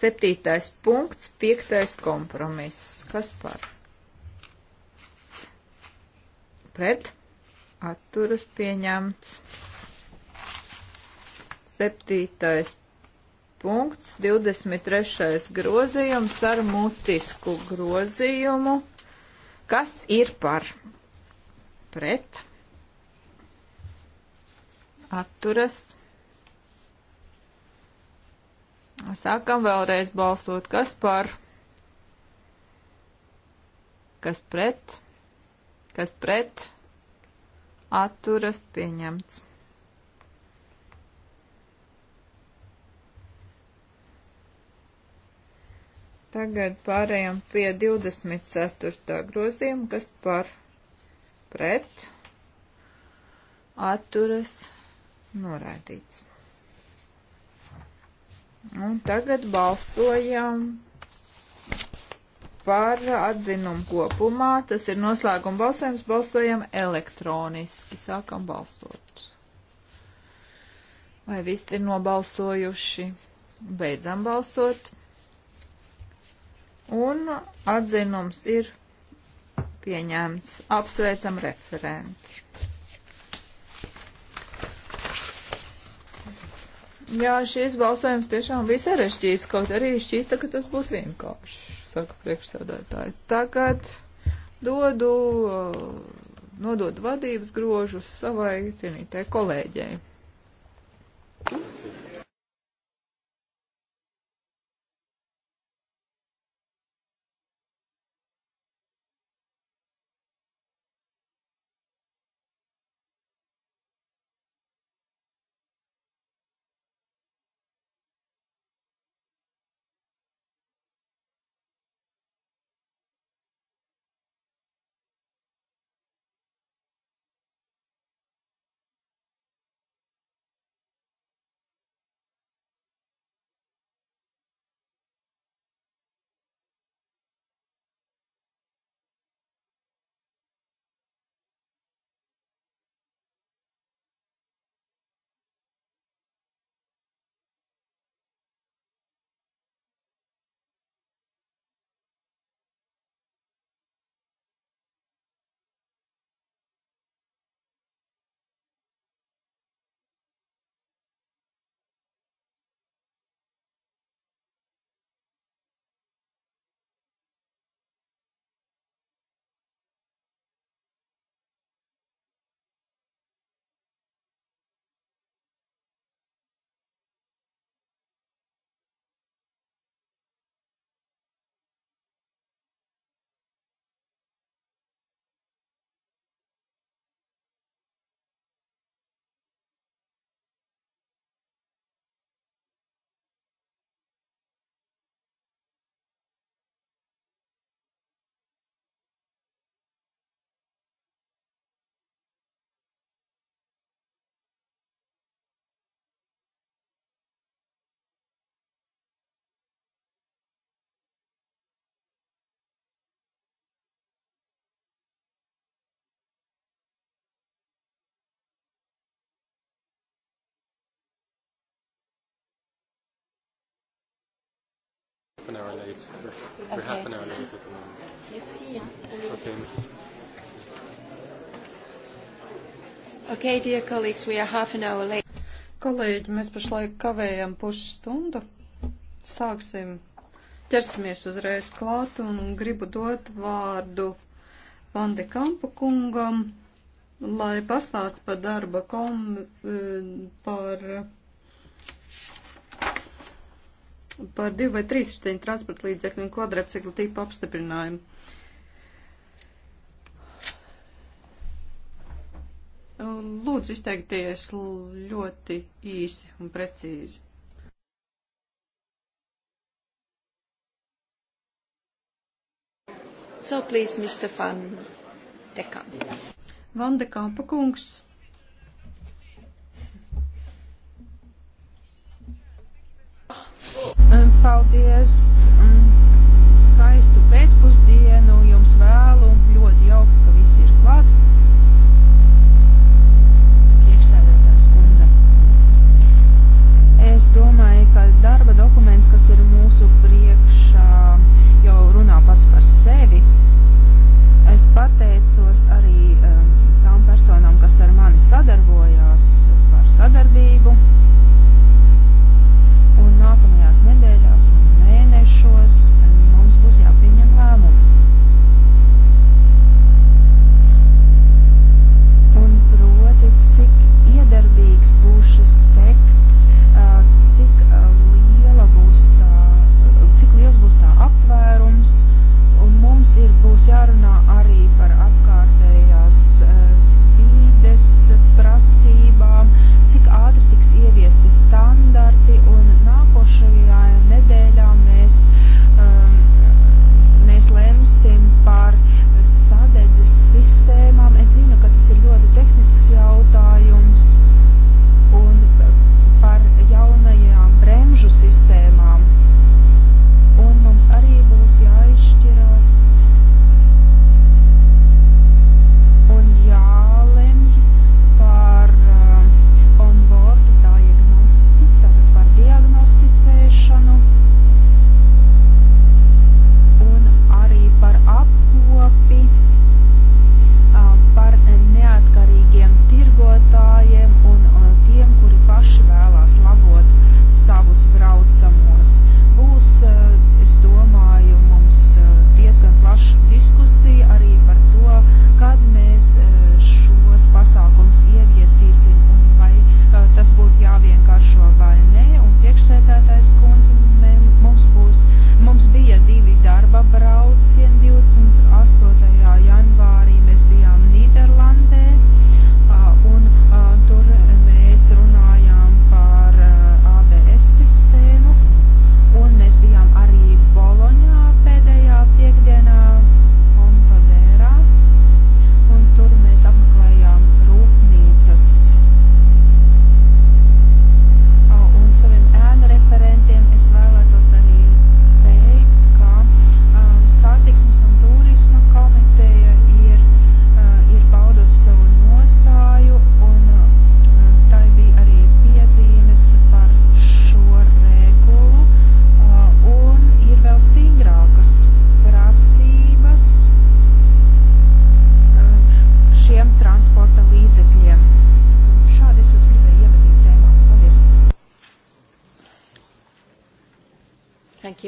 Speaker 1: Septītais punkts, piektais kompromiss. Kas par? Pret? Atturas pieņemts. Septītais punkts, 23. grozījums ar mutisku grozījumu. Kas ir par? Pret. Atturas. Sākam vēlreiz balsot, kas par, kas pret, kas pret, atturas pieņemts. Tagad pārējām pie 24. grozījuma, kas par pret atturas norādīts. Un tagad balsojam par atzinumu kopumā. Tas ir noslēguma balsojums. Balsojam elektroniski. Sākam balsot. Vai viss ir nobalsojuši? Beidzam balsot. Un atzinums ir pieņemts. Apsveicam referenti. Jā, šis balsojums tiešām bija sarežģīts, kaut arī šķita, ka tas būs vienkārši, saka priekšsādātāji. Tagad dodu, nododu vadības grožus savai cienītai kolēģei.
Speaker 2: half an hour late. We're, okay. we're half an hour late at the moment. Merci. Hein. Okay, merci. Okay, dear colleagues, we are half an hour late. Kolēģi, mēs
Speaker 3: pašlaik kavējam pusstundu. Sāksim, ķersimies uzreiz klāt un gribu dot vārdu Vande Kampa kungam, lai pastāst par darba kom, eh, par par divu vai trīs riteņu transporta līdzekļu un kvadrātciklu tipu apstiprinājumu. Lūdzu izteikties ļoti īsi un
Speaker 2: precīzi. So please, Mr. Van de Kamp.
Speaker 3: Van de Kampa kungs.
Speaker 2: Paldies! Mm, skaistu pēcpusdienu jums vēlu. Ļoti jauki, ka visi ir klāt. Priekšsēdētājs kundze. Es domāju, ka darba dokuments, kas ir mūsu priekšā, jau runā pats par sevi. Es pateicos arī um, tām personām, kas ar mani sadarbojās par sadarbību Un nākamajās nedēļās un mēnešos eh, mums būs jāpieņem lēmumi. Un proti, cik iedarbīgs būs šis teksts, eh, cik eh, liela būs tā, cik liels būs tā aptvērums, un mums ir būs jārunā arī par apkārtējās vides prasībām, cik ātri tiks iedarbīgs izšķirās.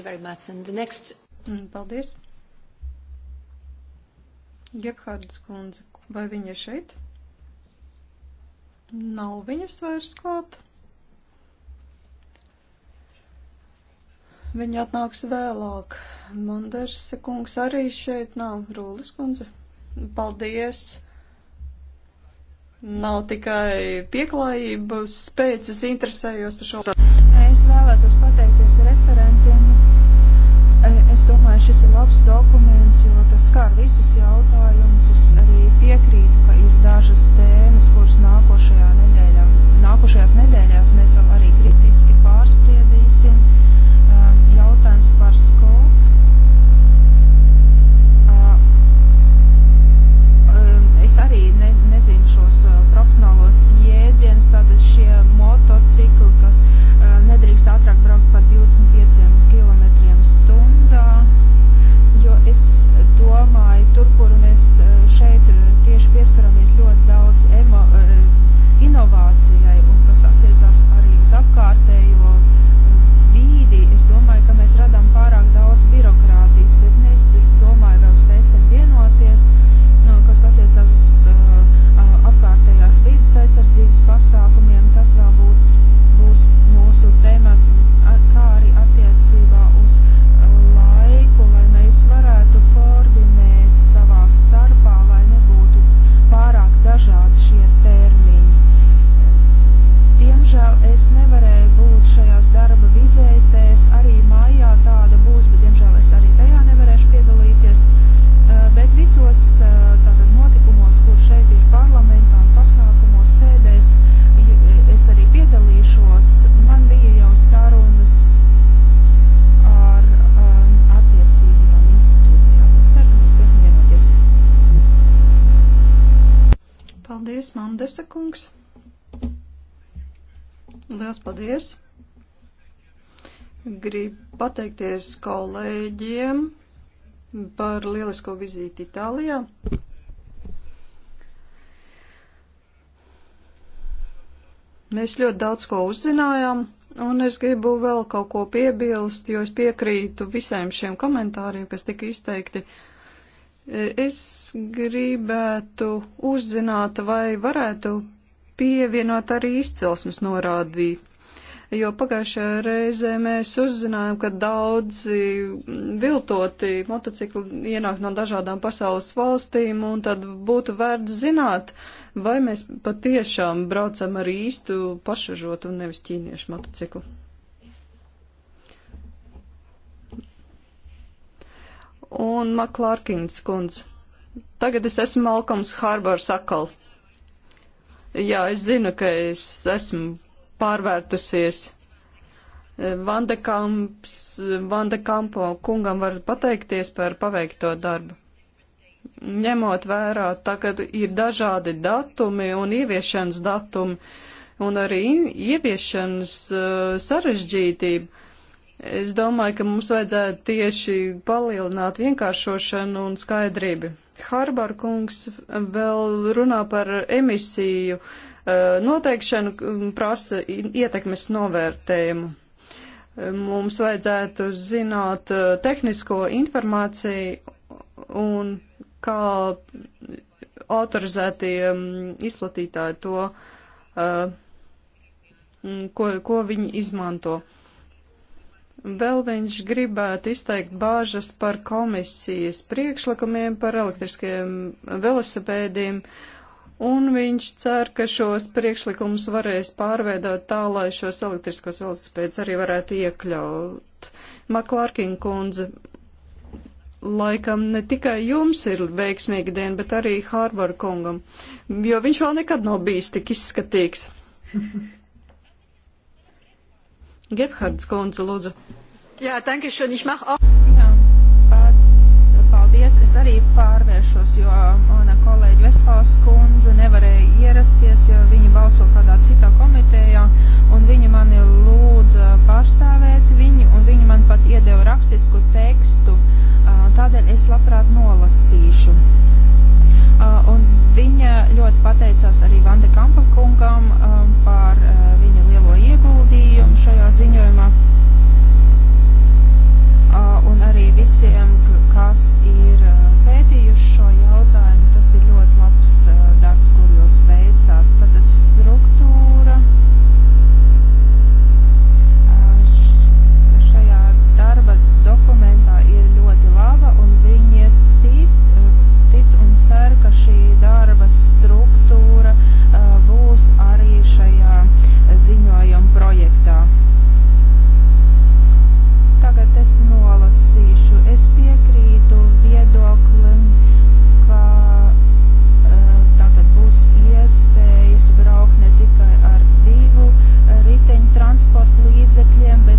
Speaker 2: very much. And the next... Mm,
Speaker 3: paldies. Gebhardas kundze, vai viņa ir šeit? Nav viņas vairs klāt. Viņa atnāks vēlāk. Manders kungs arī šeit nav. Rūlis kundze. Paldies. Nav tikai pieklājības pēc, es interesējos par
Speaker 2: šo. dokuments, jo tas skar visus jautājumus. Es arī piekrītu, ka ir dažas tēmas, kuras nākošajā nedēļā, nākošajās nedēļās mēs vēl arī kritiski pārspriedīsim. Ehm, jautājums par skolu. Ehm, es arī ne, nezinu šos e, profesionālos jēdzienus, tātad šie motocikli, kas e, nedrīkst ātrāk Es domāju, tur, kur mēs eh, šeit eh, tieši pieskaramies ļoti daudz emo, eh, inovācijai un kas attiecās arī uz apkārtējo vīdi, es domāju, ka mēs radām pārāk daudz birokrātijas, bet mēs, domāju, vēl spēsim vienoties, no, kas attiecās uz uh, apkārtējās vīdas aizsardzības pasākumiem. Tas vēl būt, būs mūsu temats, kā arī attiecībā varētu koordinēt savā starpā, lai nebūtu pārāk dažādi šie termiņi. Diemžēl es nevarēju būt šajās darba vizētēs, arī mājā tāda būs, bet diemžēl es arī tajā nevarēšu piedalīties. Bet visos tātad notikumos, kur šeit ir parlamentā un pasākumos sēdēs, es arī piedalīšos
Speaker 3: Paldies, Mandesa kungs. Liels paldies. Gribu pateikties kolēģiem par lielisko vizīti Itālijā. Mēs ļoti daudz ko uzzinājām, un es gribu vēl kaut ko piebilst, jo es piekrītu visiem šiem komentāriem, kas tika izteikti. Uh, Es gribētu uzzināt, vai varētu pievienot arī izcelsmes norādīju jo pagājušajā reizē mēs uzzinājām, ka daudzi viltoti motocikli ienāk no dažādām pasaules valstīm, un tad būtu vērts zināt, vai mēs patiešām braucam ar īstu pašažotu un nevis ķīniešu motociklu. un Maklārkins kundz. Tagad es esmu Malkoms Harbors akal. Jā, es zinu, ka es esmu pārvērtusies. Vandekamps, Vandekampo kungam var pateikties par paveikto darbu. Ņemot vērā, tagad ir dažādi datumi un ieviešanas datumi un arī ieviešanas uh, sarežģītība Es domāju, ka mums vajadzētu tieši palielināt vienkāršošanu un skaidrību. Harbor kungs vēl runā par emisiju eh, noteikšanu, mm, prasa ietekmes novērtējumu. Mums vajadzētu zināt eh, tehnisko informāciju un kā autorizētie mm, izplatītāji to, eh, mm, ko, ko viņi izmanto. Uh, Vēl viņš gribētu izteikt bāžas par komisijas priekšlikumiem par elektriskajiem velosipēdiem, un viņš cer, ka šos priekšlikumus varēs pārveidot tā, lai šos elektriskos velosipēdus arī varētu iekļaut. Maklārkina kundze, laikam ne tikai jums ir veiksmīga diena, bet arī Hārvara kungam, jo viņš vēl nekad nav bijis tik izskatīgs. [laughs] Gebhards kundze, lūdzu. Jā, tanki šodien ich mach auch.
Speaker 2: Jā, pār, paldies. Es arī pārvēršos, jo mana kolēģa Vestfāls kundze nevarēja ierasties, jo viņa balso kādā citā komitejā, un viņa mani lūdza pārstāvēt viņu, un viņa man pat iedeva rakstisku tekstu, tādēļ es labprāt nolasīšu. Un viņa ļoti pateicās arī Vande Kampa kungam par viņa lielo ieguldījumu šajā ziņojumā un arī visiem, kas ir pētījuši šo jautājumu. Tas ir ļoti Es piekrītu viedoklim, ka eh, tātad būs iespējas braukt ne tikai ar divu eh, riteņu transportu līdzekļiem, bet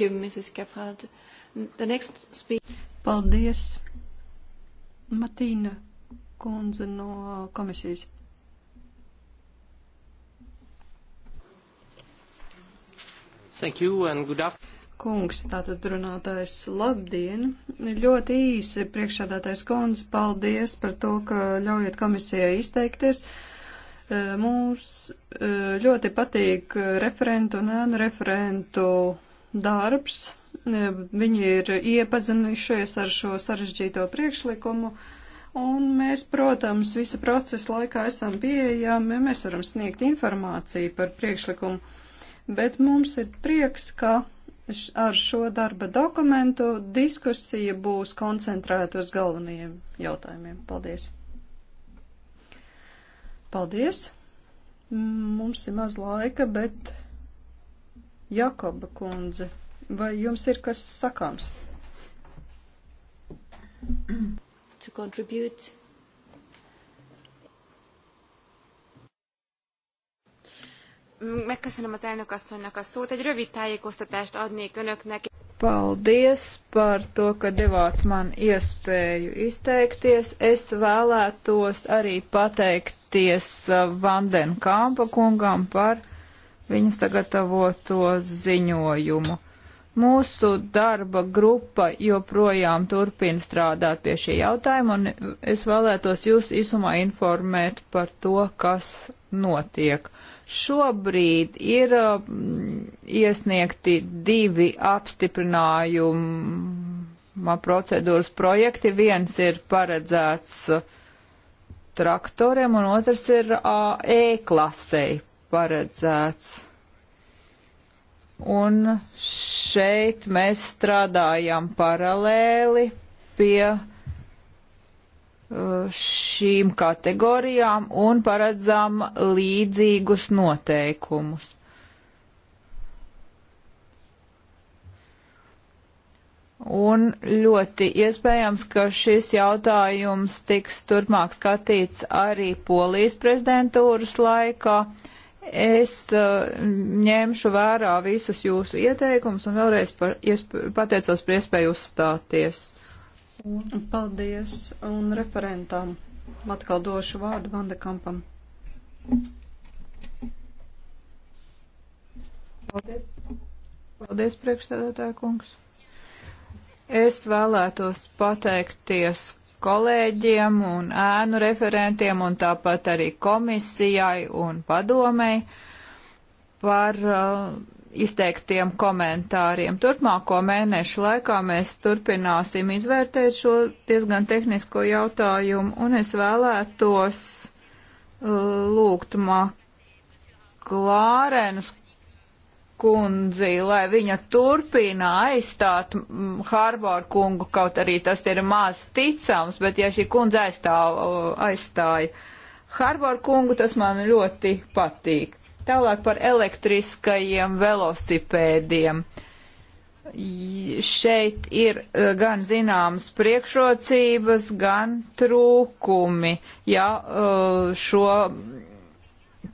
Speaker 2: Thank you, Mrs. Gephardt. The next speaker.
Speaker 3: Paldies, Matīna kundze no komisijas.
Speaker 2: Thank you and good afternoon.
Speaker 3: Kungs, tātad runātājs, labdien! Ļoti īsi priekšādātais kundze, paldies par to, ka ļaujiet komisijai izteikties. E, mums e, ļoti patīk referentu un ēnu referentu darbs. E, viņi ir iepazinušies ar šo sarežģīto priekšlikumu, un mēs, protams, visa procesa laikā esam pieejami, mēs varam sniegt informāciju par priekšlikumu, bet mums ir prieks, ka ar šo darba dokumentu diskusija būs koncentrēta uz galvenajiem jautājumiem. Paldies! Paldies! Mums ir maz laika, bet Jakoba kundze, vai jums ir kas sakāms?
Speaker 2: To contribute. Megköszönöm az elnök asszonynak
Speaker 1: a szót. Egy rövid tájékoztatást adnék önöknek. Paldies par to, ka devāt man iespēju izteikties. Es vēlētos arī pateikties Vandenkampa kungam par viņa sagatavoto ziņojumu. Mūsu darba grupa joprojām turpina strādāt pie šī jautājuma, un es vēlētos jūs īsumā informēt par to, kas notiek. Šobrīd ir um, iesniegti divi apstiprinājuma procedūras projekti. Viens ir paredzēts traktoriem, un otrs ir E-klasei paredzēts. Un šeit mēs strādājam paralēli pie uh, šīm kategorijām un paredzam līdzīgus noteikumus. Un ļoti iespējams, ka šis jautājums tiks turpmāk skatīts arī Polijas prezidentūras laikā. Uh, Es uh, ņemšu vērā visus jūsu ieteikumus un vēlreiz par, pateicos par iespēju uzstāties.
Speaker 3: Paldies un referentam. Atkal došu vārdu Vandekampam. Paldies.
Speaker 1: Paldies, priekšsēdētāja kungs. Es vēlētos pateikties kolēģiem un ēnu referentiem un tāpat arī komisijai un padomei par uh, izteiktiem komentāriem. Turpmāko mēnešu laikā mēs turpināsim izvērtēt šo diezgan tehnisko jautājumu un es vēlētos uh, lūgt Maklārenus kundzi, lai viņa turpina aizstāt mm, Hārboru kungu, kaut arī tas ir maz ticams, bet ja šī kundze aizstāv, aizstāja Hārboru kungu, tas man ļoti patīk. Tālāk par elektriskajiem velosipēdiem. Šeit ir eh, gan zināmas priekšrocības, gan trūkumi, ja eh, šo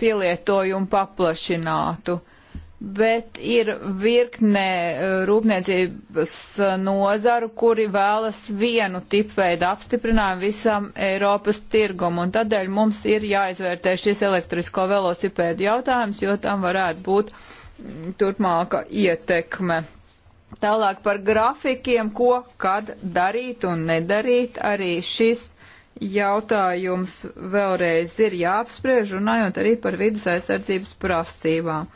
Speaker 1: pielietojumu paplašinātu. Uh, bet ir virknē eh, rūpniecības nozaru, kuri vēlas vienu tipveidu apstiprinājumu visam Eiropas tirgumu, un tādēļ mums ir jāizvērtē šis elektrisko velosipēdu jautājums, jo tam varētu būt mm, turpmāka ietekme. Tālāk par grafikiem, ko, kad darīt un nedarīt, arī šis jautājums vēlreiz ir jāapspriež, runājot arī par vidas aizsardzības prasībām.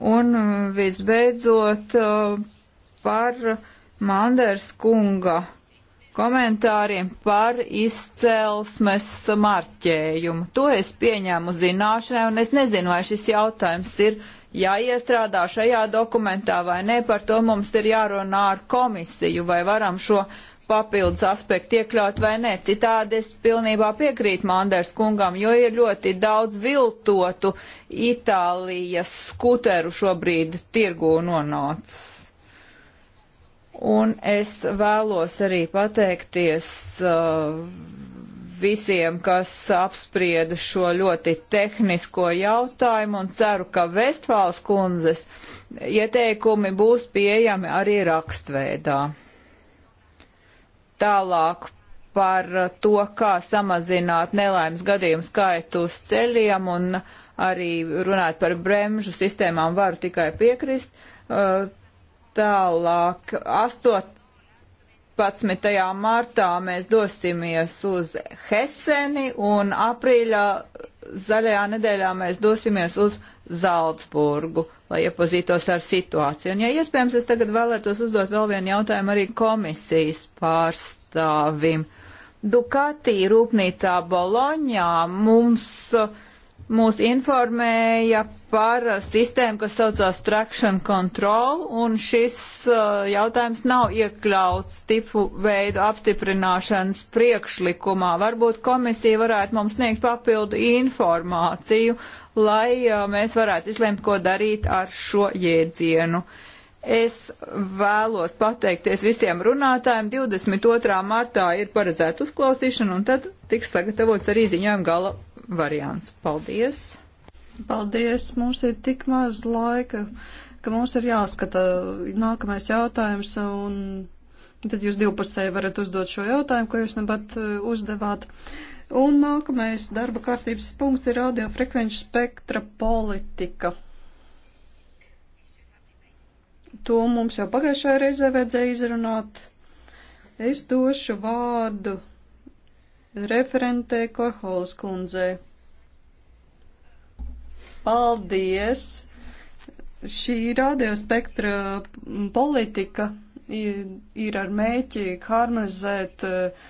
Speaker 1: Un uh, visbeidzot uh, par Manders kunga komentāriem par izcelsmes marķējumu. To es pieņēmu zināšanai, un es nezinu, vai šis jautājums ir jāiestrādā šajā dokumentā vai nē. Par to mums ir jārunā ar komisiju, vai varam šo uh, papildus aspektu iekļaut vai nē. Citādi es pilnībā piekrītu Manders kungam, jo ir ļoti daudz viltotu Itālijas skuteru šobrīd tirgū nonācis. Un es vēlos arī pateikties uh, visiem, kas apsprieda šo ļoti tehnisko jautājumu un ceru, ka Vestfāls kundzes ieteikumi būs pieejami arī rakstveidā. Tālāk par to, kā samazināt nelaimes gadījumu skaitu uz ceļiem un arī runāt par bremžu sistēmām varu tikai piekrist. Uh, tālāk, 18. martā mēs dosimies uz Heseni un aprīļā zaļajā nedēļā mēs dosimies uz Zaldzburgu, lai iepazītos ar situāciju. Un, ja iespējams, es tagad vēlētos uzdot vēl vienu jautājumu arī komisijas pārstāvim. Dukatī rūpnīcā Boloņā mums uh, mūs informēja par sistēmu, kas saucās Traction Control, un šis uh, jautājums nav iekļauts tipu veidu apstiprināšanas priekšlikumā. Varbūt komisija varētu mums sniegt papildu informāciju, lai uh, mēs varētu izlemt, ko darīt ar šo jēdzienu. Es vēlos pateikties visiem runātājiem. 22. martā ir paredzēta uzklausīšana, un tad tiks sagatavots arī ziņojuma gala variants. Paldies!
Speaker 3: Paldies!
Speaker 1: Mums ir tik
Speaker 3: maz laika, ka mums ir jāskata nākamais jautājums, un tad jūs divpusēji varat uzdot šo jautājumu, ko jūs nebat eh, uzdevāt. Un nākamais darba kārtības punkts ir radiofrekvenču spektra politika. To mums jau pagājušajā reizē vajadzēja izrunāt. Es došu vārdu referentē Korholas kundzē. Paldies! Šī radiospektra politika ir, ir ar mēķi harmonizēt eh,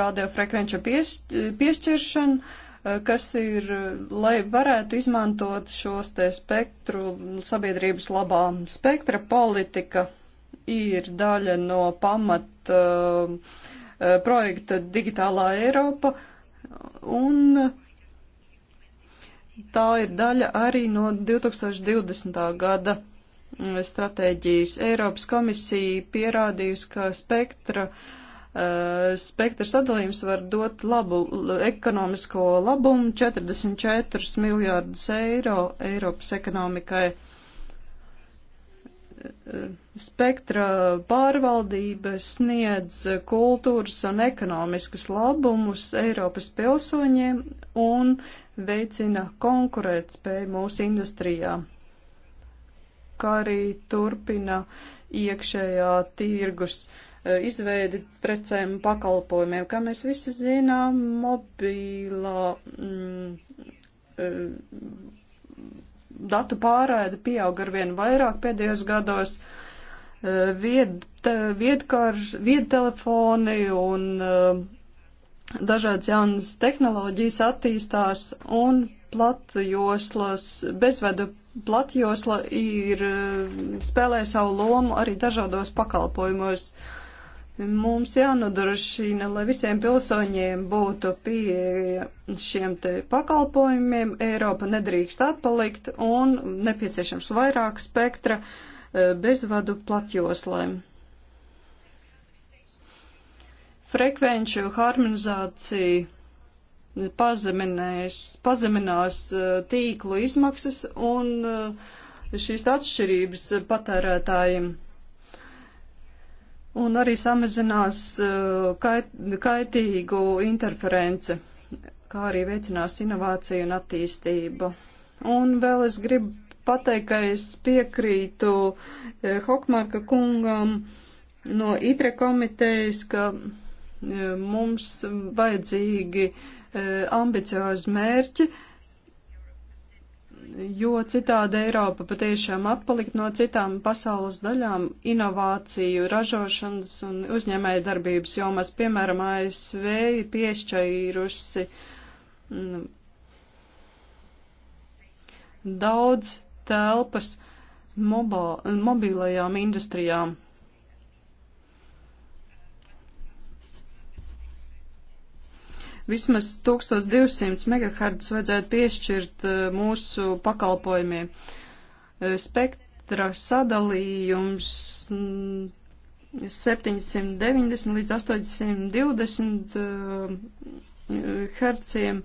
Speaker 3: radiofrekvenču pies, piešķiršanu, eh, kas ir, lai varētu izmantot šos te spektru sabiedrības labā. Spektra politika ir daļa no pamata uh, eh, Eh, projekta Digitālā Eiropa, un tā ir daļa arī no 2020. gada eh, stratēģijas. Eiropas komisija pierādījusi, ka spektra, eh, spektra sadalījums var dot labu ekonomisko labumu 44 miljārdus eiro Eiropas ekonomikai. Eh, spektra pārvaldība sniedz kultūras un ekonomiskus labumus Eiropas pilsoņiem un veicina konkurētspēju mūsu industrijā, kā arī turpina iekšējā tirgus eh, izveidi precēm un pakalpojumiem. Kā mēs visi zinām, mobilā mm, eh, datu pārraide pieaug ar vien vairāk pēdējos gados. Eh, vied, viedkārs, viedtelefoni un eh, dažādas jaunas tehnoloģijas attīstās un platjoslas, bezvedu platjosla ir eh, spēlē savu lomu arī dažādos pakalpojumos. Uh, Mums jānodrošina, lai visiem pilsoņiem būtu pieeja šiem te pakalpojumiem. Eiropa nedrīkst atpalikt un nepieciešams vairāk spektra eh, bezvadu platjoslēm. Frekvenču harmonizācija pazeminās eh, tīklu izmaksas un eh, šīs atšķirības patērētājiem un arī samazinās eh, kait, kaitīgu interferenci, kā arī veicinās inovāciju un attīstību. Un vēl es gribu pateikt, ka es piekrītu eh, Hokmarka kungam no ITRE komitejas, ka eh, mums vajadzīgi ambiciozi mērķi, jo citādi Eiropa patiešām atpalikt no citām pasaules daļām inovāciju, ražošanas un uzņēmēja darbības jomās. Piemēram, ASV ir piešķairusi mm, daudz telpas mobā, mobilajām industrijām. vismaz 1200 MHz vajadzētu piešķirt eh, mūsu pakalpojumiem. Eh, spektra sadalījums 790 mm, līdz 820 eh, herciem.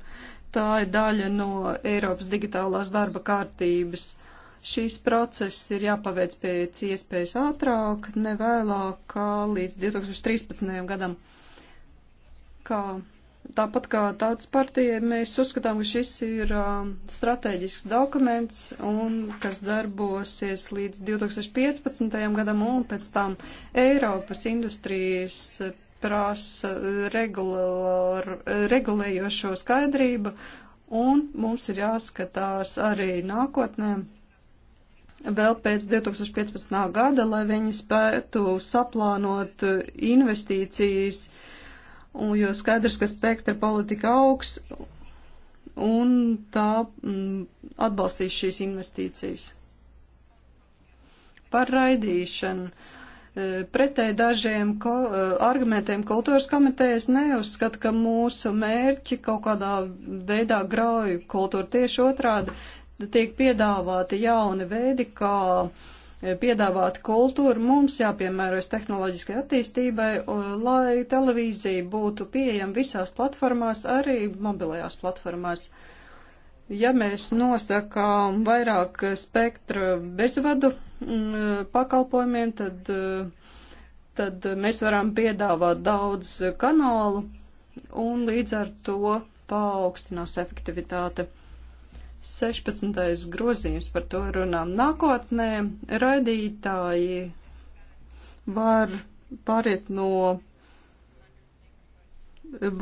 Speaker 3: Tā ir daļa no Eiropas digitālās darba kārtības. Šīs process ir jāpaveic pēc iespējas ātrāk, ne vēlāk kā līdz 2013. gadam. Kā Tāpat kā tautas partijai, mēs uzskatām, ka šis ir um, strateģisks dokuments, un kas darbosies līdz 2015. gadam, un pēc tam Eiropas industrijas prasa regulāru, regulējošo skaidrību, un mums ir jāskatās arī nākotnē vēl pēc 2015. gada, lai viņi spētu saplānot investīcijas uh, un jo skaidrs, ka spektra politika augs un tā mm, atbalstīs šīs investīcijas. Par raidīšanu. E, pretēji dažiem ko, e, argumentiem kultūras komitejas neuzskata, ka mūsu mērķi kaut kādā veidā grauj kultūru. Tieši otrādi tiek piedāvāti jauni veidi, kā uh, piedāvāt kultūru, mums jāpiemērojas tehnoloģiskai attīstībai, lai televīzija būtu pieejama visās platformās, arī mobilajās platformās. Ja mēs nosakām vairāk spektra bezvadu mm, pakalpojumiem, tad, tad mēs varam piedāvāt daudz kanālu un līdz ar to paaugstinās efektivitāte. 16. grozījums par to runām. Nākotnē raidītāji var pāriet no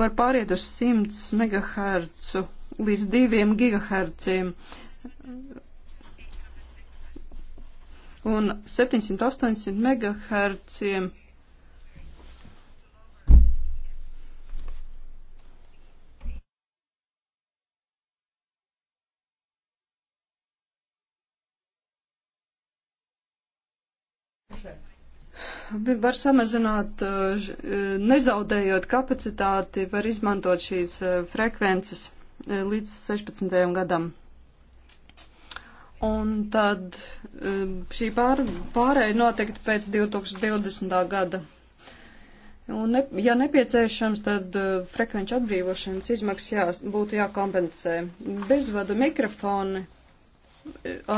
Speaker 3: var pāriet uz 100 MHz līdz 2 GHz. Un 700-800 MHz Var samazināt, uh, uh, nezaudējot kapacitāti, var izmantot šīs uh, frekvences līdz 16. gadam. Un tad um, šī pār, pārēja noteikti pēc 2020. gada. Un, ne, ja nepieciešams, tad frekvenču atbrīvošanas izmaksas jā, būtu jākompensē. Bezvada mikrofoni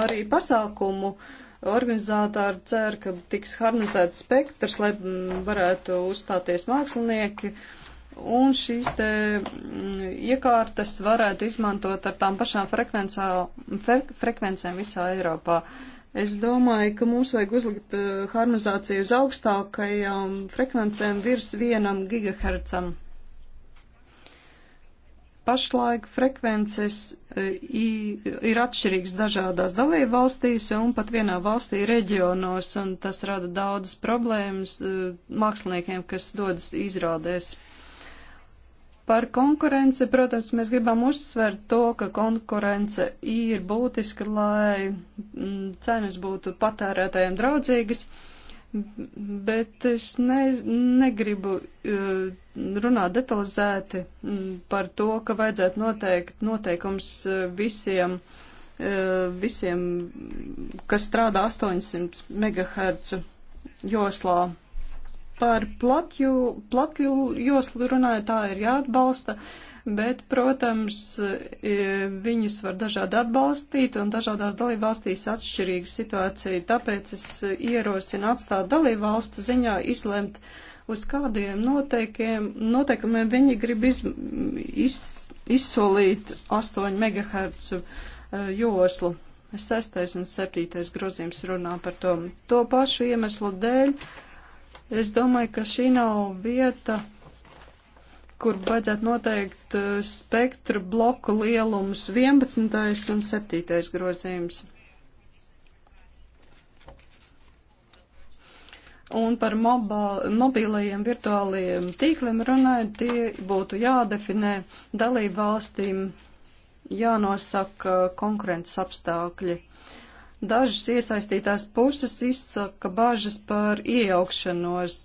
Speaker 3: arī pasākumu uh, organizātori cer, ka tiks harmonizēts spektrs, lai varētu uzstāties mākslinieki, un šīs te mm, iekārtas varētu izmantot ar tām pašām frekvencēm visā Eiropā. Es domāju, ka mums vajag uzlikt eh, harmonizāciju uz augstākajām frekvencēm virs vienam gigahercam pašlaik frekvences e, ir atšķirīgas dažādās dalību valstīs un pat vienā valstī reģionos, un tas rada daudzas problēmas e, māksliniekiem, kas dodas izrādēs. Par konkurenci, protams, mēs gribam uzsvert to, ka konkurence ir būtiska, lai cenas būtu patērētājiem draudzīgas. Uh, bet es ne, negribu eh, runāt detalizēti mm, par to, ka vajadzētu noteikt noteikums eh, visiem, eh, visiem kas strādā 800 MHz joslā. Par platju, platju joslu runāju, tā ir jāatbalsta. Uh, bet, protams, e, viņus var dažādi atbalstīt un dažādās dalībvalstīs atšķirīga situācija. Tāpēc es ierosinu atstāt dalībvalstu ziņā izlemt, uz kādiem noteikumiem viņi grib iz, iz, izsolīt 8 MHz e, joslu. Sestais un septītais grozījums runā par to. To pašu iemeslu dēļ es domāju, ka šī nav vieta kur vajadzētu noteikt eh, spektra bloku lielumus 11. un 7. grozījums. Un par mobīlajiem virtuālajiem tīkliem runājot, tie būtu jādefinē dalību valstīm, jānosaka konkurences apstākļi. Dažas iesaistītās puses izsaka bažas par iejaukšanos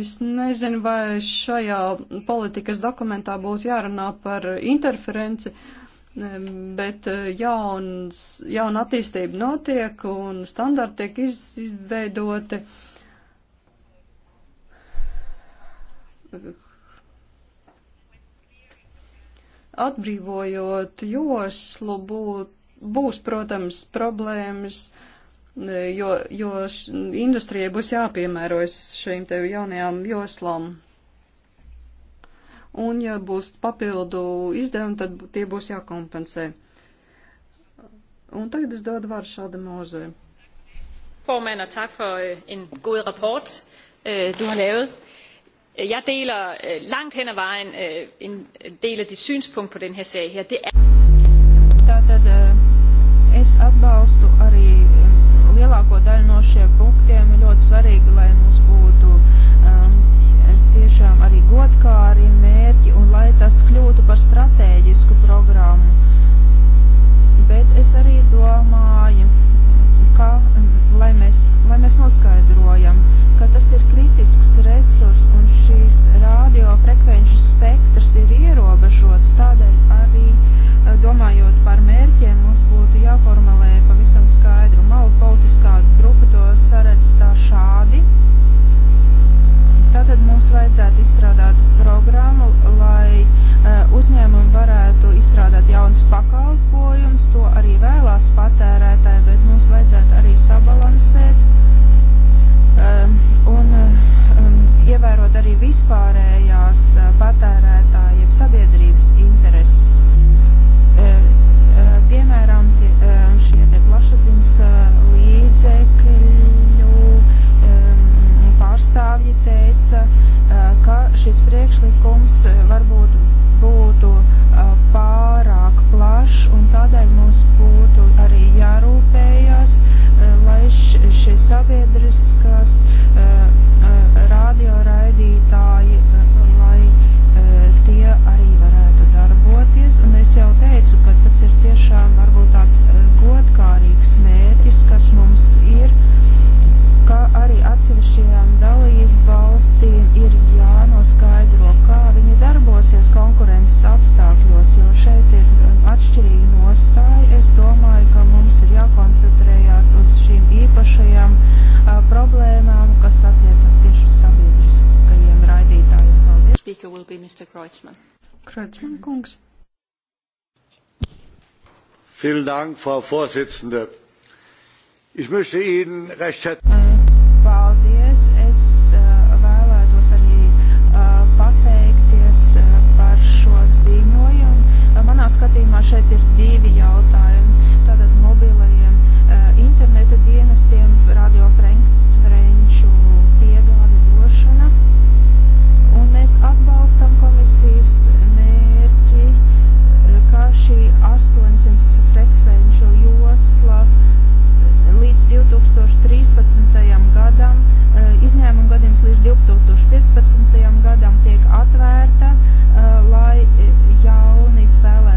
Speaker 3: Es nezinu, vai šajā politikas dokumentā būtu jārunā par interferenci, bet eh, jauns, jauna attīstība notiek un standarti tiek izveidoti. Atbrīvojot joslu, būt, būs, protams, problēmas. Uh, jo, jo industrijai būs jāpiemērojas šīm te jaunajām joslām. Un, ja būs papildu izdevumi, tad tie būs jākompensē. Un tagad es dodu vārdu šāda mūzē.
Speaker 1: Formand, og tak for øh, en god rapport, øh, du har lavet. Jeg deler øh, langt hen ad vejen en del af dit synspunkt på den her sag her. Det
Speaker 2: er... Tātad, es atbalstu svarīgi, lai mums būtu um, tiešām arī godkāri mērķi un lai tas kļūtu par stratēģisku programmu. Bet es arī domāju, ka, um, lai mēs, lai mēs noskaidrojam, ka tas ir kritisks resurs un šīs radiofrekvenču spektrs ir ierobežots, tādēļ arī uh, domājot par mērķiem, mums būtu jāformulē pavisam skaidru malu politiskā grupa to saredz tā šādi. Tātad mums vajadzētu izstrādāt programmu, lai uh, uzņēmumi varētu izstrādāt jaunas pakalpojumus, to arī vēlās patērētāji, bet mums vajadzētu arī sabalansēt uh, un um, ievērot arī vispārējās uh, patērētāji, sabiedrības intereses. Piemēram, tie, šie te plašaziņas pārstāvji teica, ka šis priekšlikums varbūt būtu pārāk plašs un tādēļ mums būtu arī jārūpējas, lai šie sabiedriskas radioraidītāji, lai tie arī varētu darboties. Un es jau teicu, ka tas ir tiešām varbūt atsevišķajām dalību valstīm ir jānoskaidro, kā viņi darbosies konkurences apstākļos, jo šeit ir um, atšķirīga nostāja. Es domāju, ka mums ir jākoncentrējās uz šīm īpašajām uh, problēmām, kas attiecas tieši uz sabiedriskajiem raidītājiem. Paldies! Speaker will be Mr. Kreutzmann. Kreutzmann kungs. Vielen Dank, Frau Vorsitzende. Ich möchte
Speaker 1: Ihnen recht herzlich
Speaker 2: skatījumā šeit ir divi jautājumi. Tātad mobilajiem uh, interneta dienestiem radiofrekvenču piegāde došana. Un mēs atbalstam komisijas mērķi, eh, ka šī 800 frekvenču josla līdz 2013. gadam, eh, izņēmuma gadījums līdz 2015. gadam tiek atvērta, lai jauni spēlē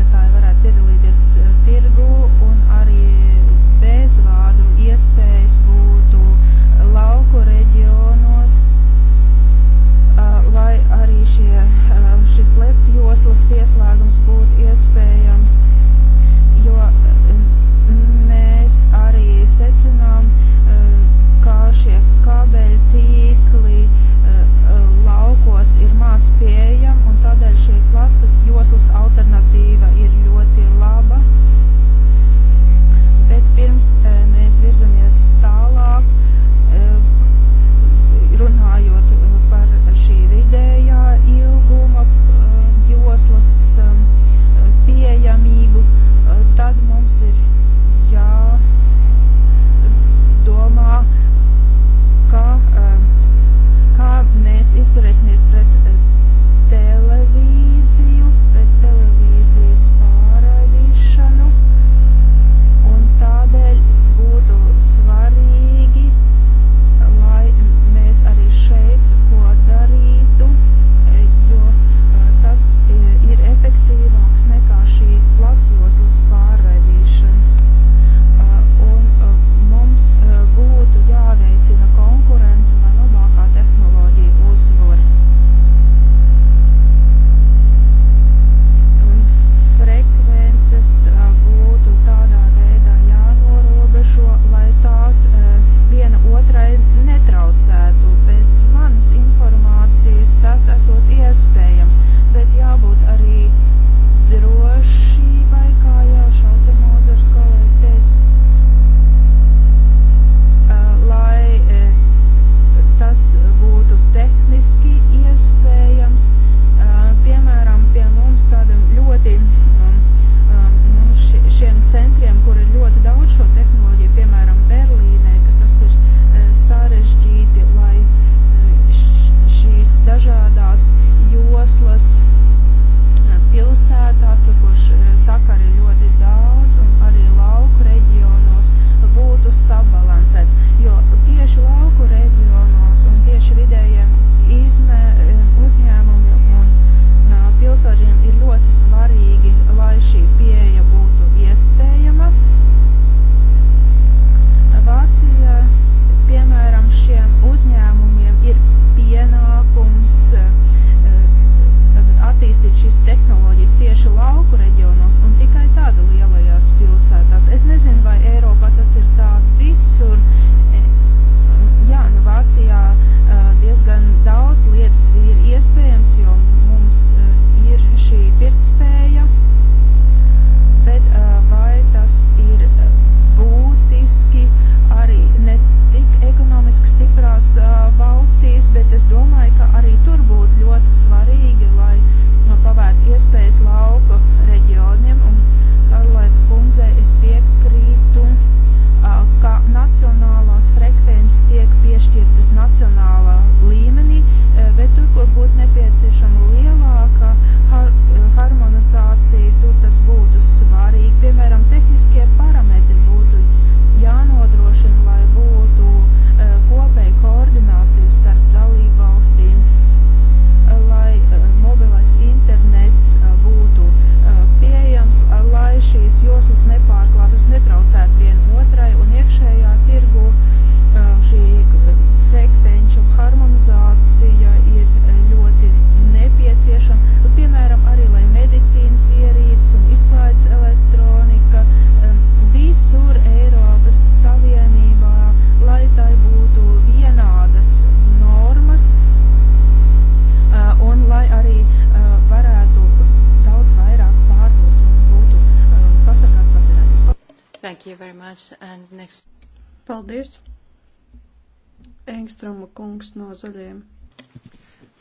Speaker 3: Engstroma kungs no zaļiem.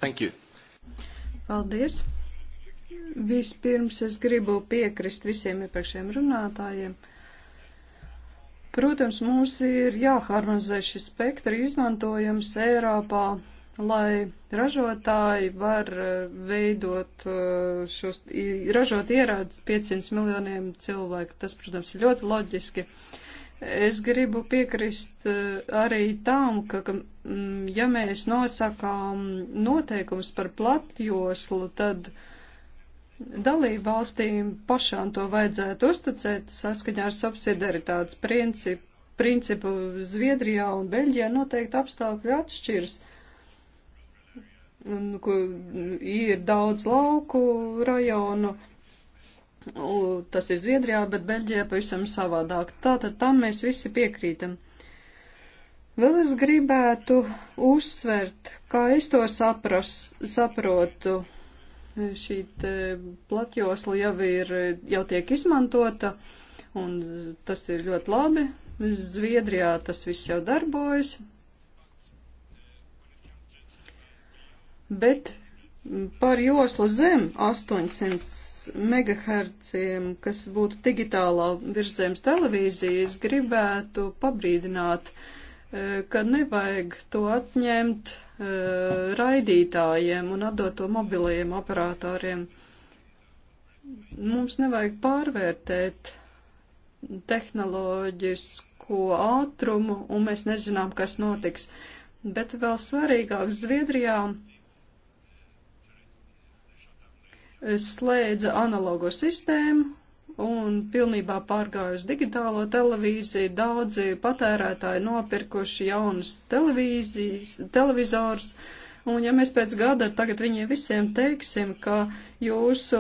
Speaker 3: Thank you. Paldies. Vispirms es gribu piekrist visiem iepriekšējiem runātājiem. Protams, mums ir jāharmonizē šis spektra izmantojums Eiropā, lai ražotāji var eh, veidot eh, šos, ražot ierādes 500 miljoniem cilvēku. Tas, protams, ir ļoti loģiski. Uh, Es gribu piekrist eh, arī tam, ka, ka mm, ja mēs nosakām noteikums par platjoslu, tad dalību valstīm pašām to vajadzētu uzticēt saskaņā ar subsidiaritātes principu. Principu Zviedrijā un Beļģijā noteikti apstākļi atšķirs. Un, ko, ir daudz lauku rajonu, uh, Tas ir Zviedrijā, bet Beļģijā pavisam savādāk. Tātad tam mēs visi piekrītam. Vēl es gribētu uzsvert, kā es to sapras, saprotu. Šī platjosla jau ir, jau tiek izmantota, un tas ir ļoti labi. Zviedrijā tas viss jau darbojas. Bet par joslu zem 800 megaherciem, kas būtu digitālā virzēmas televīzijas, gribētu pabrīdināt, e, ka nevajag to atņemt e, raidītājiem un atdot to mobilajiem operatoriem. Mums nevajag pārvērtēt tehnoloģisko ātrumu, un mēs nezinām, kas notiks. Bet vēl svarīgāk, Zviedrijā slēdza analogo sistēmu un pilnībā pārgāja uz digitālo televīziju. Daudzi patērētāji nopirkuši jaunus televizors. Un ja mēs pēc gada tagad viņiem visiem teiksim, ka jūsu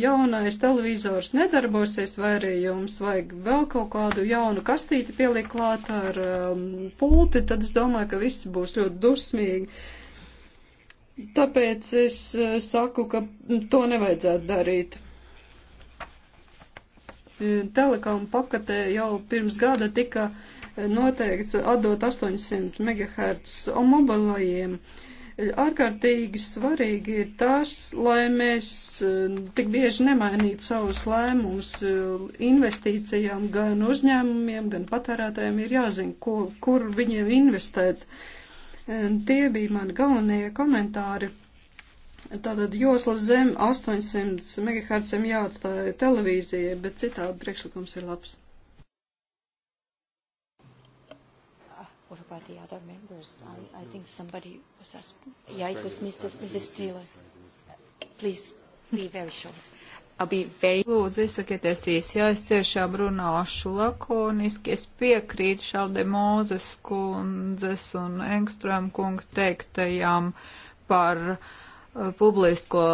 Speaker 3: jaunais televizors nedarbosies, vai arī jums vajag vēl kaut kādu jaunu kastīti pielikt klāt ar um, pulti, tad es domāju, ka visi būs ļoti dusmīgi. Uh, Tāpēc es eh, saku, ka mm, to nevajadzētu darīt. E, Telekom pakatē jau pirms gada tika e, noteikts atdot 800 MHz un mobilajiem. E, ārkārtīgi svarīgi ir tas, lai mēs tik bieži nemainītu savus lēmumus investīcijām gan uzņēmumiem, gan patērētājiem ir jāzina, ko, kur viņiem investēt. Uh, Tie bija mani galvenie komentāri. Tātad joslas zem 800 MHz jāatstāja televīzija, bet citādi priekšlikums ir labs.
Speaker 2: Ah, what about the other members? I, I think somebody was asking. Yeah, it was Mr. Mrs. Steeler. Please be very short.
Speaker 1: Very... Lūdzu, izsakieties īsi, ja es tiešām runāšu lakoniski, es piekrītu Šalde Mūzes kundzes un Engström kunga teiktajām par uh, publisko,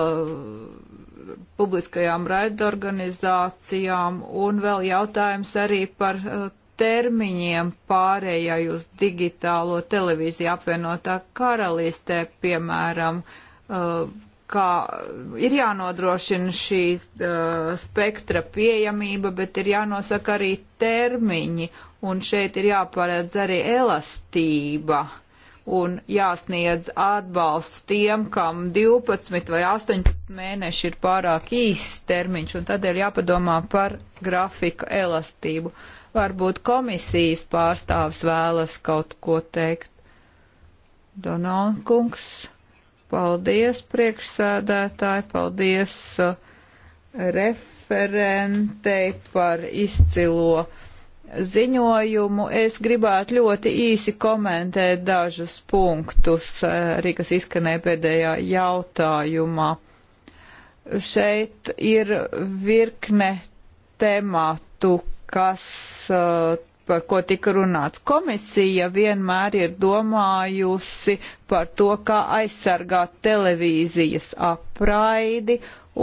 Speaker 1: publiskajām raidorganizācijām un vēl jautājums arī par uh, termiņiem pārējai uz digitālo televīziju apvienotā karalistē, piemēram, uh, ka ir jānodrošina šī uh, spektra pieejamība, bet ir jānosaka arī termiņi, un šeit ir jāparedz arī elastība un jāsniedz atbalsts tiem, kam 12 vai 18 mēneši ir pārāk īsts termiņš, un tad ir jāpadomā par grafika elastību. Varbūt komisijas pārstāvs vēlas kaut ko teikt. Donalkungs. Paldies, priekšsēdētāji, paldies uh, referentei par izcilo ziņojumu. Es gribētu ļoti īsi komentēt dažus punktus, uh, arī kas izskanēja pēdējā jautājumā. Šeit ir virkne tematu, kas uh, par ko tika runāts. Komisija vienmēr ir domājusi par to, kā aizsargāt televīzijas apraidi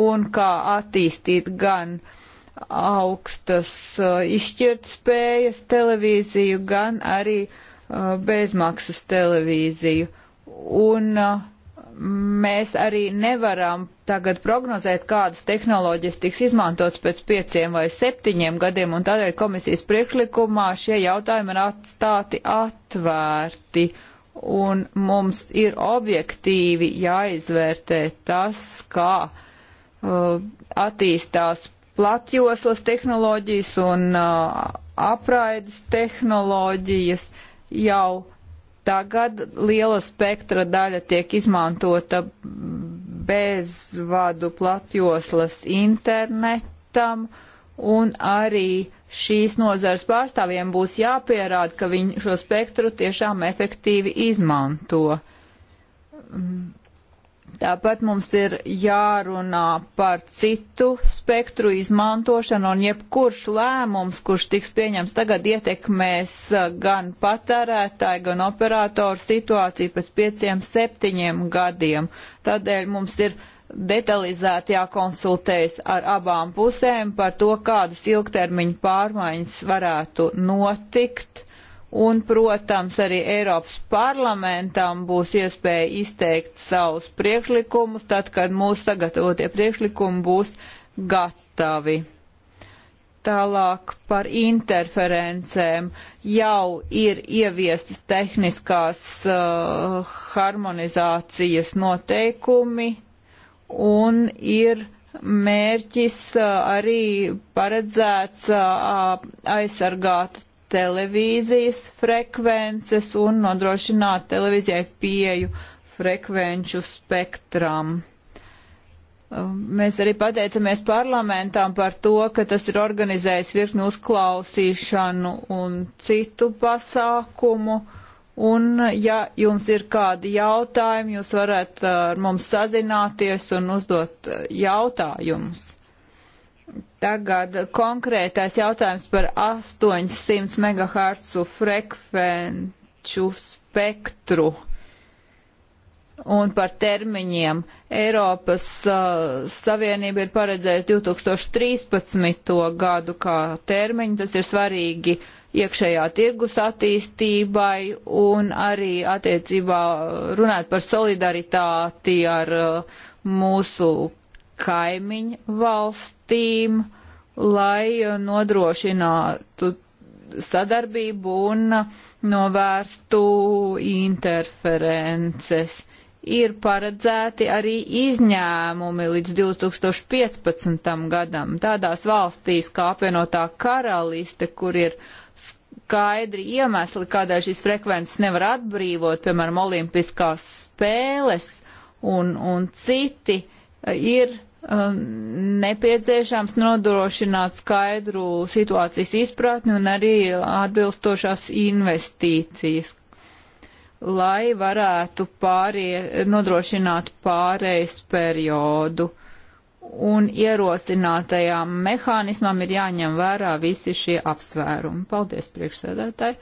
Speaker 1: un kā attīstīt gan augstas uh, izšķirtspējas televīziju, gan arī uh, bezmaksas televīziju. Un uh, mēs arī nevaram tagad prognozēt, kādas tehnoloģijas tiks izmantotas pēc pieciem vai septiņiem gadiem, un tādēļ komisijas priekšlikumā šie jautājumi ir atstāti atvērti, un mums ir objektīvi jāizvērtē tas, kā uh, attīstās platjoslas tehnoloģijas un uh, apraides tehnoloģijas jau Tagad liela spektra daļa tiek izmantota bezvadu platjoslas internetam, un arī šīs nozars pārstāvjiem būs jāpierāda, ka viņi šo spektru tiešām efektīvi izmanto. Mm Tāpat mums ir jārunā par citu spektru izmantošanu, un jebkurš lēmums, kurš tiks pieņems tagad, ietekmēs uh, gan patērētāju, gan operatoru situāciju pēc pieciem, septiņiem gadiem. Tādēļ mums ir detalizēti jākonsultējas ar abām pusēm par to, kādas ilgtermiņa pārmaiņas varētu notikt Un, protams, arī Eiropas parlamentam būs iespēja izteikt savus priekšlikumus, tad, kad mūsu sagatavotie priekšlikumi būs gatavi. Tālāk par interferencēm jau ir ieviestas tehniskās uh, harmonizācijas noteikumi un ir mērķis uh, arī paredzēts uh, aizsargāt televīzijas frekvences un nodrošināt televīzijai pieju frekvenču spektram. Um, mēs arī pateicamies parlamentām par to, ka tas ir organizējis virkni uzklausīšanu un citu pasākumu. Un, ja jums ir kādi jautājumi, jūs varat uh, ar mums sazināties un uzdot uh, jautājumus. Tagad konkrētais jautājums par 800 MHz frekvenču spektru un par termiņiem. Eiropas uh, Savienība ir paredzējusi 2013. gadu kā termiņu. Tas ir svarīgi iekšējā tirgus attīstībai un arī attiecībā runāt par solidaritāti ar uh, mūsu kaimiņu valsts valstīm, lai nodrošinātu sadarbību un novērstu interferences. Ir paredzēti arī izņēmumi līdz 2015. gadam tādās valstīs kā apvienotā karaliste, kur ir skaidri iemesli, kādēļ šīs frekvences nevar atbrīvot, piemēram, olimpiskās spēles un, un citi, ir Um, nepieciešams nodrošināt skaidru situācijas izpratni un arī atbilstošās investīcijas, lai varētu pārie, nodrošināt pārējais periodu. Un ierosinātajām mehānismam ir jāņem vērā visi šie apsvērumi. Paldies, priekšsēdētāji!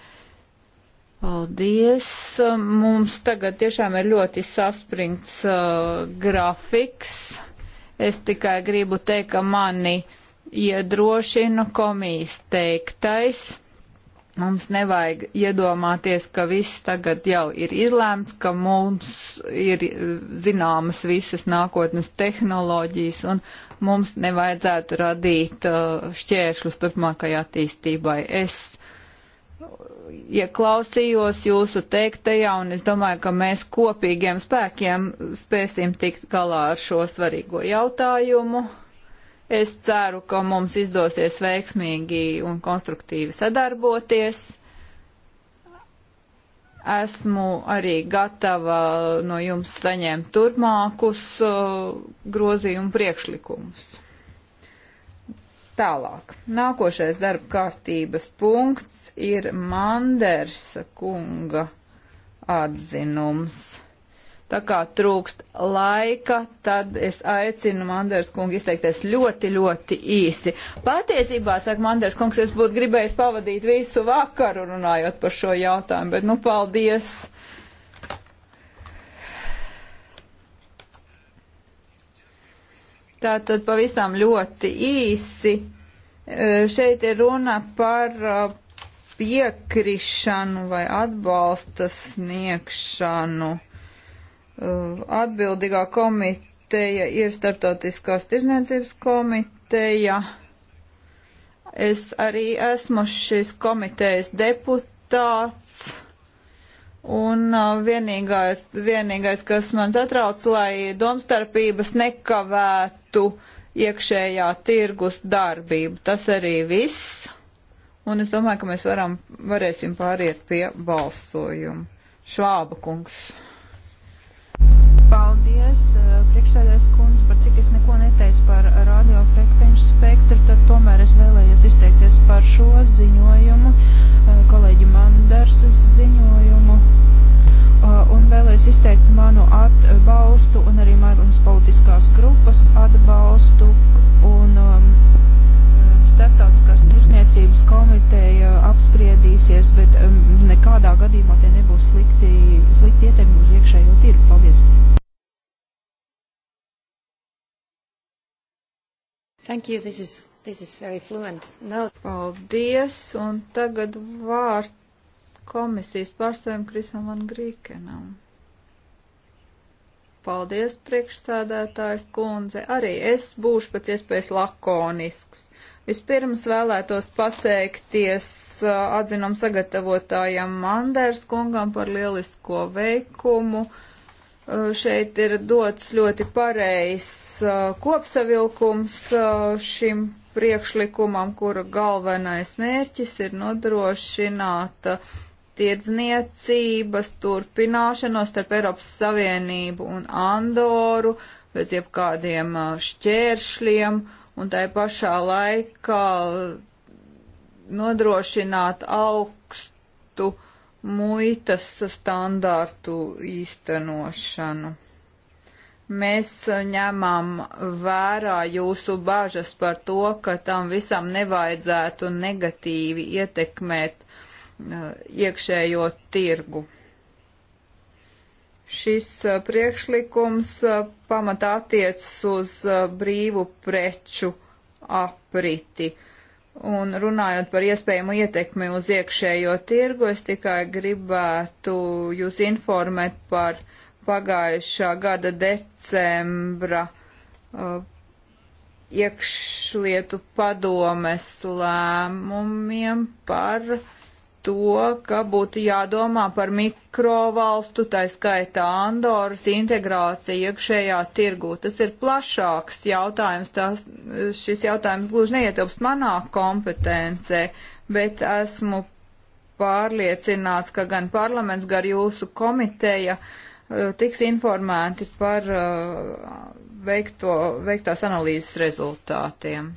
Speaker 1: Paldies! Mums tagad tiešām ir ļoti saspringts uh, grafiks. Es tikai gribu teikt, ka mani iedrošina komijas teiktais. Mums nevajag iedomāties, ka viss tagad jau ir izlēmts, ka mums ir zināmas visas nākotnes tehnoloģijas un mums nevajadzētu radīt uh, šķēršļus turpmākai attīstībai. Es ieklausījos jūsu teiktajā, un es domāju, ka mēs kopīgiem spēkiem spēsim tikt galā ar šo svarīgo jautājumu. Es ceru, ka mums izdosies veiksmīgi un konstruktīvi sadarboties. Esmu arī gatava no jums saņemt turpmākus uh, grozījumu priekšlikumus. Tālāk. Nākošais darba kārtības punkts ir Mandersa kunga atzinums. Tā kā trūkst laika, tad es aicinu Manders kungu izteikties ļoti, ļoti īsi. Patiesībā, saka Manders kungs, es būtu gribējis pavadīt visu vakaru runājot par šo jautājumu, bet nu paldies Tātad pavisam ļoti īsi. E, šeit ir runa par e, piekrišanu vai atbalsta sniegšanu. E, atbildīgā komiteja ir Startautiskās tirzniecības komiteja. Es arī esmu šīs komitejas deputāts. Un uh, vienīgais, vienīgais, kas man satrauc, lai domstarpības nekavētu veiktu iekšējā tirgus darbību. Tas arī viss. Un es domāju, ka mēs varam, varēsim pāriet pie balsojuma. Švāba kungs.
Speaker 2: Paldies, eh, priekšsēdēs kundze, par cik es neko neteicu par radiofrekvenču spektru, tad tomēr es vēlējos izteikties par šo ziņojumu, eh, kolēģi Mandarsas ziņojumu Uh, un vēlēs izteikt manu atbalstu un arī manas politiskās grupas atbalstu un um, starptautiskās tirzniecības komiteja apspriedīsies, bet um, nekādā gadījumā tie nebūs slikti, slikti ietekmi uz iekšējo tirgu. Paldies!
Speaker 1: Thank you. This is, this is very fluent. No. Paldies, un tagad vārds komisijas pārstāvim Krisam Van Grīkenam. Paldies, priekšsādātājs kundze. Arī es būšu pēc iespējas lakonisks. Vispirms vēlētos pateikties atzinam sagatavotājam Manders kungam par lielisko veikumu. Šeit ir dots ļoti pareizs kopsavilkums šim priekšlikumam, kura galvenais mērķis ir nodrošināt uh, tirdzniecības turpināšanos starp Eiropas Savienību un Andoru bez jebkādiem šķēršļiem un tai pašā laikā nodrošināt augstu muitas standārtu īstenošanu. Mēs ņemam vērā jūsu bažas par to, ka tam visam nevajadzētu negatīvi ietekmēt Uh, iekšējo tirgu. Šis uh, priekšlikums uh, pamatā attiecas uz brīvu preču apriti. Un runājot par iespējamu ietekmi uz iekšējo tirgu, es tikai gribētu jūs informēt par pagājušā gada decembra uh, iekšlietu padomes lēmumiem par uh, to, ka būtu jādomā par mikrovalstu, tā skaitā Andoras integrāciju iekšējā tirgū. Tas ir plašāks jautājums, tās, šis jautājums gluži neietilpst manā kompetencē, bet esmu pārliecināts, ka gan parlaments, gan jūsu komiteja uh, tiks informēti par uh, veikto, veiktās analīzes rezultātiem.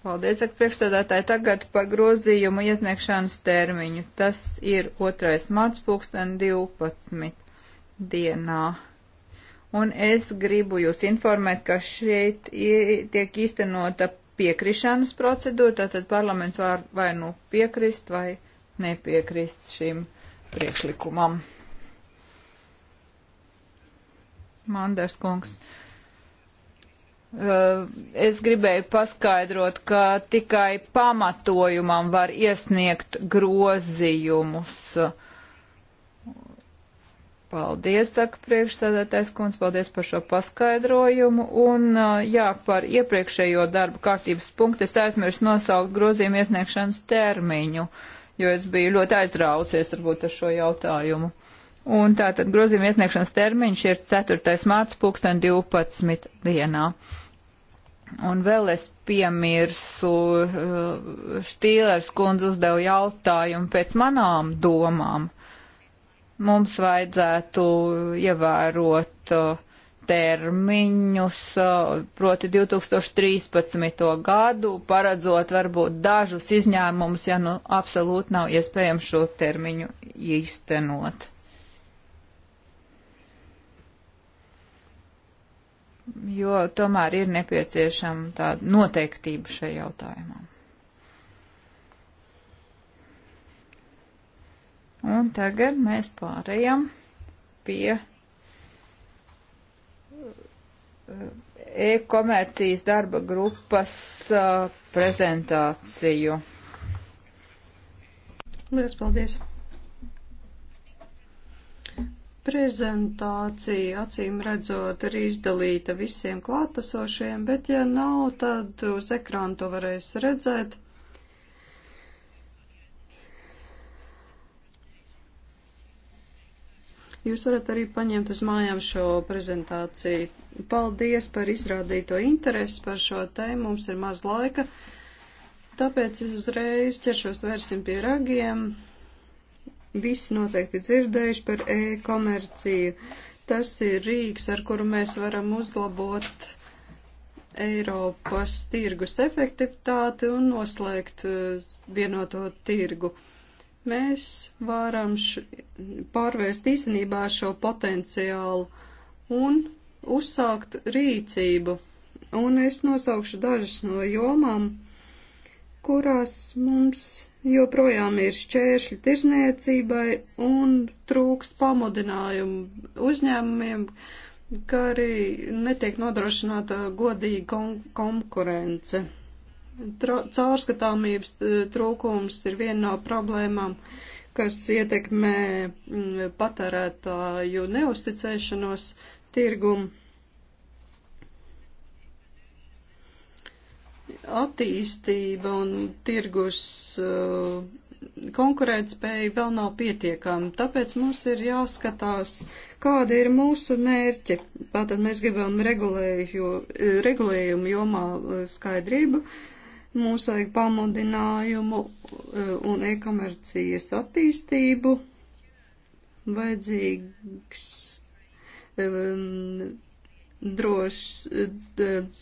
Speaker 1: Paldies, ak priekšstādātāji, tagad par grozījumu iesniegšanas termiņu. Tas ir 2. marts pulksten 12 dienā. Un es gribu jūs informēt, ka šeit tiek īstenota piekrišanas procedūra, tātad parlaments var vai nu piekrist vai nepiekrist šim priekšlikumam. Manders kungs. Uh, Eh, es gribēju paskaidrot, ka tikai pamatojumam var iesniegt grozījumus. Paldies, saka priekšsēdētājs kundze, paldies par šo paskaidrojumu. Un, eh, jā, par iepriekšējo darba kārtības punktu es aizmirsu nosaukt grozījumu iesniegšanas termiņu, jo es biju ļoti aizrausies varbūt ar šo jautājumu. Un tātad grozījuma iesniegšanas termiņš ir 4. mārts 2012. dienā. Un vēl es piemirsu, eh, Štīlers kundze uzdeva jautājumu pēc manām domām. Mums vajadzētu ievērot eh, termiņus, eh, proti 2013. gadu, paredzot varbūt dažus izņēmumus, ja nu absolūti nav iespējams šo termiņu īstenot. jo tomēr ir nepieciešama tāda noteiktība šajā jautājumā. Un tagad mēs pārējām pie eh, e-komercijas darba grupas eh, prezentāciju. Lielas paldies!
Speaker 3: Prezentācija acīm redzot ir izdalīta visiem klātesošiem, bet ja nav, tad uz ekrāna to varēs redzēt. Jūs varat arī paņemt uz mājām šo prezentāciju. Paldies par izrādīto interesi par šo tēmu. Mums ir maz laika, tāpēc es uzreiz ķeršos vērsim pie ragiem visi noteikti dzirdējuši par e-komerciju. Tas ir rīks, ar kuru mēs varam uzlabot Eiropas tirgus efektivitāti un noslēgt eh, vienoto tirgu. Mēs varam š, pārvērst īstenībā šo potenciālu un uzsākt rīcību. Un es nosaukšu dažas no jomām, kurās mums joprojām ir šķēršļi tirzniecībai un trūkst pamudinājumu uzņēmumiem, kā arī netiek nodrošināta godīga kon konkurence. Tra caurskatāmības trūkums ir viena no problēmām, kas ietekmē patērētāju neusticēšanos tirgumu attīstība un tirgus uh, konkurētspēja vēl nav pietiekama, tāpēc mums ir jāskatās, kāda ir mūsu mērķi. Tātad mēs gribam regulēju, regulējumu jomā uh, skaidrību, mums vajag pamudinājumu uh, un e-komercijas attīstību, vajadzīgs um, droš,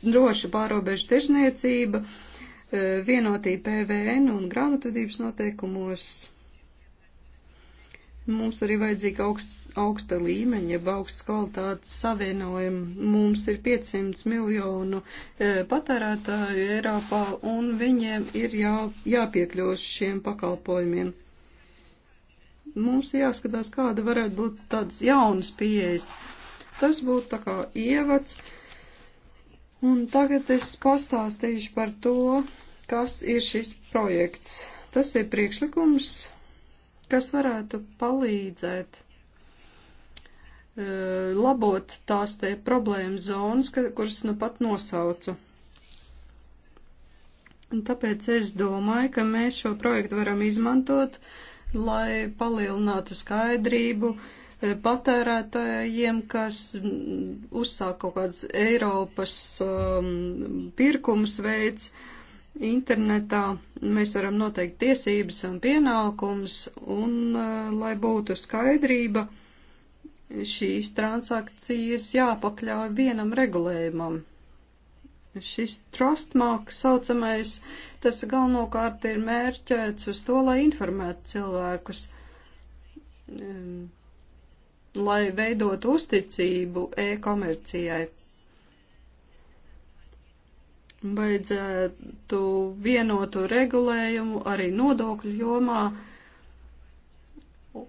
Speaker 3: droša pārobežu tirzniecība, e, vienotība PVN un grāmatvedības noteikumos. Mums arī vajadzīga augst, augsta līmeņa, jeb augsts kvalitātes savienojuma. Mums ir 500 miljonu e, patērētāju Eiropā, un viņiem ir jā, jāpiekļūst šiem pakalpojumiem. Mums jāskatās, kāda varētu būt tādas jaunas pieejas. E, Tas būtu tā kā ievads. Un tagad es pastāstīšu par to, kas ir šis projekts. Tas ir priekšlikums, kas varētu palīdzēt e, labot tās te problēmas zonas, kuras nu pat nosaucu. Un tāpēc es domāju, ka mēs šo projektu varam izmantot, lai palielinātu skaidrību, uh, Eh, patērētājiem, kas mm, uzsāk kaut kādas Eiropas um, pirkums veids internetā. Mēs varam noteikt tiesības un pienākums, un uh, lai būtu skaidrība, šīs transakcijas jāpakļauj vienam regulējumam. Šis trustmark saucamais, tas galvenokārt ir mērķēts uz to, lai informētu cilvēkus. Um, lai veidot uzticību e-komercijai. Vajadzētu vienotu regulējumu arī nodokļu jomā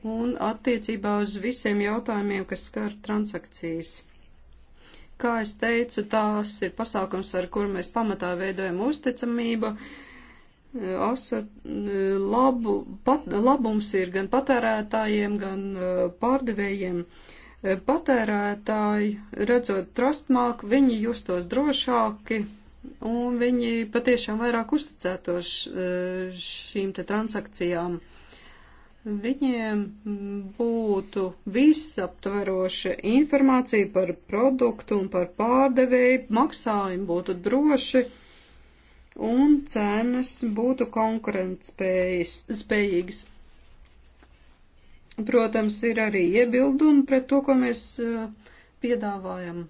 Speaker 3: un attiecībā uz visiem jautājumiem, kas skar transakcijas. Kā es teicu, tās ir pasākums, ar kur mēs pamatā veidojam uzticamību. Uh, Asa labu, pat, labums ir gan patērētājiem, gan e, pārdevējiem. E, patērētāji, redzot trustmāk, viņi justos drošāki un viņi patiešām vairāk uzticētos e, šīm te transakcijām viņiem būtu visaptveroša informācija par produktu un par pārdevēju, maksājumi būtu droši, un cenas būtu konkurētspējīgas. Protams, ir arī iebildumi pret to, ko mēs eh, piedāvājam.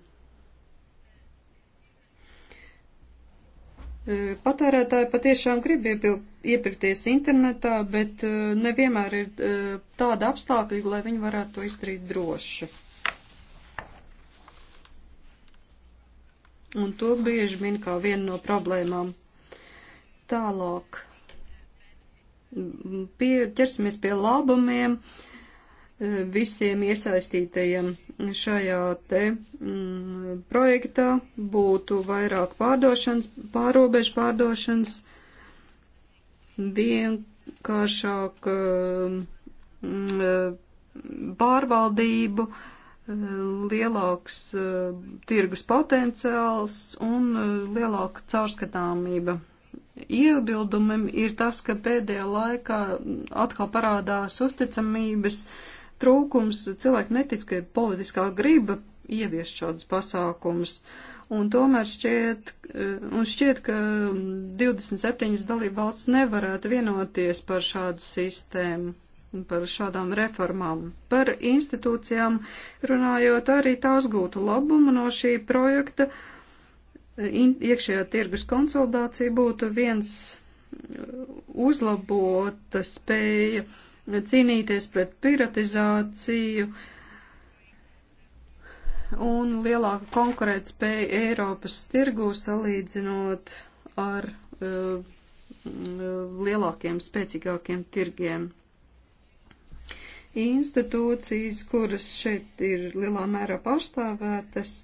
Speaker 3: Eh, patērētāji patiešām grib iepirkties internetā, bet eh, nevienmēr ir tāda apstākļa, lai viņi varētu to izdarīt droši. Un to bieži min kā vienu no problēmām. Tālāk pie, ķersimies pie labumiem e, visiem iesaistītajiem šajā te mm, projektā būtu vairāk pārdošanas, pārobežu pārdošanas, vienkāršāk e, mm, e, pārvaldību, lielāks tirgus potenciāls un lielāka caurskatāmība iebildumiem ir tas, ka pēdējā laikā atkal parādās uzticamības trūkums, cilvēki netic, ka ir politiskā griba ieviest šādus pasākumus. Un tomēr šķiet, eh, un šķiet, ka 27 dalība valsts nevarētu vienoties par šādu sistēmu un par šādām reformām. Par institūcijām runājot, arī tās gūtu labumu no šī projekta. Uh, iekšējā tirgus konsolidācija būtu viens uh, uzlabota spēja cīnīties pret piratizāciju un lielāka konkurētspēja Eiropas tirgū salīdzinot ar uh, lielākiem, spēcīgākiem tirgiem. Institūcijas, kuras šeit ir lielā mērā pārstāvētas,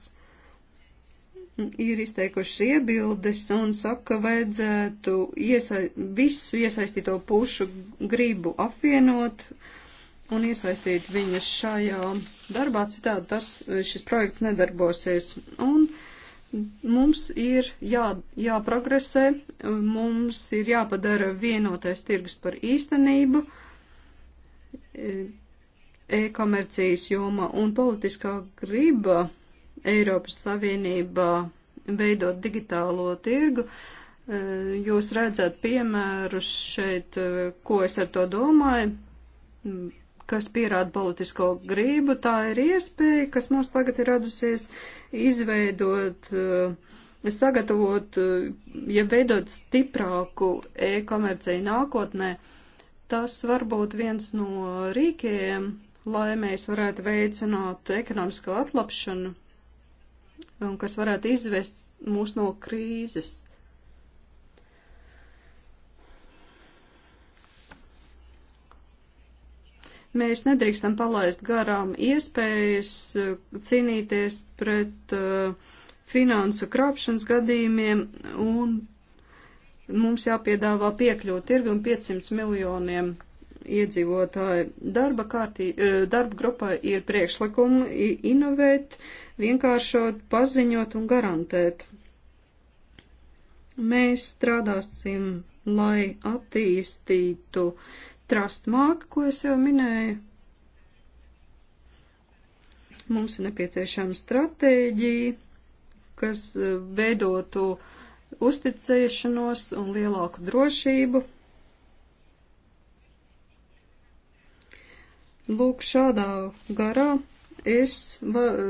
Speaker 3: ir izteikušas iebildes un saka, ka vajadzētu iesa visu iesaistīto pušu gribu apvienot un iesaistīt viņas šajā darbā, citādi tas, šis projekts nedarbosies. Un mums ir jā, jāprogresē, mums ir jāpadara vienotais tirgus par īstenību e, e-komercijas joma un politiskā griba Eiropas Savienībā veidot digitālo tirgu. Eh, jūs redzat piemērus šeit, eh, ko es ar to domāju, mm, kas pierāda politisko grību. Tā ir iespēja, kas mums tagad ir radusies izveidot, eh, sagatavot, ja veidot stiprāku e-komerciju nākotnē. Tas var būt viens no rīkiem, lai mēs varētu veicināt ekonomisko atlapšanu un kas varētu izvest mūs no krīzes. Mēs nedrīkstam palaist garām iespējas eh, cīnīties pret eh, finansu krāpšanas gadījumiem un mums jāpiedāvā piekļūt tirgum 500 miljoniem iedzīvotāji. Darba, kārtī, eh, darba grupā ir priekšlikumi inovēt, vienkāršot, paziņot un garantēt. Mēs strādāsim, lai attīstītu trustmāk, ko es jau minēju. Mums ir nepieciešama stratēģija, kas eh, veidotu uzticēšanos un lielāku drošību Lūk, šādā garā es va, eh,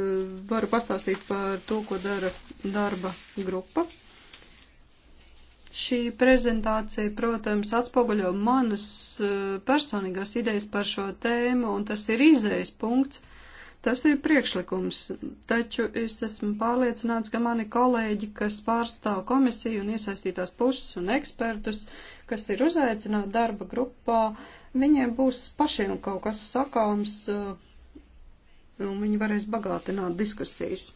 Speaker 3: varu pastāstīt par to, ko dara darba grupa. Šī prezentācija, protams, atspoguļo manas eh, personīgās idejas par šo tēmu, un tas ir izējas punkts Tas ir priekšlikums, taču es esmu pārliecināts, ka mani kolēģi, kas pārstāv komisiju un iesaistītās puses un ekspertus, kas ir uzaicināti darba grupā, viņiem būs pašiem kaut kas sakāms eh, un viņi varēs bagātināt diskusijas.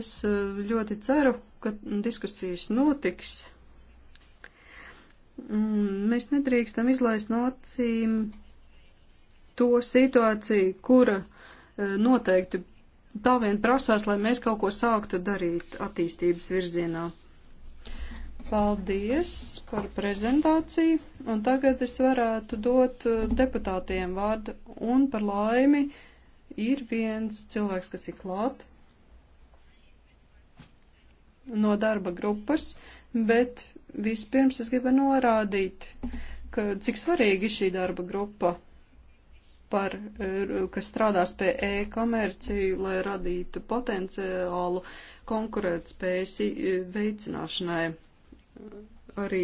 Speaker 3: Es eh, ļoti ceru, ka diskusijas notiks. Mm, mēs nedrīkstam izlaist no acīm to situāciju, kura e, noteikti tā vien prasās, lai mēs kaut ko sāktu darīt attīstības virzienā. Paldies par prezentāciju, un tagad es varētu dot e, deputātiem vārdu, un par laimi ir viens cilvēks, kas ir klāt no darba grupas, bet Vispirms es gribu norādīt, ka cik svarīgi šī darba grupa, par, eh, kas strādās pie e-komerciju, lai radītu potenciālu konkurētspējas eh, veicināšanai, arī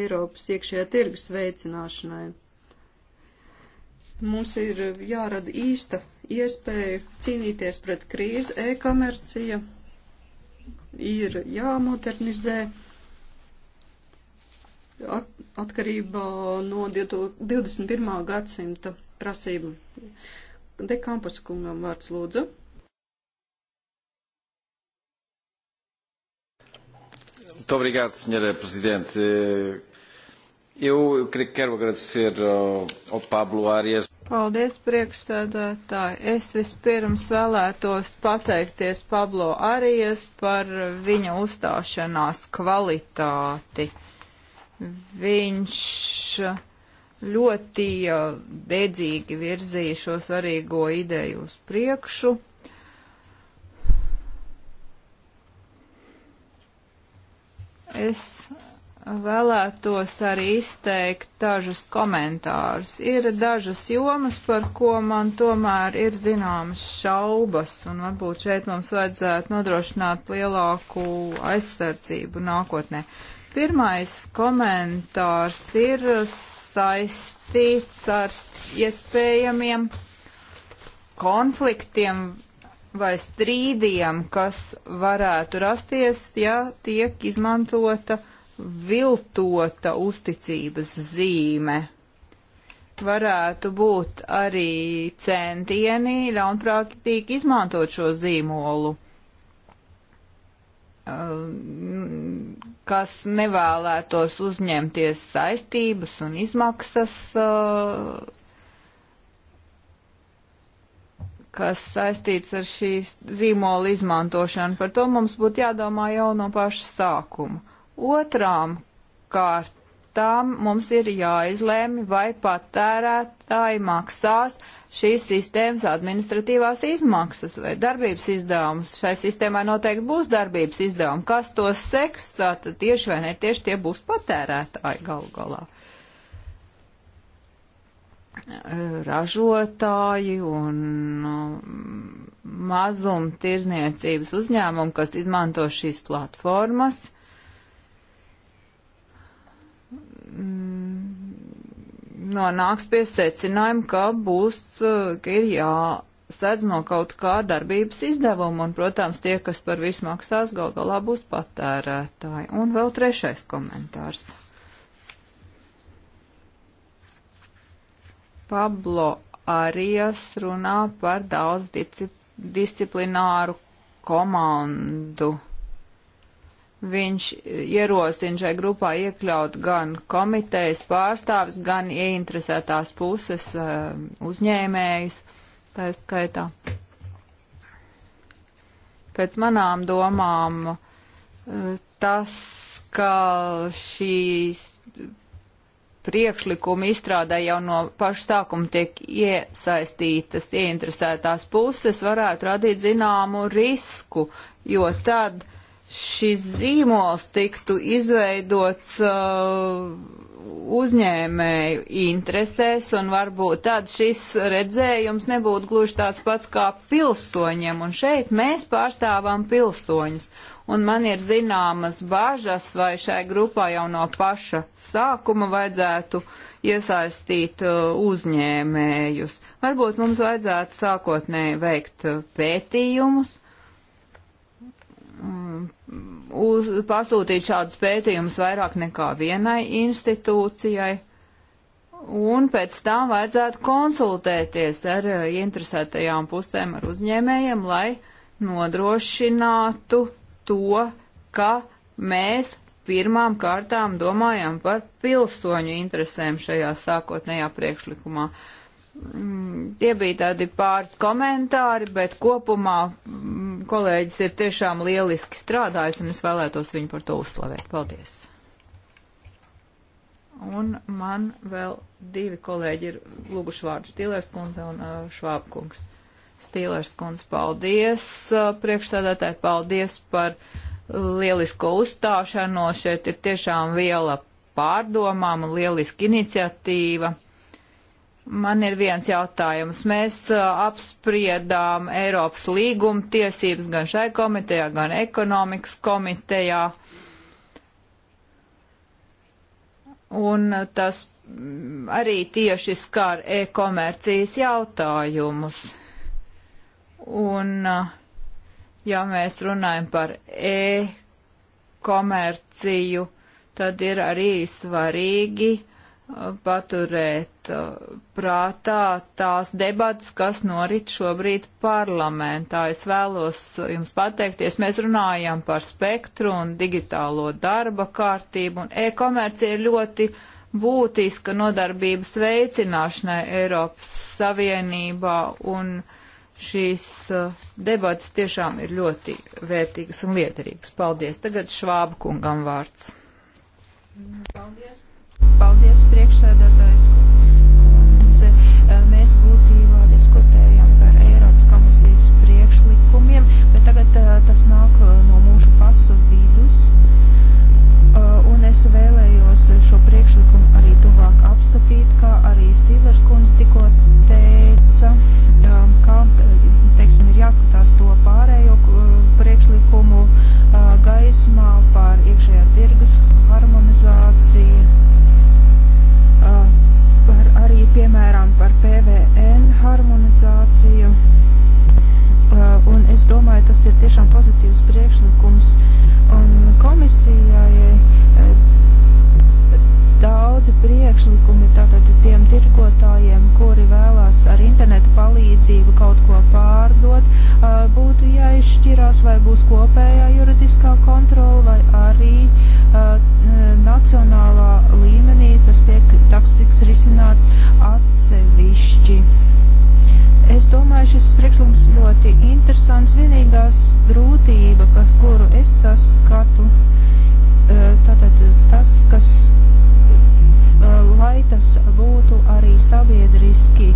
Speaker 3: Eiropas iekšējā tirgus veicināšanai. Mums ir jārada īsta iespēja cīnīties pret krīzi. E-komercija ir jāmodernizē at, atkarībā no 21. gadsimta prasību. De Kampas kungam vārds lūdzu. Muito obrigado, Sra. Presidente. Eu quero agradecer ao, ao Pablo Arias.
Speaker 1: Paldies, priekšsēdētāji. Es vispirms vēlētos pateikties Pablo Arias par viņa uzstāšanās kvalitāti. Uh, Viņš ļoti uh, dedzīgi virzīja šo svarīgo ideju uz priekšu. Es vēlētos arī izteikt dažus komentārus. Ir dažas jomas, par ko man tomēr ir zināmas šaubas, un varbūt šeit mums vajadzētu nodrošināt lielāku aizsardzību nākotnē. Pirmais komentārs ir saistīts ar iespējamiem konfliktiem vai strīdiem, kas varētu rasties, ja tiek izmantota viltota uzticības zīme. Varētu būt arī centieni ļaunprātīgi izmantot šo zīmolu Um, kas nevēlētos uzņemties saistības un izmaksas, uh, kas saistīts ar šīs zīmola izmantošanu. Par to mums būtu jādomā jau no paša sākuma. Otrām kārt tām mums ir jāizlēmi, vai patērētāji maksās šīs sistēmas administratīvās izmaksas vai darbības izdevumus. Šai sistēmai noteikti būs darbības izdevumi. Kas tos seks, tātad tieši vai netieši tie būs patērētāji galu galā. Ražotāji un um, mazumtirzniecības uzņēmumi, kas izmanto šīs platformas Mm, nonāks pie secinājuma, ka būs, eh, ka ir jāsēdz no kaut kā darbības izdevuma, un, protams, tie, kas par visu maksās, gal galā būs patērētāji. Un vēl trešais komentārs. Pablo Arijas runā par daudz disciplināru komandu. Viņš e, ierosina šai grupā iekļaut gan komitejas pārstāvis, gan ieinteresētās puses e, uzņēmējus, tā skaitā. Pēc manām domām e, tas, ka šīs priekšlikuma izstrādē jau no paša sākuma tiek iesaistītas ieinteresētās puses, varētu radīt zināmu risku, jo tad uh, šis zīmols tiktu izveidots uh, uzņēmēju interesēs, un varbūt tad šis redzējums nebūtu gluži tāds pats kā pilsoņiem, un šeit mēs pārstāvām pilsoņus. Un man ir zināmas bažas, vai šai grupā jau no paša sākuma vajadzētu iesaistīt uh, uzņēmējus. Varbūt mums vajadzētu sākotnēji veikt uh, pētījumus, Mm, uz, pasūtīt šādus pētījumus vairāk nekā vienai institūcijai, un pēc tam vajadzētu konsultēties ar eh, interesētajām pusēm, ar uzņēmējiem, lai nodrošinātu to, ka mēs pirmām kārtām domājam par pilsoņu interesēm šajā sākotnējā priekšlikumā. Uh, Mm, tie bija tādi pāris komentāri, bet kopumā mm, kolēģis ir tiešām lieliski strādājis, un es vēlētos viņu par to uzslavēt. Paldies! Un man vēl divi kolēģi ir lūguši vārdu Stīlērs kundze un uh, Švābkungs. Stīlērs kundze, paldies! Uh, priekšsēdētāji, paldies par lielisko uzstāšanos. Šeit ir tiešām viela pārdomām un lieliska iniciatīva Man ir viens jautājums. Mēs uh, apspriedām Eiropas līguma tiesības gan šai komitejā, gan ekonomikas komitejā. Un uh, tas mm, arī tieši skar e-komercijas jautājumus. Un, uh, ja mēs runājam par e-komerciju, tad ir arī svarīgi, uh, paturēt uh, prātā tās debatas, kas norit šobrīd parlamentā. Es vēlos jums pateikties, mēs runājam par spektru un digitālo darba kārtību, un e-komercija ir ļoti būtiska nodarbības veicināšanai Eiropas Savienībā, un šīs uh, debatas tiešām ir ļoti vērtīgas un lietarīgas. Paldies. Tagad Švāba kungam vārds.
Speaker 2: Paldies. Paldies, priekšsēdētājs kundze. Eh, mēs būtībā diskutējam par Eiropas komisijas priekšlikumiem, bet tagad eh, tas nāk eh, no mūsu pasu vidus. Un es vēlējos šo priekšlikumu arī tuvāk apskatīt, kā arī Stīvers kundze tikko teica, kā, teiksim, ir jāskatās to pārējo priekšlikumu gaismā par iekšējā tirgus harmonizāciju piemēram, par PVN harmonizāciju. Uh, un es domāju, tas ir tiešām pozitīvs priekšlikums. Un komisijai uh, daudzi priekšlikumi tātad tiem tirkotājiem, kuri vēlās ar internetu palīdzību kaut ko pārdot, būtu jāizšķirās, vai būs kopējā juridiskā kontrola, vai arī nacionālā līmenī tas tiek, tas tiks risināts atsevišķi. Es domāju, šis priekšlikums ļoti interesants. Vienīgās grūtība, kuru es saskatu, ir Tātad tas, kas, lai tas būtu arī sabiedriski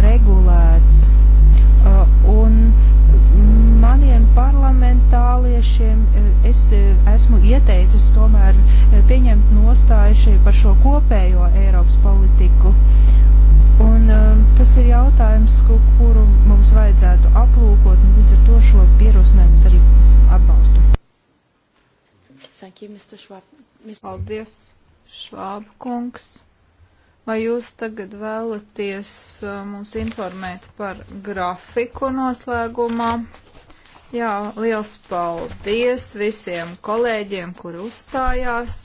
Speaker 2: regulēts un maniem parlamentāliešiem es esmu ieteicis tomēr pieņemt nostāju šeit par šo kopējo Eiropas politiku. Un tas ir jautājums, kuru mums vajadzētu aplūkot, un līdz ar to šo pierosinājumu es arī atbalstu.
Speaker 1: Thank you, Mr. Schwab. Mr. Paldies, Švāb kungs. Vai jūs tagad vēlaties uh, mums informēt par grafiku noslēgumā? Jā, liels paldies visiem kolēģiem, kur uzstājās.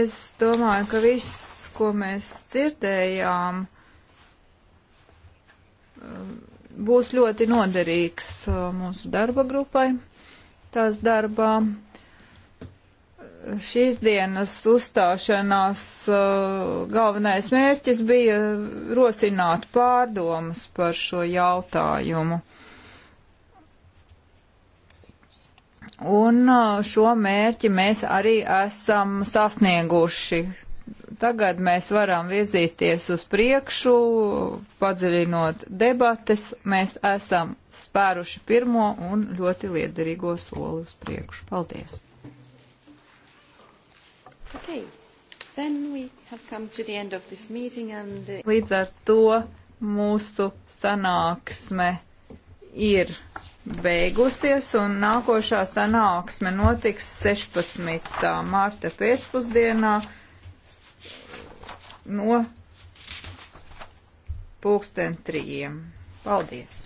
Speaker 1: Es domāju, ka viss, ko mēs dzirdējām, uh, būs ļoti noderīgs uh, mūsu darba grupai tās darbā. Šīs dienas uzstāšanās uh, galvenais mērķis bija rosināt pārdomas par šo jautājumu. Un uh, šo mērķi mēs arī esam sasnieguši tagad mēs varam virzīties uz priekšu, padziļinot debates. Mēs esam spēruši pirmo un ļoti liederīgo soli uz priekšu. Paldies! Okay. And... Uh, Līdz ar to mūsu sanāksme ir beigusies, un nākošā sanāksme notiks 16. mārta pēcpusdienā no pulksten trījiem. Paldies!